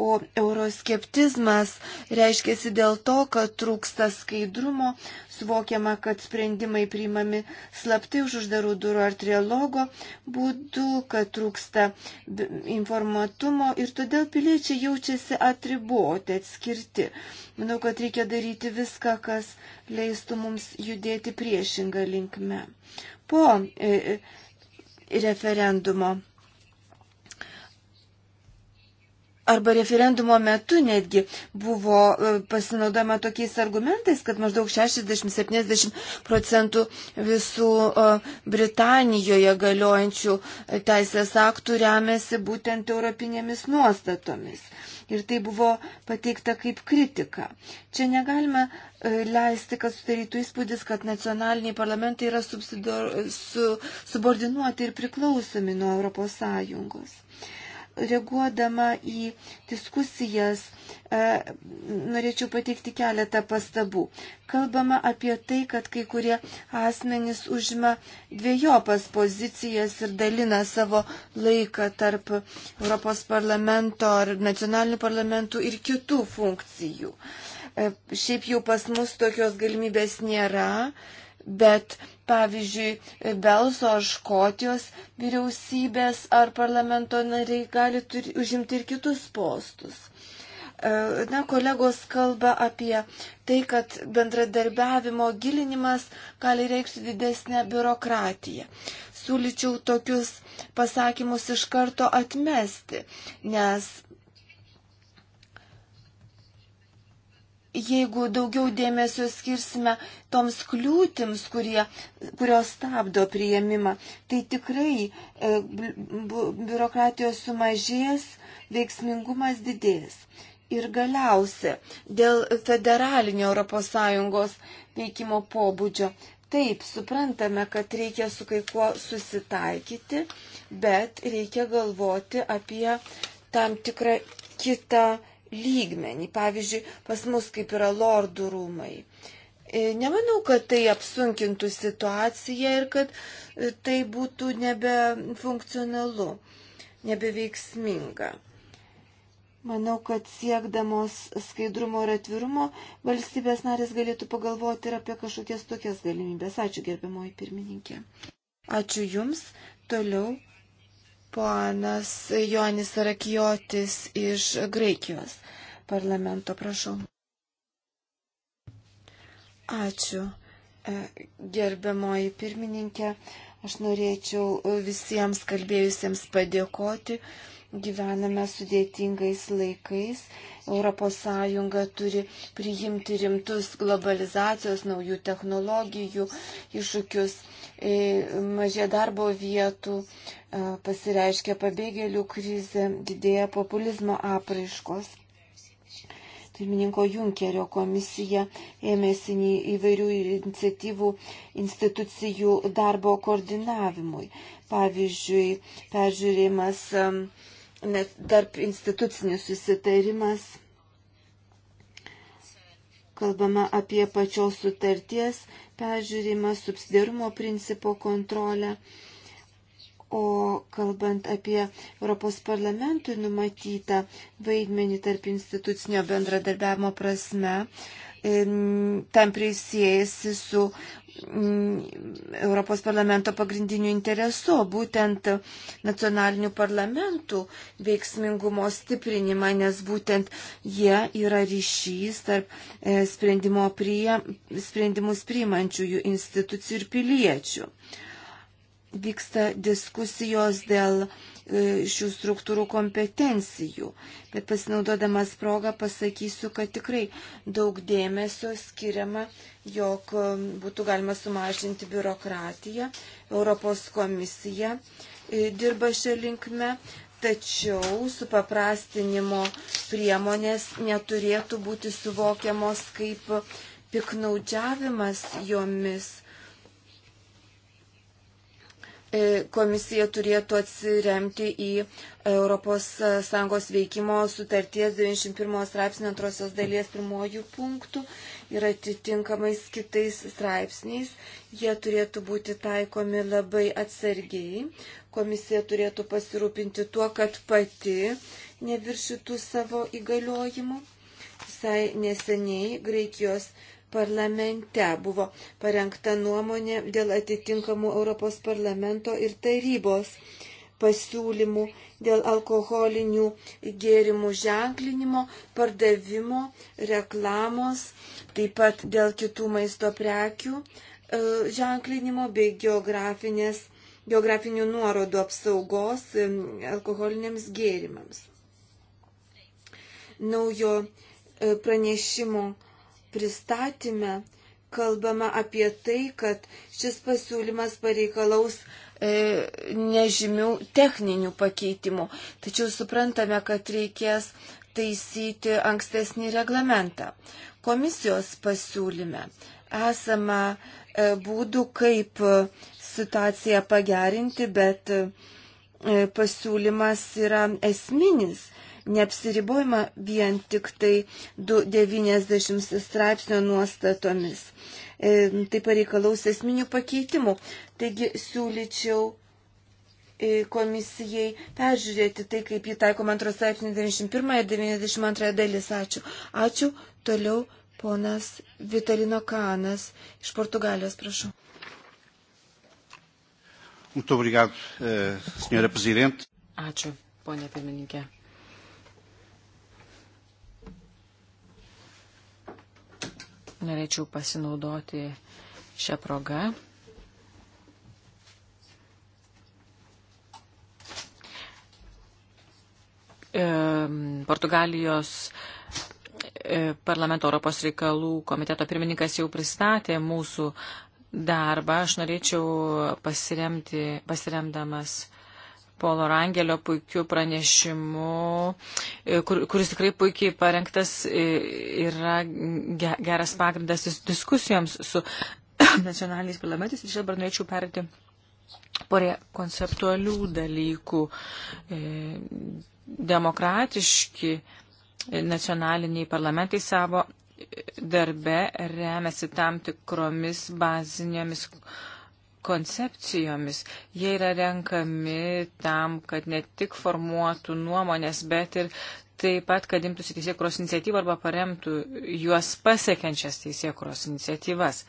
o euroskeptizmas reiškiasi dėl to, kad trūksta skaidrumo, suvokiama, kad sprendimai priimami slaptai už uždarų durų ar trialogo būdu, kad trūksta informatumo ir todėl piliečiai jaučiasi atribuoti, atskirti. Manau, kad reikia daryti viską, kas leistų mums judėti priešingą linkme. Po e, e referendumo arba referendumo metu netgi buvo e, pasinaudojama tokiais argumentais, kad maždaug 60-70 procentų visų e, Britanijoje galiojančių teisės aktų remiasi būtent europinėmis nuostatomis. Ir tai buvo pateikta kaip kritika. Čia negalime leisti, kad sudarytų įspūdis, kad nacionaliniai parlamentai yra subsidor, su, subordinuoti ir priklausomi nuo Europos Sąjungos reaguodama į diskusijas, e, norėčiau pateikti keletą pastabų. Kalbama apie tai, kad kai kurie asmenys užima dviejopas pozicijas ir dalina savo laiką tarp Europos parlamento ar nacionalinių parlamentų ir kitų funkcijų. E, šiaip jau pas mus tokios galimybės nėra, bet Pavyzdžiui, Belso ar Škotijos vyriausybės ar parlamento nariai gali turi, užimti ir kitus postus. E, na, kolegos kalba apie tai, kad bendradarbiavimo gilinimas gali reikšti didesnę biurokratiją. Sūlyčiau tokius pasakymus iš karto atmesti, nes jeigu daugiau dėmesio skirsime toms kliūtims, kurie, kurios stabdo prieimimą, tai tikrai e, biurokratijos sumažės, veiksmingumas didės. Ir galiausia, dėl federalinio ES veikimo pobūdžio. Taip, suprantame, kad reikia su kai kuo susitaikyti, bet reikia galvoti apie tam tikrą kitą lygmenį. Pavyzdžiui, pas mus kaip yra lordų rūmai. E, nemanau, kad tai apsunkintų situaciją ir kad e, tai būtų nebefunkcionalu, nebeveiksminga. Manau, kad siekdamos skaidrumo ir atvirumo valstybės narės galėtų pagalvoti ir apie kažkokias tokias galimybės. Ačiū gerbiamoji pirmininkė. Ačiū Jums. Toliau Ponas Jonis Rakijotis iš Graikijos parlamento, prašau. Ačiū, e, gerbiamoji pirmininkė. Aš norėčiau visiems kalbėjusiems padėkoti gyvename sudėtingais laikais. ES turi priimti rimtus globalizacijos, naujų technologijų iššūkius, e, mažė darbo vietų, e, pasireiškia pabėgėlių krizė, didėja populizmo apraiškos. Pirmininko Junkerio komisija ėmėsi įvairių iniciatyvų institucijų darbo koordinavimui. Pavyzdžiui, peržiūrėjimas nes tarp institucinis susitarimas kalbama apie pačios sutarties peržiūrimą, subsidiarumo principo kontrolę. O kalbant apie Europos parlamentui numatytą vaidmenį tarp institucinio bendradarbiavimo prasme, tam prisėjasi su Mm, Europos parlamento pagrindiniu interesu, būtent nacionalinių parlamentų veiksmingumo stiprinimą, nes būtent jie yra ryšys tarp e, prie, sprendimus priimančiųjų institucijų ir piliečių. Vyksta diskusijos dėl E, šių struktūrų kompetencijų. Bet pasinaudodamas progą pasakysiu, kad tikrai daug dėmesio skiriama, jog e, būtų galima sumažinti biurokratiją. Europos komisija e, dirba šią linkmę, tačiau supaprastinimo priemonės neturėtų būti suvokiamos kaip piknaudžiavimas jomis E, komisija turėtų atsiremti į ES veikimo sutarties 91 straipsnio antrosios dalies pirmojų punktų ir atitinkamais kitais straipsniais. Jie turėtų būti taikomi labai atsargiai. Komisija turėtų pasirūpinti tuo, kad pati neviršytų savo įgaliojimų. Visai neseniai Graikijos parlamente buvo parengta nuomonė dėl atitinkamų Europos parlamento ir tarybos pasiūlymų dėl alkoholinių gėrimų ženklinimo, pardavimo, reklamos, taip pat dėl kitų maisto prekių e, ženklinimo bei geografinės, geografinių nuorodų apsaugos e, alkoholiniams gėrimams. Naujo e, pranešimo pristatymę kalbama apie tai, kad šis pasiūlymas pareikalaus e, nežymių techninių pakeitimų. Tačiau suprantame, kad reikės taisyti ankstesnį reglamentą. Komisijos pasiūlyme esama e, būdų, kaip situaciją pagerinti, bet e, pasiūlymas yra esminis neapsiribojama vien tik tai 290 straipsnio nuostatomis. E, tai pareikalaus esminių pakeitimų. Taigi siūlyčiau e, komisijai peržiūrėti tai, kaip jį taikoma antros straipsnių 91 ir 92 dalis. Ačiū. Ačiū. Toliau ponas Vitalino Kanas iš Portugalijos, prašau. Muito obrigado, eh, senhora Presidente. Ačiū, ponė pirmininkė. Norėčiau pasinaudoti šią progą. Portugalijos e, parlamento Europos reikalų komiteto pirmininkas jau pristatė mūsų darbą. Aš norėčiau pasiremti, pasiremdamas uh, Polo Rangelio puikiu pranešimu, e, kur, kuris tikrai puikiai parengtas e, yra geras pagrindas diskusijoms su [coughs] nacionaliniais parlamentais. Ir dabar norėčiau perėti porė konceptualių dalykų. E, demokratiški nacionaliniai parlamentai savo darbe remiasi tam tikromis bazinėmis koncepcijomis. Jie yra renkami tam, kad ne tik formuotų nuomonės, bet ir taip pat, kad imtųsi teisėkuros iniciatyvą arba paremtų juos pasiekiančias teisėkuros iniciatyvas.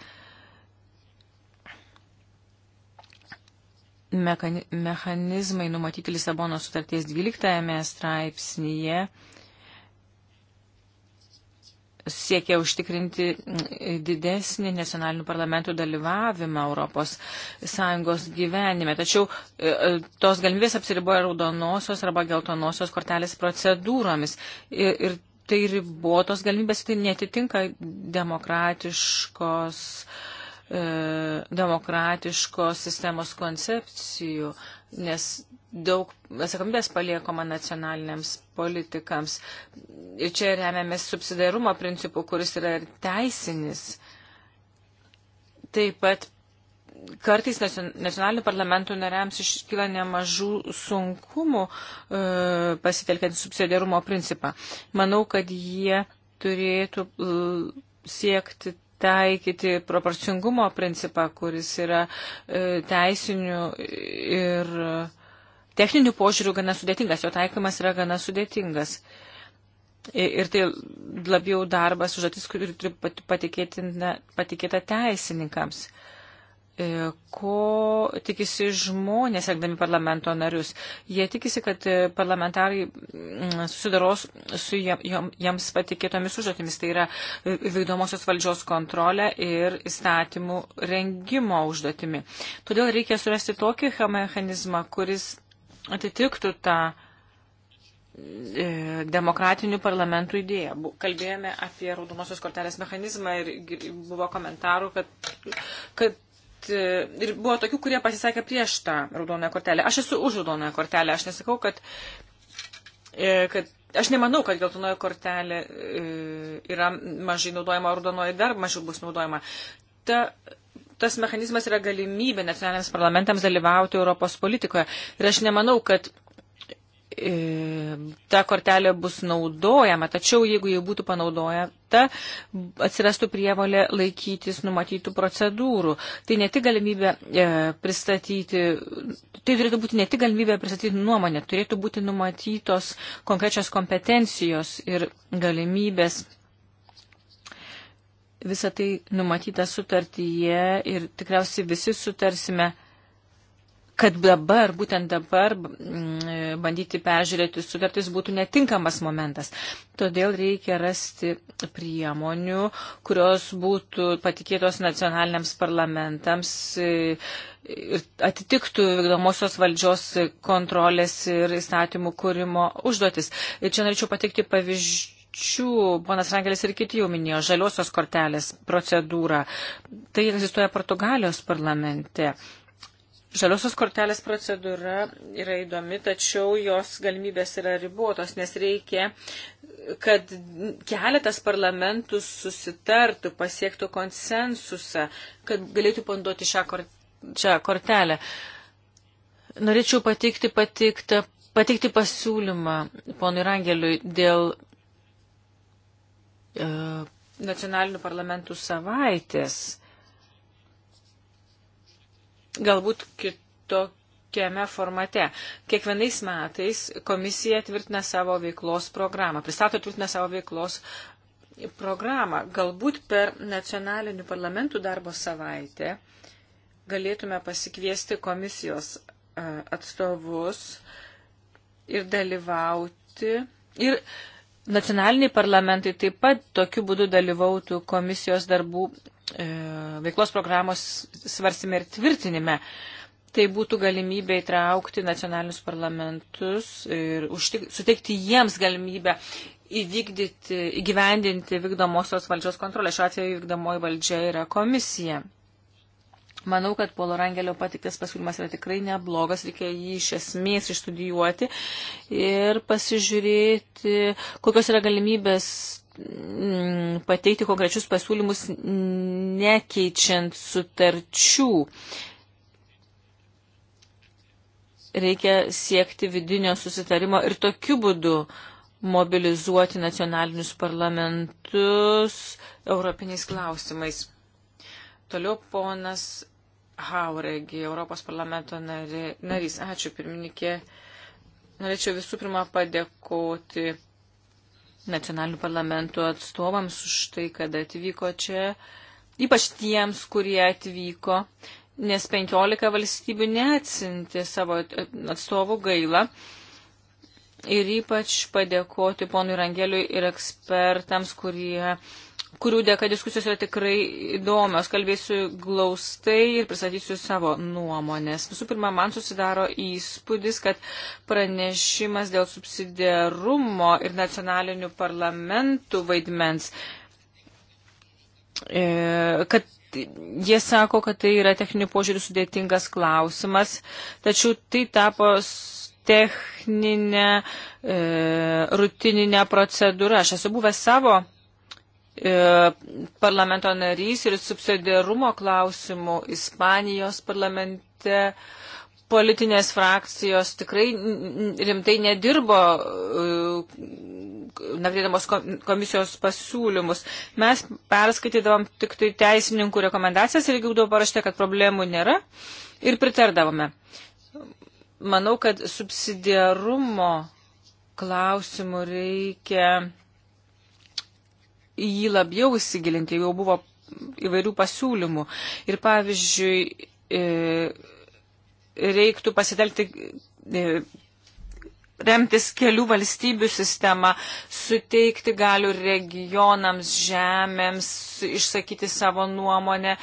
Mechanizmai numatyti Lisabono sutarties 12 straipsnyje siekia užtikrinti mm, didesnį nacionalinių parlamentų dalyvavimą ES gyvenime. Tačiau e, e, tos galimybės apsiriboja raudonosios arba geltonosios kortelės procedūromis. Ir, ir tai ribotos galimybės, tai netitinka demokratiškos, e, demokratiškos sistemos koncepcijų, nes daug atsakomybės paliekama nacionaliniams politikams. Ir čia remiamės subsidarumo principu, kuris yra ir teisinis. Taip pat kartais nacionalinių parlamentų nariams iškyla nemažų sunkumų e, pasitelkiant subsidiarumo principą. Manau, kad jie turėtų e, siekti taikyti proporcingumo principą, kuris yra e, teisinių ir techninių požiūrių gana sudėtingas, jo taikymas yra gana sudėtingas. Ir tai labiau darbas užduotis, kuri turi patikėta teisininkams. Ko tikisi žmonės, sekdami parlamento narius? Jie tikisi, kad parlamentarai mm, susidaros su jiems patikėtomis užduotimis, tai yra vykdomosios valdžios kontrolė ir įstatymų rengimo užduotimi. Todėl reikia surasti tokį mechanizmą, kuris atitiktų tą e, demokratinių parlamentų idėja. Kalbėjome apie raudonosios kortelės mechanizmą ir buvo komentarų, kad, kad e, ir buvo tokių, kurie pasisakė prieš tą raudoną kortelę. Aš esu už raudoną kortelę. Aš nesakau, kad, e, kad aš nemanau, kad geltonoji kortelė yra mažai naudojama, raudonoji dar mažiau bus naudojama. Ta tas mechanizmas yra galimybė nacionaliniams parlamentams dalyvauti Europos politikoje. Ir aš nemanau, kad e, ta kortelė bus naudojama, tačiau jeigu jie būtų panaudojama, atsirastų prievalė laikytis numatytų procedūrų. Tai ne tik galimybė e, pristatyti, tai turėtų būti ne tik galimybė pristatyti nuomonę, turėtų būti numatytos konkrečios kompetencijos ir galimybės Visą tai numatyta sutartyje ir tikriausiai visi sutarsime, kad dabar, būtent dabar, e, bandyti peržiūrėti sutartis būtų netinkamas momentas. Todėl reikia rasti priemonių, kurios būtų patikėtos nacionaliniams parlamentams e, ir atitiktų vykdomosios valdžios kontrolės ir įstatymų kūrimo užduotis. Ir čia norėčiau patikti pavyzdžių išimčių, ponas Rangelis ir kiti jau minėjo, žaliosios kortelės procedūrą. Tai egzistuoja Portugalijos parlamente. Žaliosios kortelės procedūra yra įdomi, tačiau jos galimybės yra ribotos, nes reikia, kad keletas parlamentų susitartų, pasiektų konsensusą, kad galėtų panduoti šią, kor šią kortelę. Norėčiau pateikti, pateikti, pateikti pasiūlymą ponui Rangeliui dėl E, nacionalinių parlamentų savaitės. Galbūt kitokiame formate. Kiekvienais metais komisija tvirtina savo veiklos programą, pristato tvirtina savo veiklos programą. Galbūt per nacionalinių parlamentų darbo savaitę galėtume pasikviesti komisijos e, atstovus ir dalyvauti ir nacionaliniai parlamentai taip pat tokiu būdu dalyvautų komisijos darbų e, veiklos programos svarstymė ir tvirtinime. Tai būtų galimybė įtraukti nacionalinius parlamentus ir užtik, suteikti jiems galimybę įvykdyti, įgyvendinti vykdomosios valdžios kontrolę. Šiuo atveju vykdomoji valdžia yra komisija. Manau, kad Polo Rangelio patiktas pasiūlymas yra tikrai neblogas, reikia jį iš esmės išstudijuoti ir pasižiūrėti, kokios yra galimybės mm, pateikti konkrečius pasiūlymus nekeičiant sutarčių. Reikia siekti vidinio susitarimo ir tokiu būdu mobilizuoti nacionalinius parlamentus europiniais klausimais. Toliau ponas Hauregi, Europos parlamento narys. Ačiū, pirmininkė. Norėčiau visų pirma padėkoti nacionalinių parlamentų atstovams už tai, kad atvyko čia, ypač tiems, kurie atvyko, nes 15 valstybių neatsinti savo atstovų gailą. Ir ypač padėkoti ponui Rangeliui ir ekspertams, kurie kurių dėka diskusijos yra tikrai įdomios. Kalbėsiu glaustai ir pristatysiu savo nuomonės. Visų pirma, man susidaro įspūdis, kad pranešimas dėl subsidiarumo ir nacionalinių parlamentų vaidmens, e, kad jie sako, kad tai yra techninių požiūrių sudėtingas klausimas, tačiau tai tapo techninė, e, rutininė procedūra. Aš esu buvęs savo E, parlamento narys ir subsidiarumo klausimų Ispanijos parlamente. Politinės frakcijos tikrai rimtai nedirbo e, nagrėdamos komisijos pasiūlymus. Mes perskaitydavom tik tai teisininkų rekomendacijas ir jeigu būdavo parašyta, kad problemų nėra ir pritardavome. Manau, kad subsidiarumo klausimų reikia jį labiau įsigilinti, jau buvo įvairių pasiūlymų. Ir pavyzdžiui, e, reiktų pasitelkti e, remtis kelių valstybių sistemą, suteikti galių regionams, žemėms, išsakyti savo nuomonę,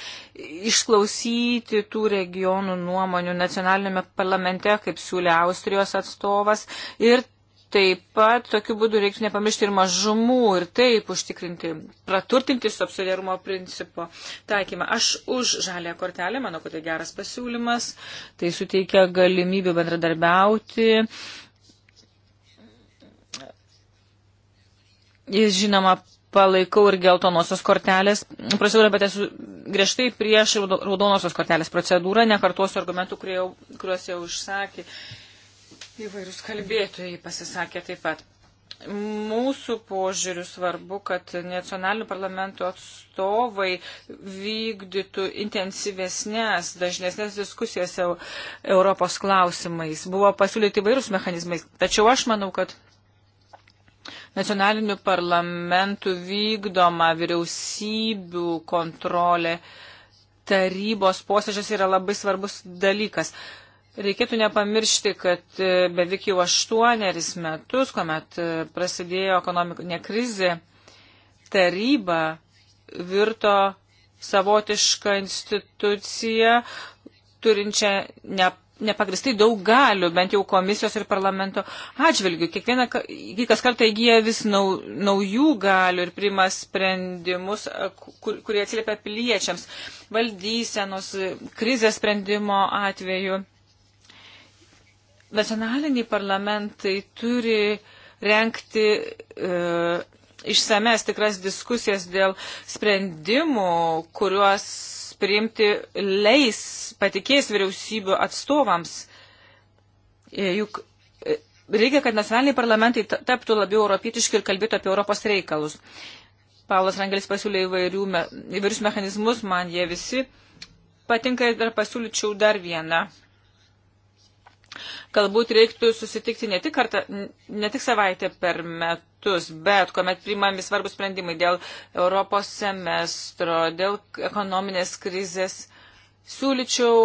išklausyti tų regionų nuomonių nacionalinėme parlamente, kaip siūlė Austrijos atstovas, ir Taip pat tokiu būdu reiktų nepamiršti ir mažumų ir taip užtikrinti, praturtinti subsidiarumo principo taikymą. Aš už žalę kortelę, manau, kad tai geras pasiūlymas, tai suteikia galimybių bendradarbiauti. Jis žinoma palaikau ir geltonosios kortelės procedūrą, bet esu griežtai prieš raudonosios kortelės procedūrą, nekartuosiu argumentų, jau, kuriuos jau užsakė Įvairius kalbėtojai pasisakė taip pat. Mūsų požiūriu svarbu, kad nacionalinių parlamentų atstovai vykdytų intensyvesnės, dažnesnės diskusijas Europos klausimais. Buvo pasiūlyti įvairūs mechanizmai. Tačiau aš manau, kad nacionalinių parlamentų vykdoma vyriausybių kontrolė tarybos posėdžiuose yra labai svarbus dalykas. Uh, Reikėtų nepamiršti, kad e, beveik jau aštuoneris metus, kuomet e, prasidėjo ekonominė krizė, taryba virto savotišką instituciją, turinčią ne, nepagristai daug galių, bent jau komisijos ir parlamento atžvilgių. Kiekvieną, kas kartą įgyja vis nau, naujų galių ir priima sprendimus, e, kur, kurie atsiliepia piliečiams, valdysenos, krizės sprendimo atveju Nacionaliniai parlamentai turi renkti e, išsames tikras diskusijas dėl sprendimų, kuriuos priimti leis patikės vyriausybių atstovams. E, juk e, reikia, kad nacionaliniai parlamentai taptų labiau europietiški ir kalbėtų apie Europos reikalus. Paulas Rangelis pasiūlė įvairių, įvairius mechanizmus, man jie visi patinka ir dar pasiūlyčiau dar vieną. Galbūt reiktų susitikti ne tik, kartą, ne tik savaitę per metus, bet kuomet priimami svarbus sprendimai dėl Europos semestro, dėl ekonominės krizės. Siūlyčiau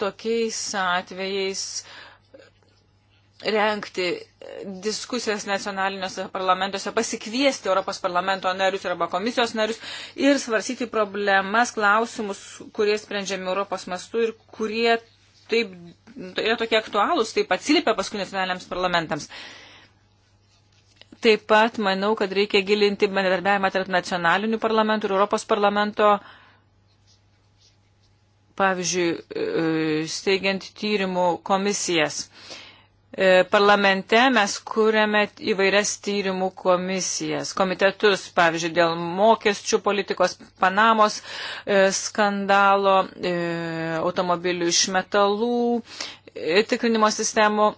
tokiais atvejais renkti diskusijas nacionaliniuose parlamentuose, pasikviesti Europos parlamento narius arba komisijos narius ir svarsyti problemas, klausimus, kurie sprendžiami Europos mastu ir kurie taip, yra tokie aktualūs, taip atsiliepia paskui nacionaliniams parlamentams. Taip pat manau, kad reikia gilinti bendradarbiavimą tarp nacionalinių parlamentų ir Europos parlamento, pavyzdžiui, e, steigiant tyrimų komisijas. Uh, E, parlamente mes kūrėme įvairias tyrimų komisijas, komitetus, pavyzdžiui, dėl mokesčių politikos, Panamos e, skandalo, e, automobilių iš metalų, tikrinimo sistemų.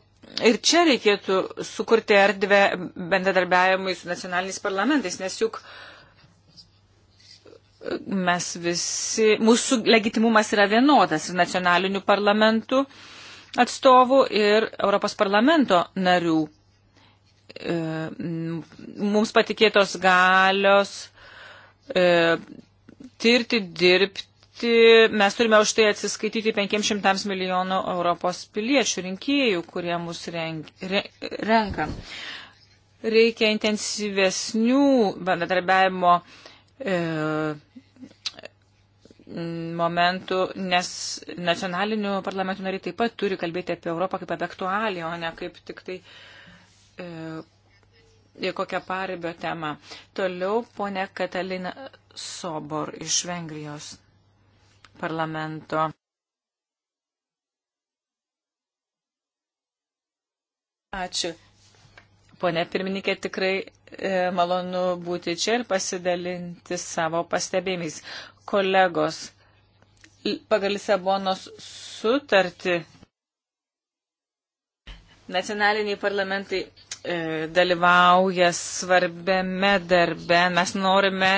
Ir čia reikėtų sukurti erdvę bendradarbiavimui su nacionaliniais parlamentais, nes juk mes visi, mūsų legitimumas yra vienodas ir nacionalinių parlamentų, atstovų ir Europos parlamento narių. E, mums patikėtos galios e, tirti, dirbti. Mes turime už tai atsiskaityti 500 milijonų Europos piliečių rinkėjų, kurie mus renk, re, renka. Reikia intensyvesnių bendradarbiavimo e, momentų, nes nacionalinių parlamentų nariai taip pat turi kalbėti apie Europą kaip apie aktualią, o ne kaip tik tai e, kokią paribio temą. Toliau ponė Katalina Sobor iš Vengrijos parlamento. Ačiū. Pone pirmininkė, tikrai e, malonu būti čia ir pasidalinti savo pastebėjimais kolegos. Pagal Lisabonos sutartį nacionaliniai parlamentai e, dalyvauja svarbiame darbe. Mes norime,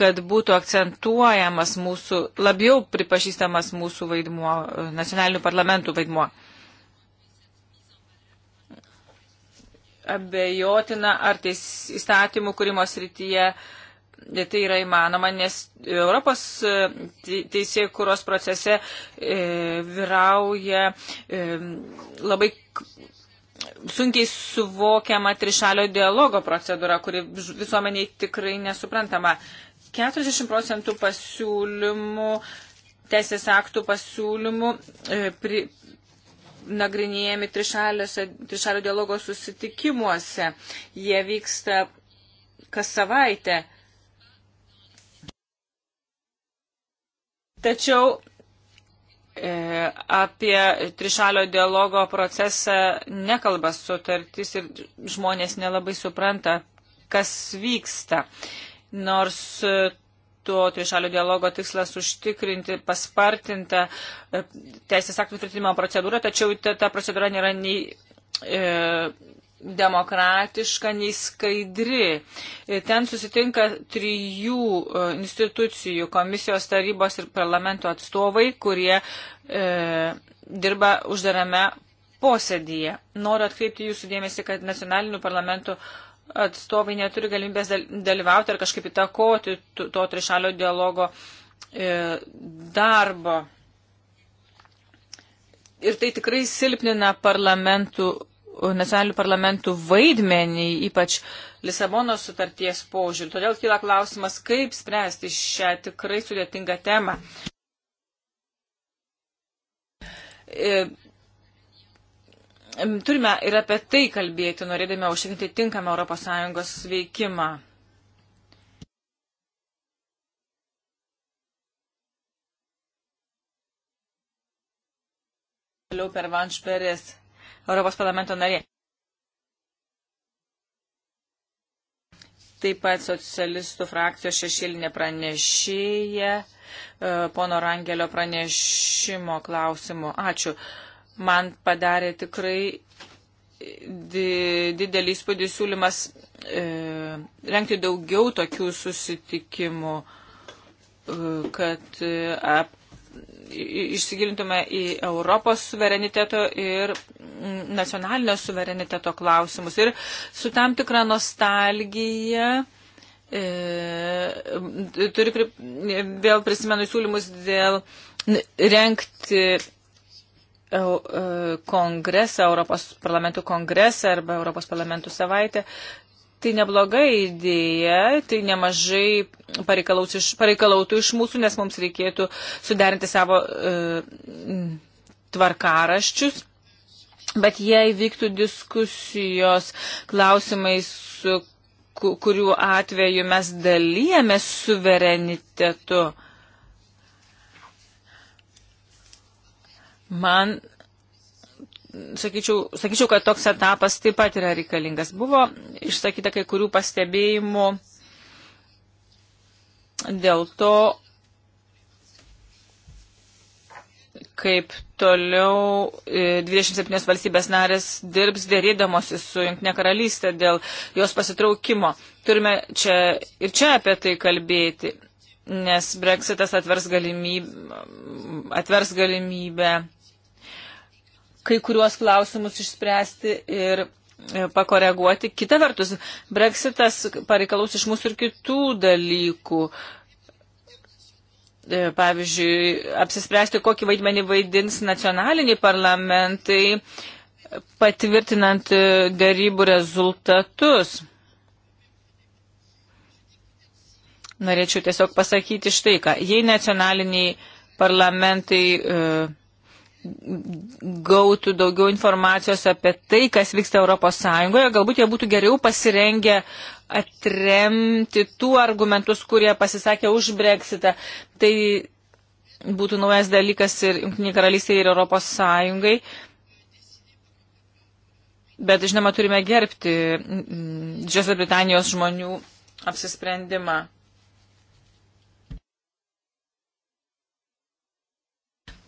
kad būtų akcentuojamas mūsų, labiau pripažįstamas mūsų vaidmuo, e, nacionalinių parlamentų vaidmuo. abejotina, ar teis įstatymų kūrimo srityje tai yra įmanoma, nes Europos e, teisėjų kuros procese e, vyrauja e, labai sunkiai suvokiama trišalio dialogo procedūra, kuri visuomeniai tikrai nesuprantama. 40 procentų pasiūlymų, teisės aktų pasiūlymų pri, nagrinėjami trišalio dialogo susitikimuose. Jie vyksta kas savaitę. Tačiau e, apie trišalio dialogo procesą nekalba sutartis ir žmonės nelabai supranta, kas vyksta. Nors to trišalio dialogo tikslas užtikrinti paspartintą e, teisės aktų tvirtinimo procedūrą, tačiau ta, ta procedūra nėra nei e, demokratiška, nei skaidri. Ten susitinka trijų e, institucijų - komisijos tarybos ir parlamento atstovai, kurie e, dirba uždarame posėdyje. Noriu atkreipti jūsų dėmesį, kad nacionalinių parlamentų atstovai neturi galimybės dalyvauti ar kažkaip įtakoti to trišalio dialogo e, darbo. Ir tai tikrai silpnina parlamentų nacionalinių parlamentų vaidmenį, ypač Lisabonos sutarties požiūrį. Todėl kyla klausimas, kaip spręsti šią tikrai sudėtingą temą. E, turime ir apie tai kalbėti, norėdami užtikrinti tinkamą ES veikimą. Toliau per Vanšperės. Europos parlamento narė. Taip pat socialistų frakcijos šešilinė pranešėja e, pono Rangelio pranešimo klausimu. Ačiū. Man padarė tikrai didelį įspūdį siūlymas e, rengti daugiau tokių susitikimų, e, kad e, ap, išsigilintume į Europos suvereniteto ir nacionalinio suvereniteto klausimus. Ir su tam tikra nostalgija. E, turiu pri, vėl prisimenu siūlymus dėl renkti e, kongresą, Europos parlamentų kongresą arba Europos parlamentų savaitę. Tai nebloga idėja, tai nemažai iš, pareikalautų iš mūsų, nes mums reikėtų suderinti savo e, tvarkaraščius. Bet jei vyktų diskusijos klausimais, kurių atveju mes dalyjame suverenitetu, man sakyčiau, sakyčiau, kad toks etapas taip pat yra reikalingas. Buvo išsakyta kai kurių pastebėjimų dėl to, kaip toliau 27 e, valstybės narės dirbs dėrydamosi su Junktinė karalystė dėl jos pasitraukimo. Turime čia ir čia apie tai kalbėti, nes Brexitas atvers galimybę, atvers galimybę kai kuriuos klausimus išspręsti ir e, pakoreguoti. Kita vertus, breksitas pareikalaus iš mūsų ir kitų dalykų. E, pavyzdžiui, apsispręsti, kokį vaidmenį vaidins nacionaliniai parlamentai, patvirtinant e, darybų rezultatus. Norėčiau tiesiog pasakyti štai ką. Jei nacionaliniai parlamentai uh, gautų daugiau informacijos apie tai, kas vyksta Europos Sąjungoje, galbūt jie būtų geriau pasirengę atremti tų argumentus, kurie pasisakė už Brexitą. Tai būtų naujas dalykas ir Junktinė karalystė ir Europos Sąjungai. Bet, žinoma, turime gerbti mm, mm, Didžiosios Britanijos žmonių apsisprendimą.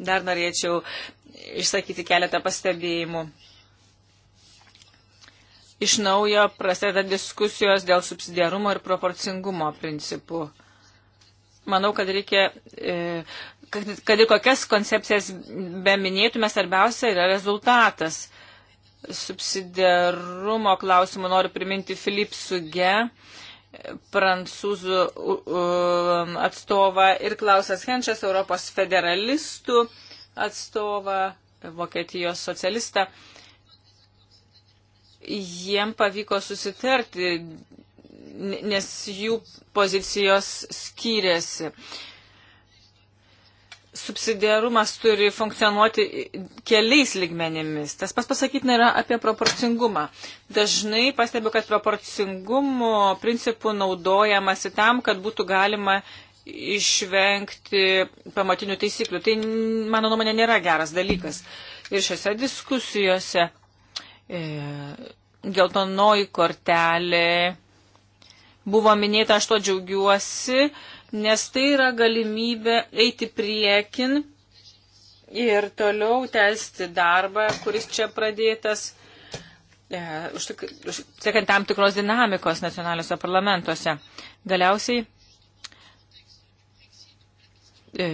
Dar norėčiau išsakyti keletą pastebėjimų. Iš naujo prasideda diskusijos dėl subsidiarumo ir proporcingumo principų. Manau, kad reikia, e, kad, kad ir kokias koncepcijas be minėtume, svarbiausia yra rezultatas. Subsidiarumo klausimų noriu priminti Filip Suge prancūzų atstovą ir Klausas Henčas, Europos federalistų atstovą, Vokietijos socialistą. Jiem pavyko susitarti, nes jų pozicijos skyrėsi. Uh, subsidiarumas turi funkcionuoti keliais ligmenimis. Tas pas pasakytina yra apie proporcingumą. Dažnai pastebiu, kad proporcingumo principų naudojamasi tam, kad būtų galima išvengti pamatinių taisyklių. Tai, mano nuomonė, nėra geras dalykas. Ir šiose diskusijose e, geltonoji kortelė buvo minėta, aš to džiaugiuosi. E, nes tai yra galimybė eiti priekin ir toliau tęsti darbą, kuris čia pradėtas, e, siekiant tam tikros dinamikos nacionaliuose parlamentuose. Galiausiai e,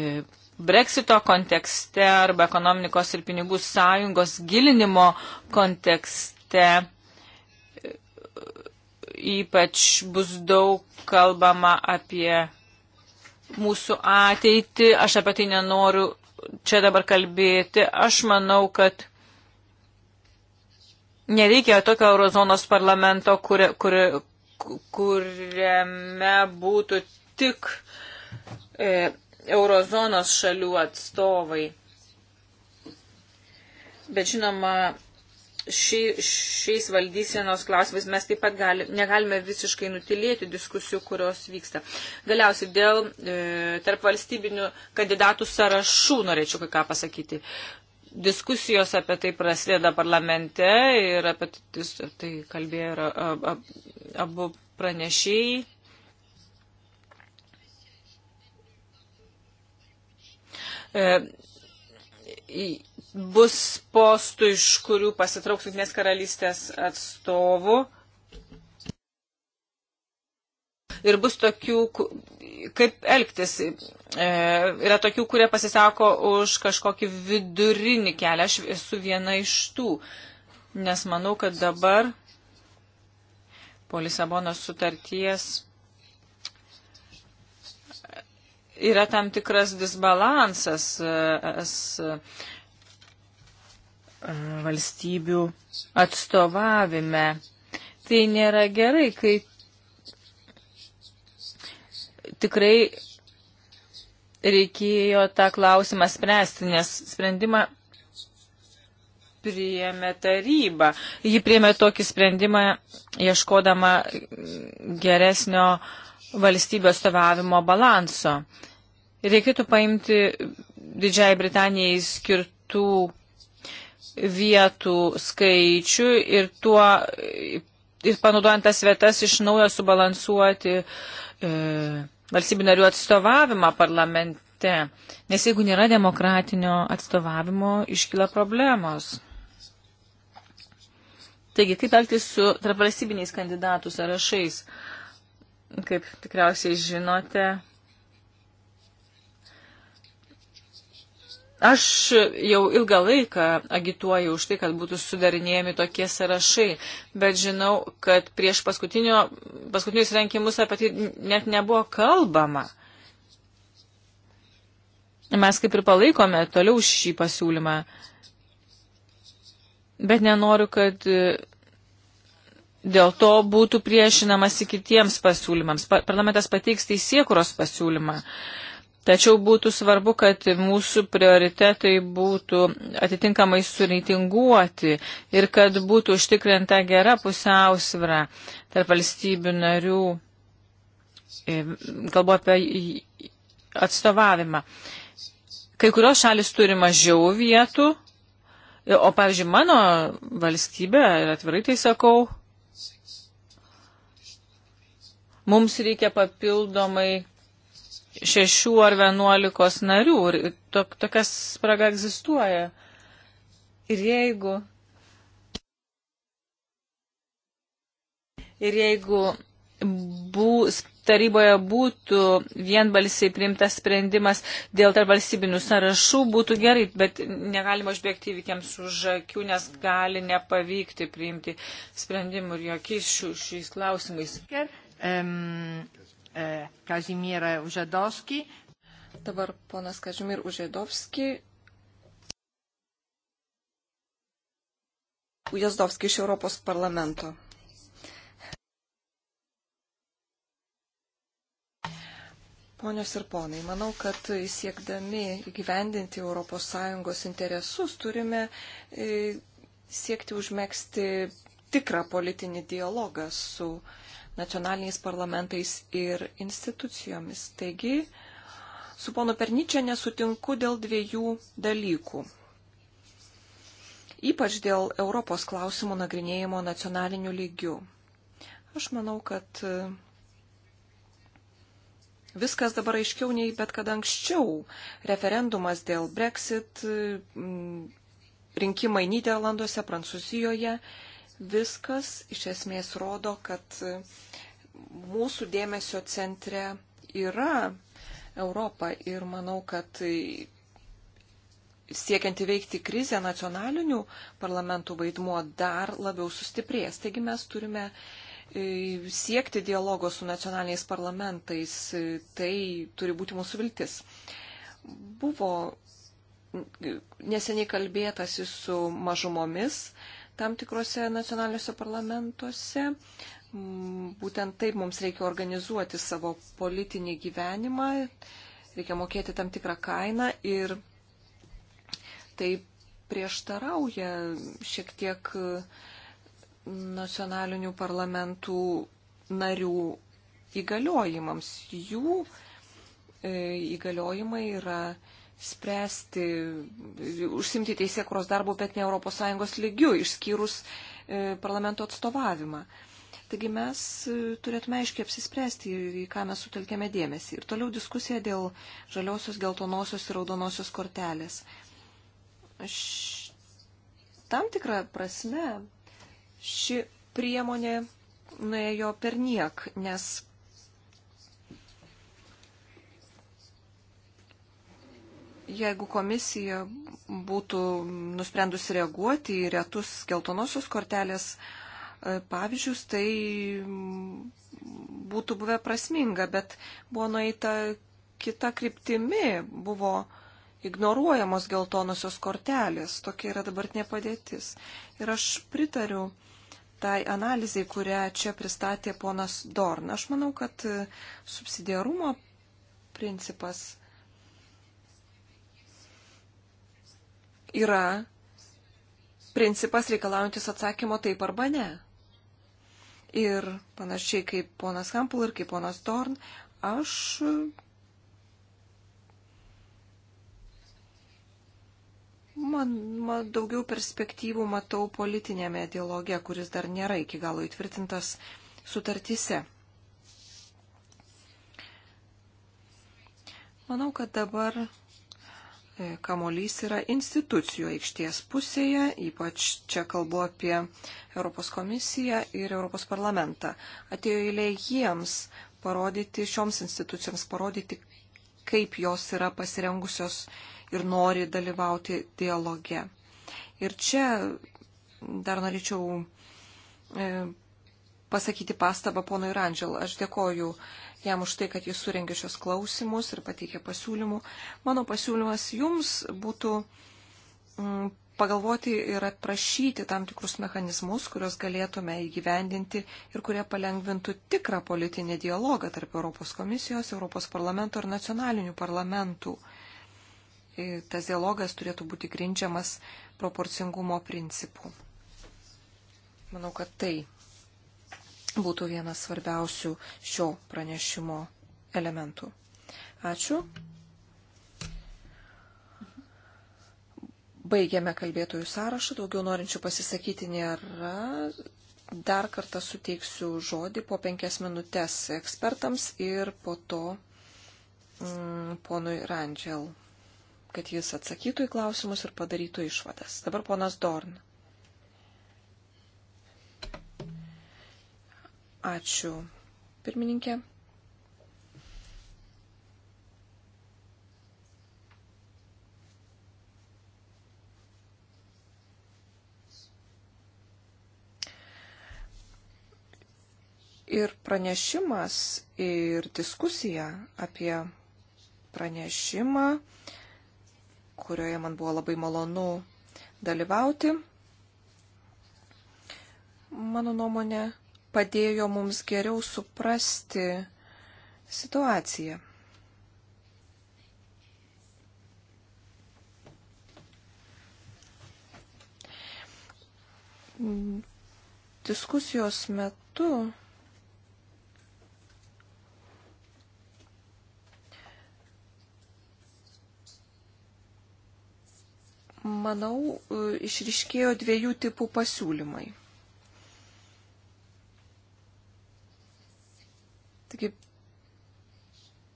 Brexito kontekste arba ekonomikos ir pinigų sąjungos gilinimo kontekste e, ypač bus daug kalbama apie mūsų ateitį, aš apie tai nenoriu čia dabar kalbėti. Aš manau, kad nereikia tokio eurozonos parlamento, kur, kur, kuriame būtų tik e, eurozonos šalių atstovai. Bet žinoma, ši, šiais valdysenos klausimais mes taip pat gali, negalime visiškai nutilėti diskusijų, kurios vyksta. Galiausiai dėl e, tarp valstybinių kandidatų sąrašų norėčiau kai ką pasakyti. Diskusijos apie tai prasideda parlamente ir apie tai kalbėjo ir ab, ab, abu pranešėjai. E, bus postų, iš kurių pasitrauks Junktinės karalystės atstovų. Ir bus tokių, kaip elgtis, e, yra tokių, kurie pasisako už kažkokį vidurinį kelią. Aš esu viena iš tų, nes manau, kad dabar po Lisabonos sutarties yra tam tikras disbalansas. E, es, es, valstybių atstovavime. Tai nėra gerai, kai tikrai reikėjo tą klausimą spręsti, nes sprendimą priėmė taryba. Ji priėmė tokį sprendimą, ieškodama geresnio valstybės stovavimo balanso. Reikėtų paimti Didžiai Britanijai skirtų vietų skaičių ir tuo ir panaudojant tas vietas iš naujo subalansuoti e, valstybių narių atstovavimą parlamente. Nes jeigu nėra demokratinio atstovavimo, iškyla problemos. Taigi, kaip elgtis su tarpvalstybiniais kandidatų sąrašais? Kaip tikriausiai žinote, Aš jau ilgą laiką agituoju už tai, kad būtų sudarinėjami tokie sąrašai, bet žinau, kad prieš paskutinius rinkimus apie tai net nebuvo kalbama. Mes kaip ir palaikome toliau šį pasiūlymą, bet nenoriu, kad e, dėl to būtų priešinamas kitiems pasiūlymams. Parlamentas pateiks teisėkuros pasiūlymą. Uh, Tačiau būtų svarbu, kad mūsų prioritetai būtų atitinkamai sureitinguoti ir kad būtų užtikrinta gera pusiausvra tarp valstybių narių, e, kalbu apie atstovavimą. Kai kurios šalis turi mažiau vietų, o pavyzdžiui, mano valstybė, ir atvirai tai sakau, mums reikia papildomai šešių ar vienuolikos narių. Ir tok, tokia spraga egzistuoja. Ir jeigu. Ir jeigu būs, taryboje būtų vienbalsiai priimtas sprendimas dėl tarp valstybinių sąrašų, būtų gerai, bet negalima užbėgti įvykiams už akių, nes gali nepavykti priimti sprendimų ir jokiais šiais klausimais. Um, E, Kazimierą Žadovskį. Dabar ponas Kazimir Užėdovski. Ujazdovski iš Europos parlamento. Ponios ir ponai, manau, kad siekdami įgyvendinti ES interesus turime e, siekti užmėgsti tikrą politinį dialogą su ES nacionaliniais parlamentais ir institucijomis. Taigi, su ponu Pernyčia nesutinku dėl dviejų dalykų. Ypač dėl Europos klausimų nagrinėjimo nacionaliniu lygiu. Aš manau, kad e, viskas dabar aiškiau nei bet kada anksčiau. Referendumas dėl Brexit, rinkimai Niderlanduose, Prancūzijoje viskas iš esmės rodo, kad mūsų dėmesio centre yra Europa ir manau, kad siekiant įveikti krizę nacionalinių parlamentų vaidmuo dar labiau sustiprės. Taigi mes turime e, siekti dialogo su nacionaliniais parlamentais. E, tai turi būti mūsų viltis. Buvo neseniai kalbėtasi su mažumomis tam tikrose nacionaliniuose parlamentuose. Mm, būtent taip mums reikia organizuoti savo politinį gyvenimą, reikia mokėti tam tikrą kainą ir tai prieštarauja šiek tiek nacionalinių parlamentų narių įgaliojimams. Jų e, įgaliojimai yra spręsti, užsimti teisėkuros darbų, bet ne ES lygių, išskyrus e, parlamento atstovavimą. Taigi mes e, turėtume aiškiai apsispręsti, į ką mes sutelkėme dėmesį. Ir toliau diskusija dėl žaliosios, geltonosios ir raudonosios kortelės. Aš tam tikrą prasme ši priemonė nuėjo per niek, nes jeigu komisija būtų nusprendusi reaguoti į retus geltonosios kortelės e, pavyzdžius, tai mm, būtų buvę prasminga, bet buvo nueita kita kryptimi, buvo ignoruojamos geltonosios kortelės, tokia yra dabartinė padėtis. Ir aš pritariu tai analizai, kurią čia pristatė ponas Dorn. Aš manau, kad e, subsidiarumo principas yra principas reikalaujantis atsakymo taip arba ne. Ir panašiai kaip ponas Kampul ir kaip ponas Dorn, aš man, man daugiau perspektyvų matau politinėme dialoge, kuris dar nėra iki galo įtvirtintas sutartyse. Manau, kad dabar E, kamolys yra institucijų aikštės pusėje, ypač čia kalbu apie Europos komisiją ir Europos parlamentą. Atėjo eilė jiems parodyti, šioms institucijoms parodyti, kaip jos yra pasirengusios ir nori dalyvauti dialoge. Ir čia dar norėčiau e, pasakyti pastabą ponui Randžel. Aš dėkoju jam už tai, kad jis surengė šios klausimus ir pateikė pasiūlymų. Mano pasiūlymas jums būtų mm, pagalvoti ir atprašyti tam tikrus mechanizmus, kuriuos galėtume įgyvendinti ir kurie palengvintų tikrą politinį dialogą tarp Europos komisijos, Europos parlamento ir nacionalinių parlamentų. Ir e, tas dialogas turėtų būti grindžiamas proporcingumo principu. Manau, kad tai būtų vienas svarbiausių šio pranešimo elementų. Ačiū. Baigiame kalbėtojų sąrašą, daugiau norinčių pasisakyti nėra. Dar kartą suteiksiu žodį po penkias minutės ekspertams ir po to mm, ponui Randžel, kad jis atsakytų į klausimus ir padarytų išvadas. Dabar ponas Dorn. Ačiū, pirmininkė. ir pranešimas, ir diskusija apie pranešimą, kurioje man buvo labai malonu dalyvauti. Mano nuomonė, padėjo mums geriau suprasti situaciją. Diskusijos metu manau, e, išriškėjo dviejų tipų pasiūlymai. Taigi,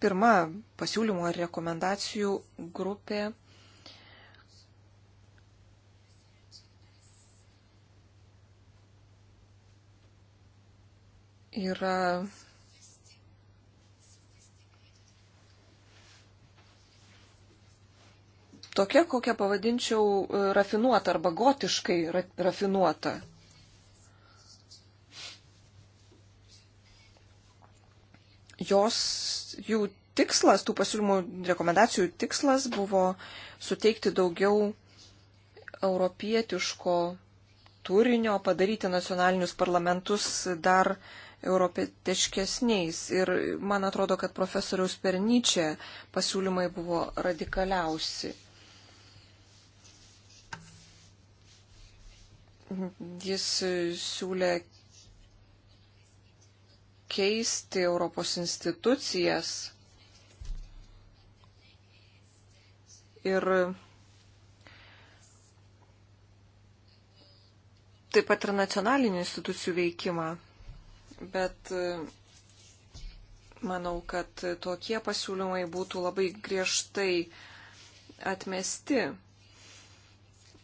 pirma pasiūlymų ar rekomendacijų grupė yra tokia, kokią pavadinčiau rafinuota arba gotiškai rafinuota. jos, jų tikslas, tų pasiūlymų rekomendacijų tikslas buvo suteikti daugiau europietiško turinio, padaryti nacionalinius parlamentus dar europietiškesniais. Ir man atrodo, kad profesoriaus Pernyčia pasiūlymai buvo radikaliausi. Jis siūlė keisti Europos institucijas ir taip pat ir nacionalinių institucijų veikimą. Bet manau, kad tokie pasiūlymai būtų labai griežtai atmesti.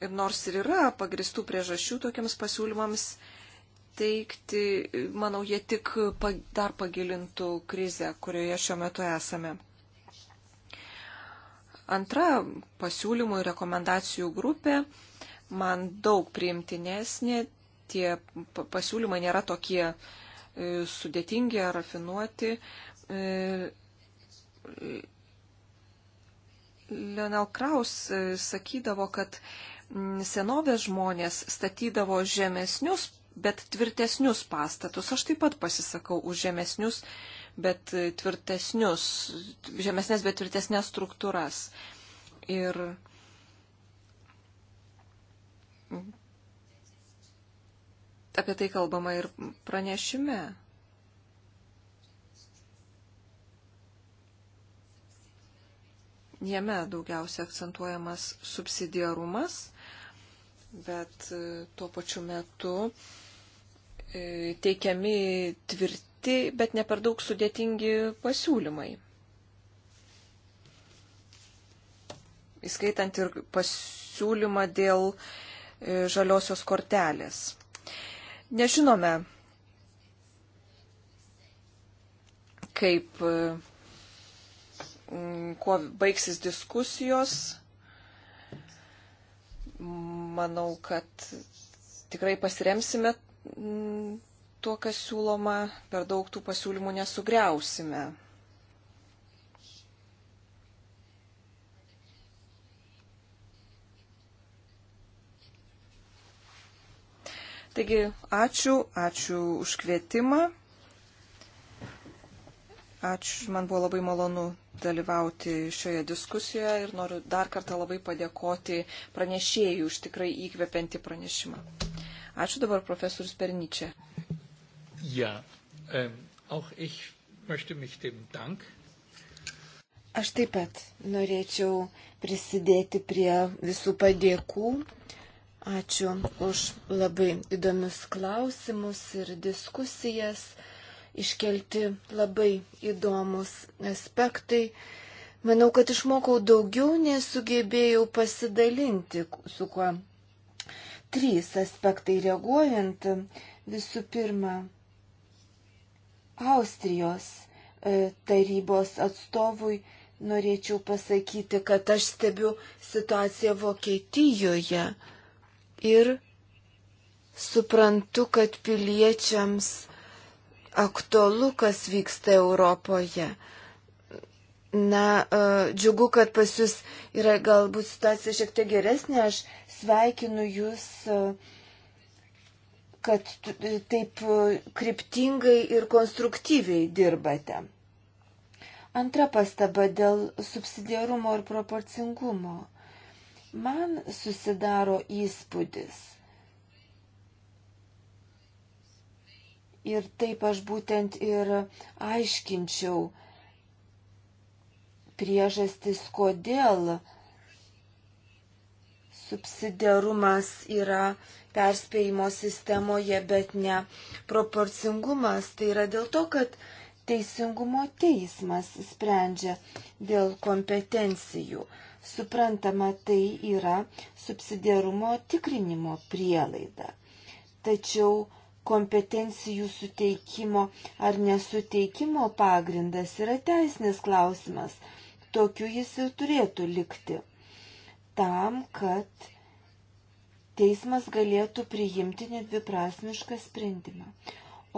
Ir nors ir yra pagristų priežasčių tokiems pasiūlymams, pateikti, manau, jie tik dar pagilintų krizę, kurioje šiuo metu esame. Antra pasiūlymų ir rekomendacijų grupė man daug priimtinesnė. Tie pasiūlymai nėra tokie e, sudėtingi ar rafinuoti. E, Lionel Kraus e, sakydavo, kad senovės žmonės statydavo žemesnius bet tvirtesnius pastatus. Aš taip pat pasisakau už žemesnius, bet tvirtesnius, žemesnės, bet tvirtesnės struktūras. Ir apie tai kalbama ir pranešime. Jame daugiausia akcentuojamas subsidiarumas, bet tuo pačiu metu uh, E, teikiami tvirti, bet ne per daug sudėtingi pasiūlymai. Įskaitant ir pasiūlymą dėl e, žaliosios kortelės. Nežinome, kaip, e, kuo baigsis diskusijos. Manau, kad tikrai pasiremsime Mm, tuo, kas siūloma, per daug tų pasiūlymų nesugriausime. Taigi, ačiū, ačiū už kvietimą. Ačiū, man buvo labai malonu dalyvauti šioje diskusijoje ir noriu dar kartą labai padėkoti pranešėjų už tikrai įkvepiantį pranešimą. Ačiū dabar profesorius Perničia. Ja, um, auch ich möchte mich dem Dank. Aš taip pat norėčiau prisidėti prie visų padėkų. Ačiū už labai įdomius klausimus ir diskusijas. Iškelti labai įdomus aspektai. Manau, kad išmokau daugiau, nesugebėjau pasidalinti, su kuo trys aspektai reaguojant. Visų pirma, Austrijos e, tarybos atstovui norėčiau pasakyti, kad aš stebiu situaciją Vokietijoje ir suprantu, kad piliečiams aktualu, kas vyksta Europoje. Na, e, džiugu, kad pas jūs yra galbūt situacija šiek tiek geresnė. Aš sveikinu jūs, e, kad e, taip kryptingai ir konstruktyviai dirbate. Antra pastaba dėl subsidiarumo ir proporcingumo. Man susidaro įspūdis. Ir taip aš būtent ir aiškinčiau, priežastis, kodėl subsidiarumas yra perspėjimo sistemoje, bet ne proporcingumas. Tai yra dėl to, kad teisingumo teismas sprendžia dėl kompetencijų. Suprantama, tai yra subsidiarumo tikrinimo prielaida. Tačiau kompetencijų suteikimo ar nesuteikimo pagrindas yra teisinis klausimas, tokiu jis ir turėtų likti, tam, kad teismas galėtų priimti nedviprasmišką sprendimą.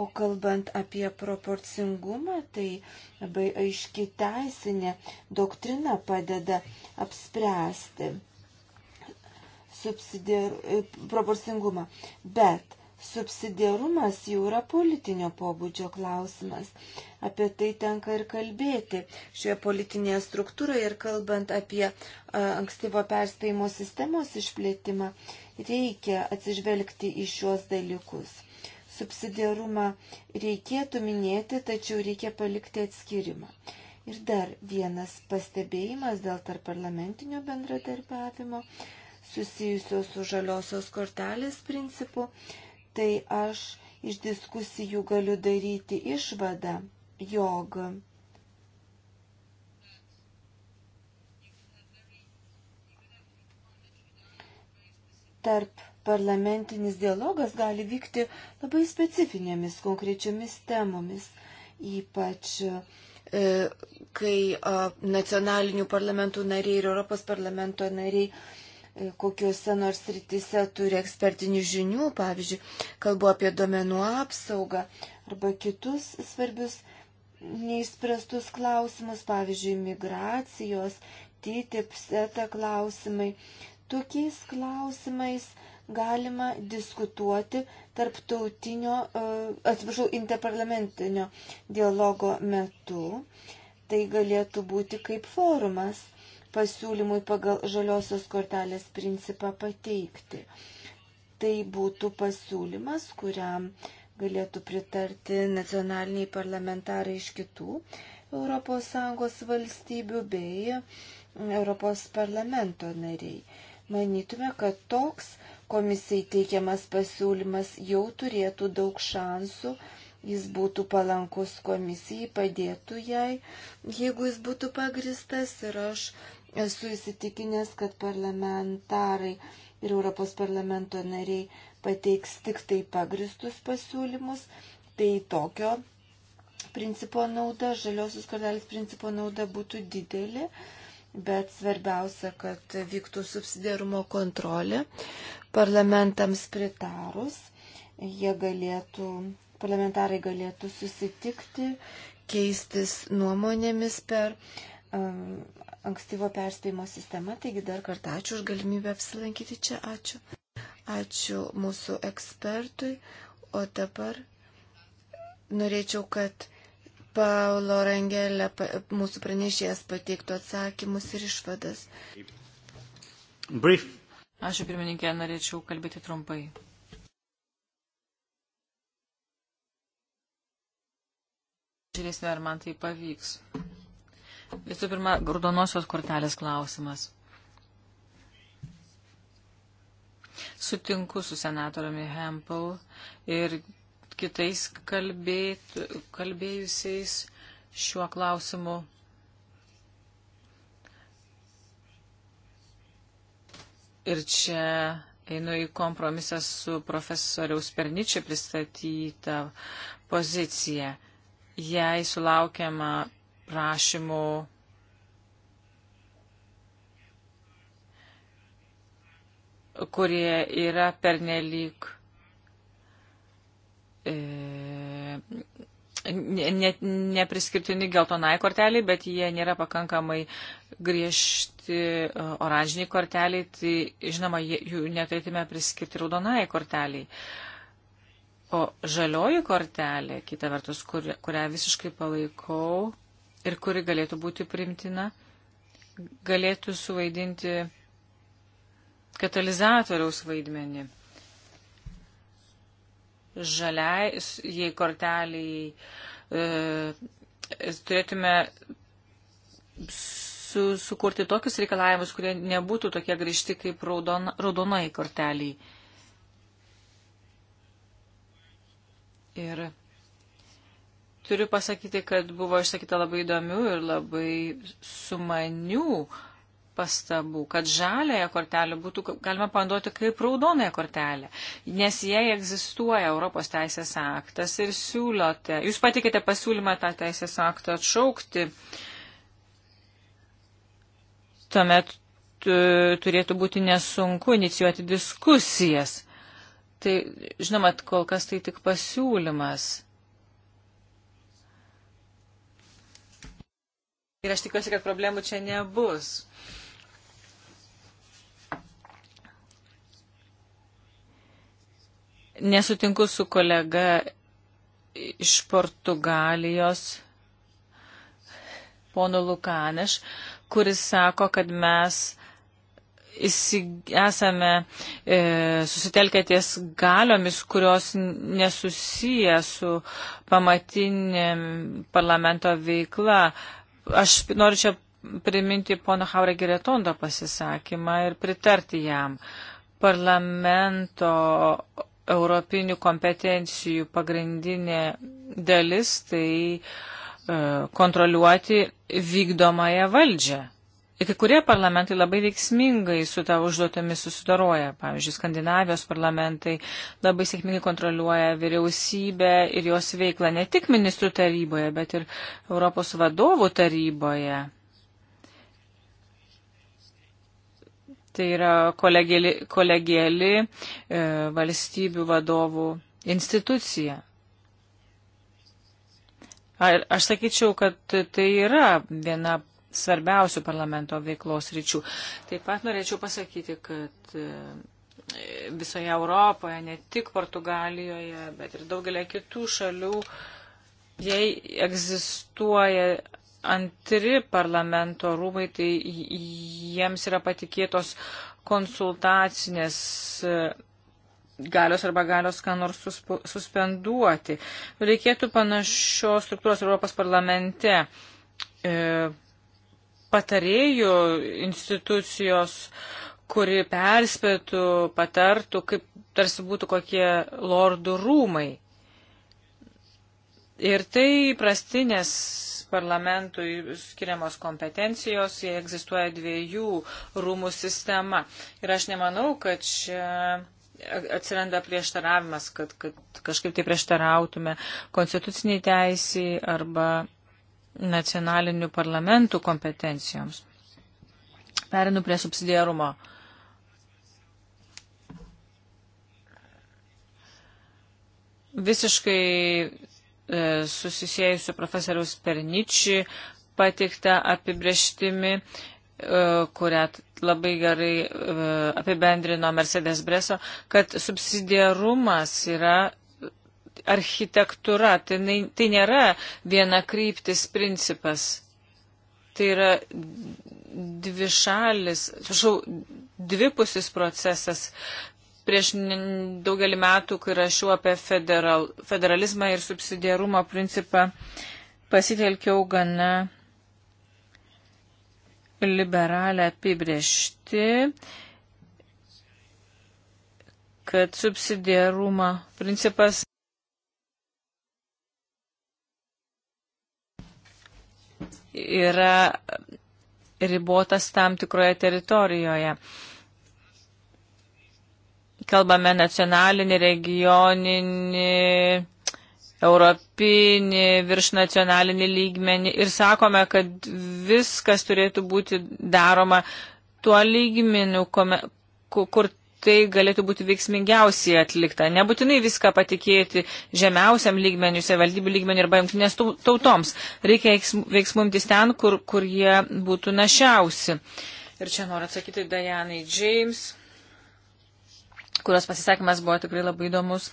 O kalbant apie proporcingumą, tai labai aiški teisinė doktrina padeda apspręsti subsidiar... proporcingumą. Bet subsidiarumas jau yra politinio pobūdžio klausimas. Apie tai tenka ir kalbėti šioje politinėje struktūroje ir kalbant apie a, ankstyvo perspėjimo sistemos išplėtimą, reikia atsižvelgti į šiuos dalykus. Subsidiarumą reikėtų minėti, tačiau reikia palikti atskirimą. Ir dar vienas pastebėjimas dėl tarp parlamentinio bendradarbiavimo susijusio su žaliosios kortelės principu. Uh, tai aš iš diskusijų galiu daryti išvadą, jog tarp parlamentinis dialogas gali vykti labai specifinėmis konkrečiomis temomis, ypač e, kai nacionalinių parlamentų nariai ir Europos parlamento nariai E, kokiuose nors rytise turi ekspertinių žinių, pavyzdžiui, kalbu apie domenų apsaugą arba kitus svarbius neįspręstus klausimus, pavyzdžiui, migracijos, TTIP, SETA klausimai. Tokiais klausimais galima diskutuoti tarptautinio, e, atsiprašau, interparlamentinio dialogo metu. Tai galėtų būti kaip forumas pasiūlymui pagal žaliosios kortelės principą pateikti. Tai būtų pasiūlymas, kuriam galėtų pritarti nacionaliniai parlamentarai iš kitų ES valstybių bei Europos parlamento nariai. Manytume, kad toks komisijai teikiamas pasiūlymas jau turėtų daug šansų, jis būtų palankus komisijai, padėtų jai, jeigu jis būtų pagristas ir aš esu įsitikinęs, kad parlamentarai ir Europos parlamento nariai pateiks tik tai pagristus pasiūlymus, tai tokio principo nauda, žaliosios kortelės principo nauda būtų didelė, bet svarbiausia, kad vyktų subsidiarumo kontrolė parlamentams pritarus, jie galėtų, parlamentarai galėtų susitikti, keistis nuomonėmis per um, ankstyvo perspėjimo sistema. Taigi dar kartą ačiū už galimybę apsilankyti čia. Ačiū. Ačiū mūsų ekspertui. O dabar norėčiau, kad Paulo Rangelė, mūsų pranešėjas, pateiktų atsakymus ir išvadas. Brief. Ačiū pirmininkė, norėčiau kalbėti trumpai. Žiūrėsime, ar man tai pavyks. Visų pirma, grudonosios kortelės klausimas. Sutinku su senatoriumi Hempel ir kitais kalbėt, kalbėjusiais šiuo klausimu. Ir čia einu į kompromisą su profesoriaus Perničia pristatyta pozicija. Jei sulaukiama prašymų kurie yra pernelyg e, ne, nepriskirtini geltonai korteliai, bet jie nėra pakankamai griežti e, oranžiniai korteliai, tai žinoma, jų neturėtume priskirti raudonai korteliai. O žalioji kortelė, kita vertus, kur, kurią visiškai palaikau, ir kuri galėtų būti primtina, galėtų suvaidinti katalizatoriaus vaidmenį. Žaliai, jei korteliai e, turėtume su, sukurti tokius reikalavimus, kurie nebūtų tokie grįžti kaip raudon, raudonai korteliai. Ir Turiu pasakyti, kad buvo išsakyta labai įdomių ir labai sumanių pastabų, kad žaliąją kortelę būtų galima panduoti kaip raudonąją kortelę, nes jie egzistuoja Europos teisės aktas ir siūlote, jūs patikėte pasiūlymą tą teisės aktą atšaukti, tuomet turėtų būti nesunku inicijuoti diskusijas. Tai, žinoma, kol kas tai tik pasiūlymas. Ir aš tikiuosi, kad problemų čia nebus. Nesutinku su kolega iš Portugalijos, ponu Lukaneš, kuris sako, kad mes įsig... esame e, susitelkę ties galiomis, kurios nesusiję su pamatinė parlamento veikla. E, Aš noriu čia priminti pono Haurė Giretondo pasisakymą ir pritarti jam. Parlamento europinių kompetencijų pagrindinė dalis tai e, kontroliuoti vykdomąją valdžią. Kai kurie parlamentai labai veiksmingai su tą užduotomis susidaroja. Pavyzdžiui, Skandinavijos parlamentai labai sėkmingai kontroliuoja vyriausybę ir jos veiklą ne tik ministrų taryboje, bet ir Europos vadovų taryboje. Tai yra kolegėli, kolegėli e, valstybių vadovų institucija. Ar, aš sakyčiau, kad tai yra viena svarbiausių parlamento veiklos ryčių. Taip pat norėčiau pasakyti, kad e, visoje Europoje, ne tik Portugalijoje, bet ir daugelė kitų šalių, jei egzistuoja antri parlamento rūmai, tai jiems yra patikėtos konsultacinės e, galios arba galios ką nors suspenduoti. Reikėtų panašios struktūros Europos parlamente. E, patarėjų institucijos, kuri perspėtų, patartų, kaip tarsi būtų kokie lordų rūmai. Ir tai prastinės parlamentui skiriamos kompetencijos, jie egzistuoja dviejų rūmų sistema. Ir aš nemanau, kad čia atsiranda prieštaravimas, kad, kad kažkaip tai prieštarautume konstituciniai teisiai arba nacionalinių parlamentų kompetencijoms. Perinu prie subsidiarumo. Visiškai e, susisėjusiu profesoriaus Perničiui patikta apibrieštimi, e, kurią labai gerai e, apibendrino Mercedes Breso, kad subsidiarumas yra architektūra, tai, tai nėra viena kryptis principas. Tai yra dvišalis, žinau, dvipusis procesas. Prieš daugelį metų, kai rašiau apie federal, federalizmą ir subsidiarumo principą, pasitelkiau gana liberalę apibriešti kad subsidiarumo principas yra ribotas tam tikroje teritorijoje. Kalbame nacionalinį, regioninį, europinį, viršnacionalinį lygmenį ir sakome, kad viskas turėtų būti daroma tuo lygmeniu, kur tai galėtų būti veiksmingiausiai atlikta. Nebūtinai viską patikėti žemiausiam lygmeniu, savivaldybių lygmeniu arba jungtinės tautoms. Reikia veiksmų imtis ten, kur, kur jie būtų našiausi. Ir čia noriu atsakyti Dajanai James, kurios pasisakymas buvo tikrai labai įdomus.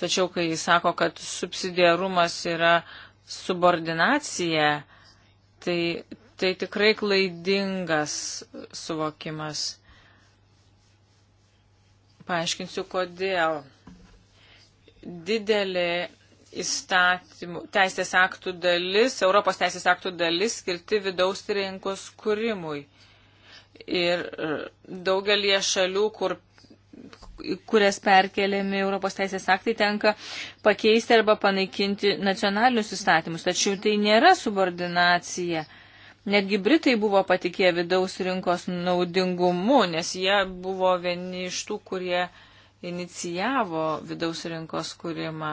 Tačiau, kai jis sako, kad subsidiarumas yra subordinacija, tai, tai tikrai klaidingas suvokimas Paaiškinsiu, kodėl. Didelė įstatymų, teisės aktų dalis, Europos teisės aktų dalis skirti vidaus rinkos kūrimui. Ir e, daugelie šalių, kur kurias perkeliami Europos teisės aktai, tenka pakeisti arba panaikinti nacionalinius įstatymus. Tačiau tai nėra subordinacija. Uh, Netgi Britai buvo patikėję vidaus rinkos naudingumu, nes jie buvo vieni iš tų, kurie inicijavo vidaus rinkos kūrimą.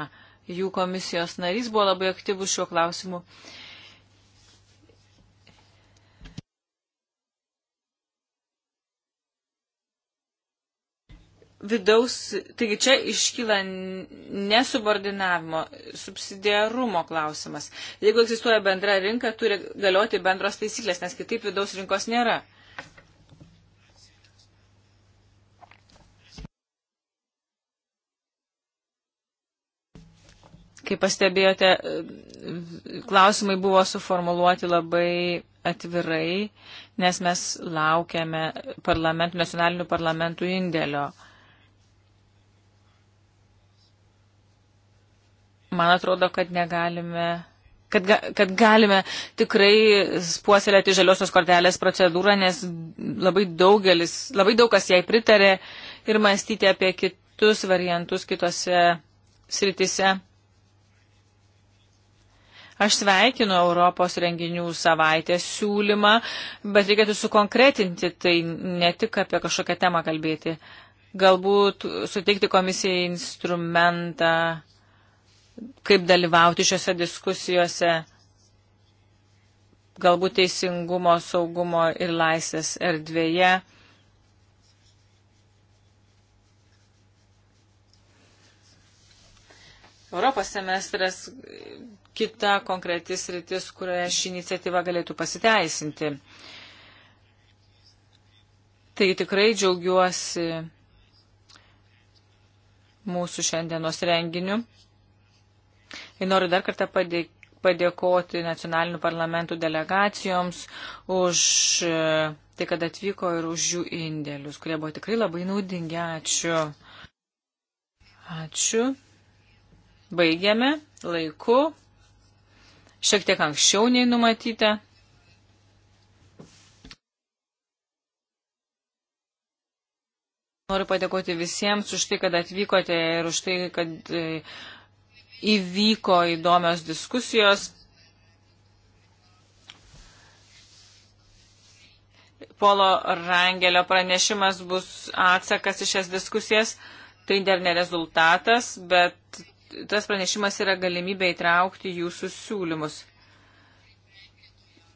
Jų komisijos narys buvo labai aktyvus šiuo klausimu. Uh, vidaus, taigi čia iškyla nesubordinavimo, subsidiarumo klausimas. Jeigu egzistuoja bendra rinka, turi galioti bendros taisyklės, nes kitaip vidaus rinkos nėra. Kaip pastebėjote, klausimai buvo suformuluoti labai atvirai, nes mes laukiame parlament, nacionalinių parlamentų indėlio. Man atrodo, kad negalime. Kad, ga, kad galime tikrai puoselėti žaliosios kortelės procedūrą, nes labai daugelis, labai daug kas jai pritarė ir mąstyti apie kitus variantus kitose sritise. Aš sveikinu Europos renginių savaitės siūlymą, bet reikėtų sukonkretinti tai ne tik apie kažkokią temą kalbėti. Galbūt suteikti komisijai instrumentą kaip dalyvauti šiuose diskusijose galbūt teisingumo, saugumo ir laisvės erdvėje. Europos semestras kita konkretis rytis, kurioje ši iniciatyva galėtų pasiteisinti. Tai tikrai džiaugiuosi mūsų šiandienos renginiu. Ir noriu dar kartą padėkoti nacionalinių parlamentų delegacijoms už e, tai, kad atvyko ir už jų indėlius, kurie buvo tikrai labai naudingi. Ačiū. Ačiū. Baigiame laiku. Šiek tiek anksčiau nei numatyta. Noriu padėkoti visiems už tai, kad atvykote ir už tai, kad e, įvyko įdomios diskusijos. Polo Rangelio pranešimas bus atsakas į šias diskusijas. Tai dar ne rezultatas, bet tas pranešimas yra galimybė įtraukti jūsų siūlymus.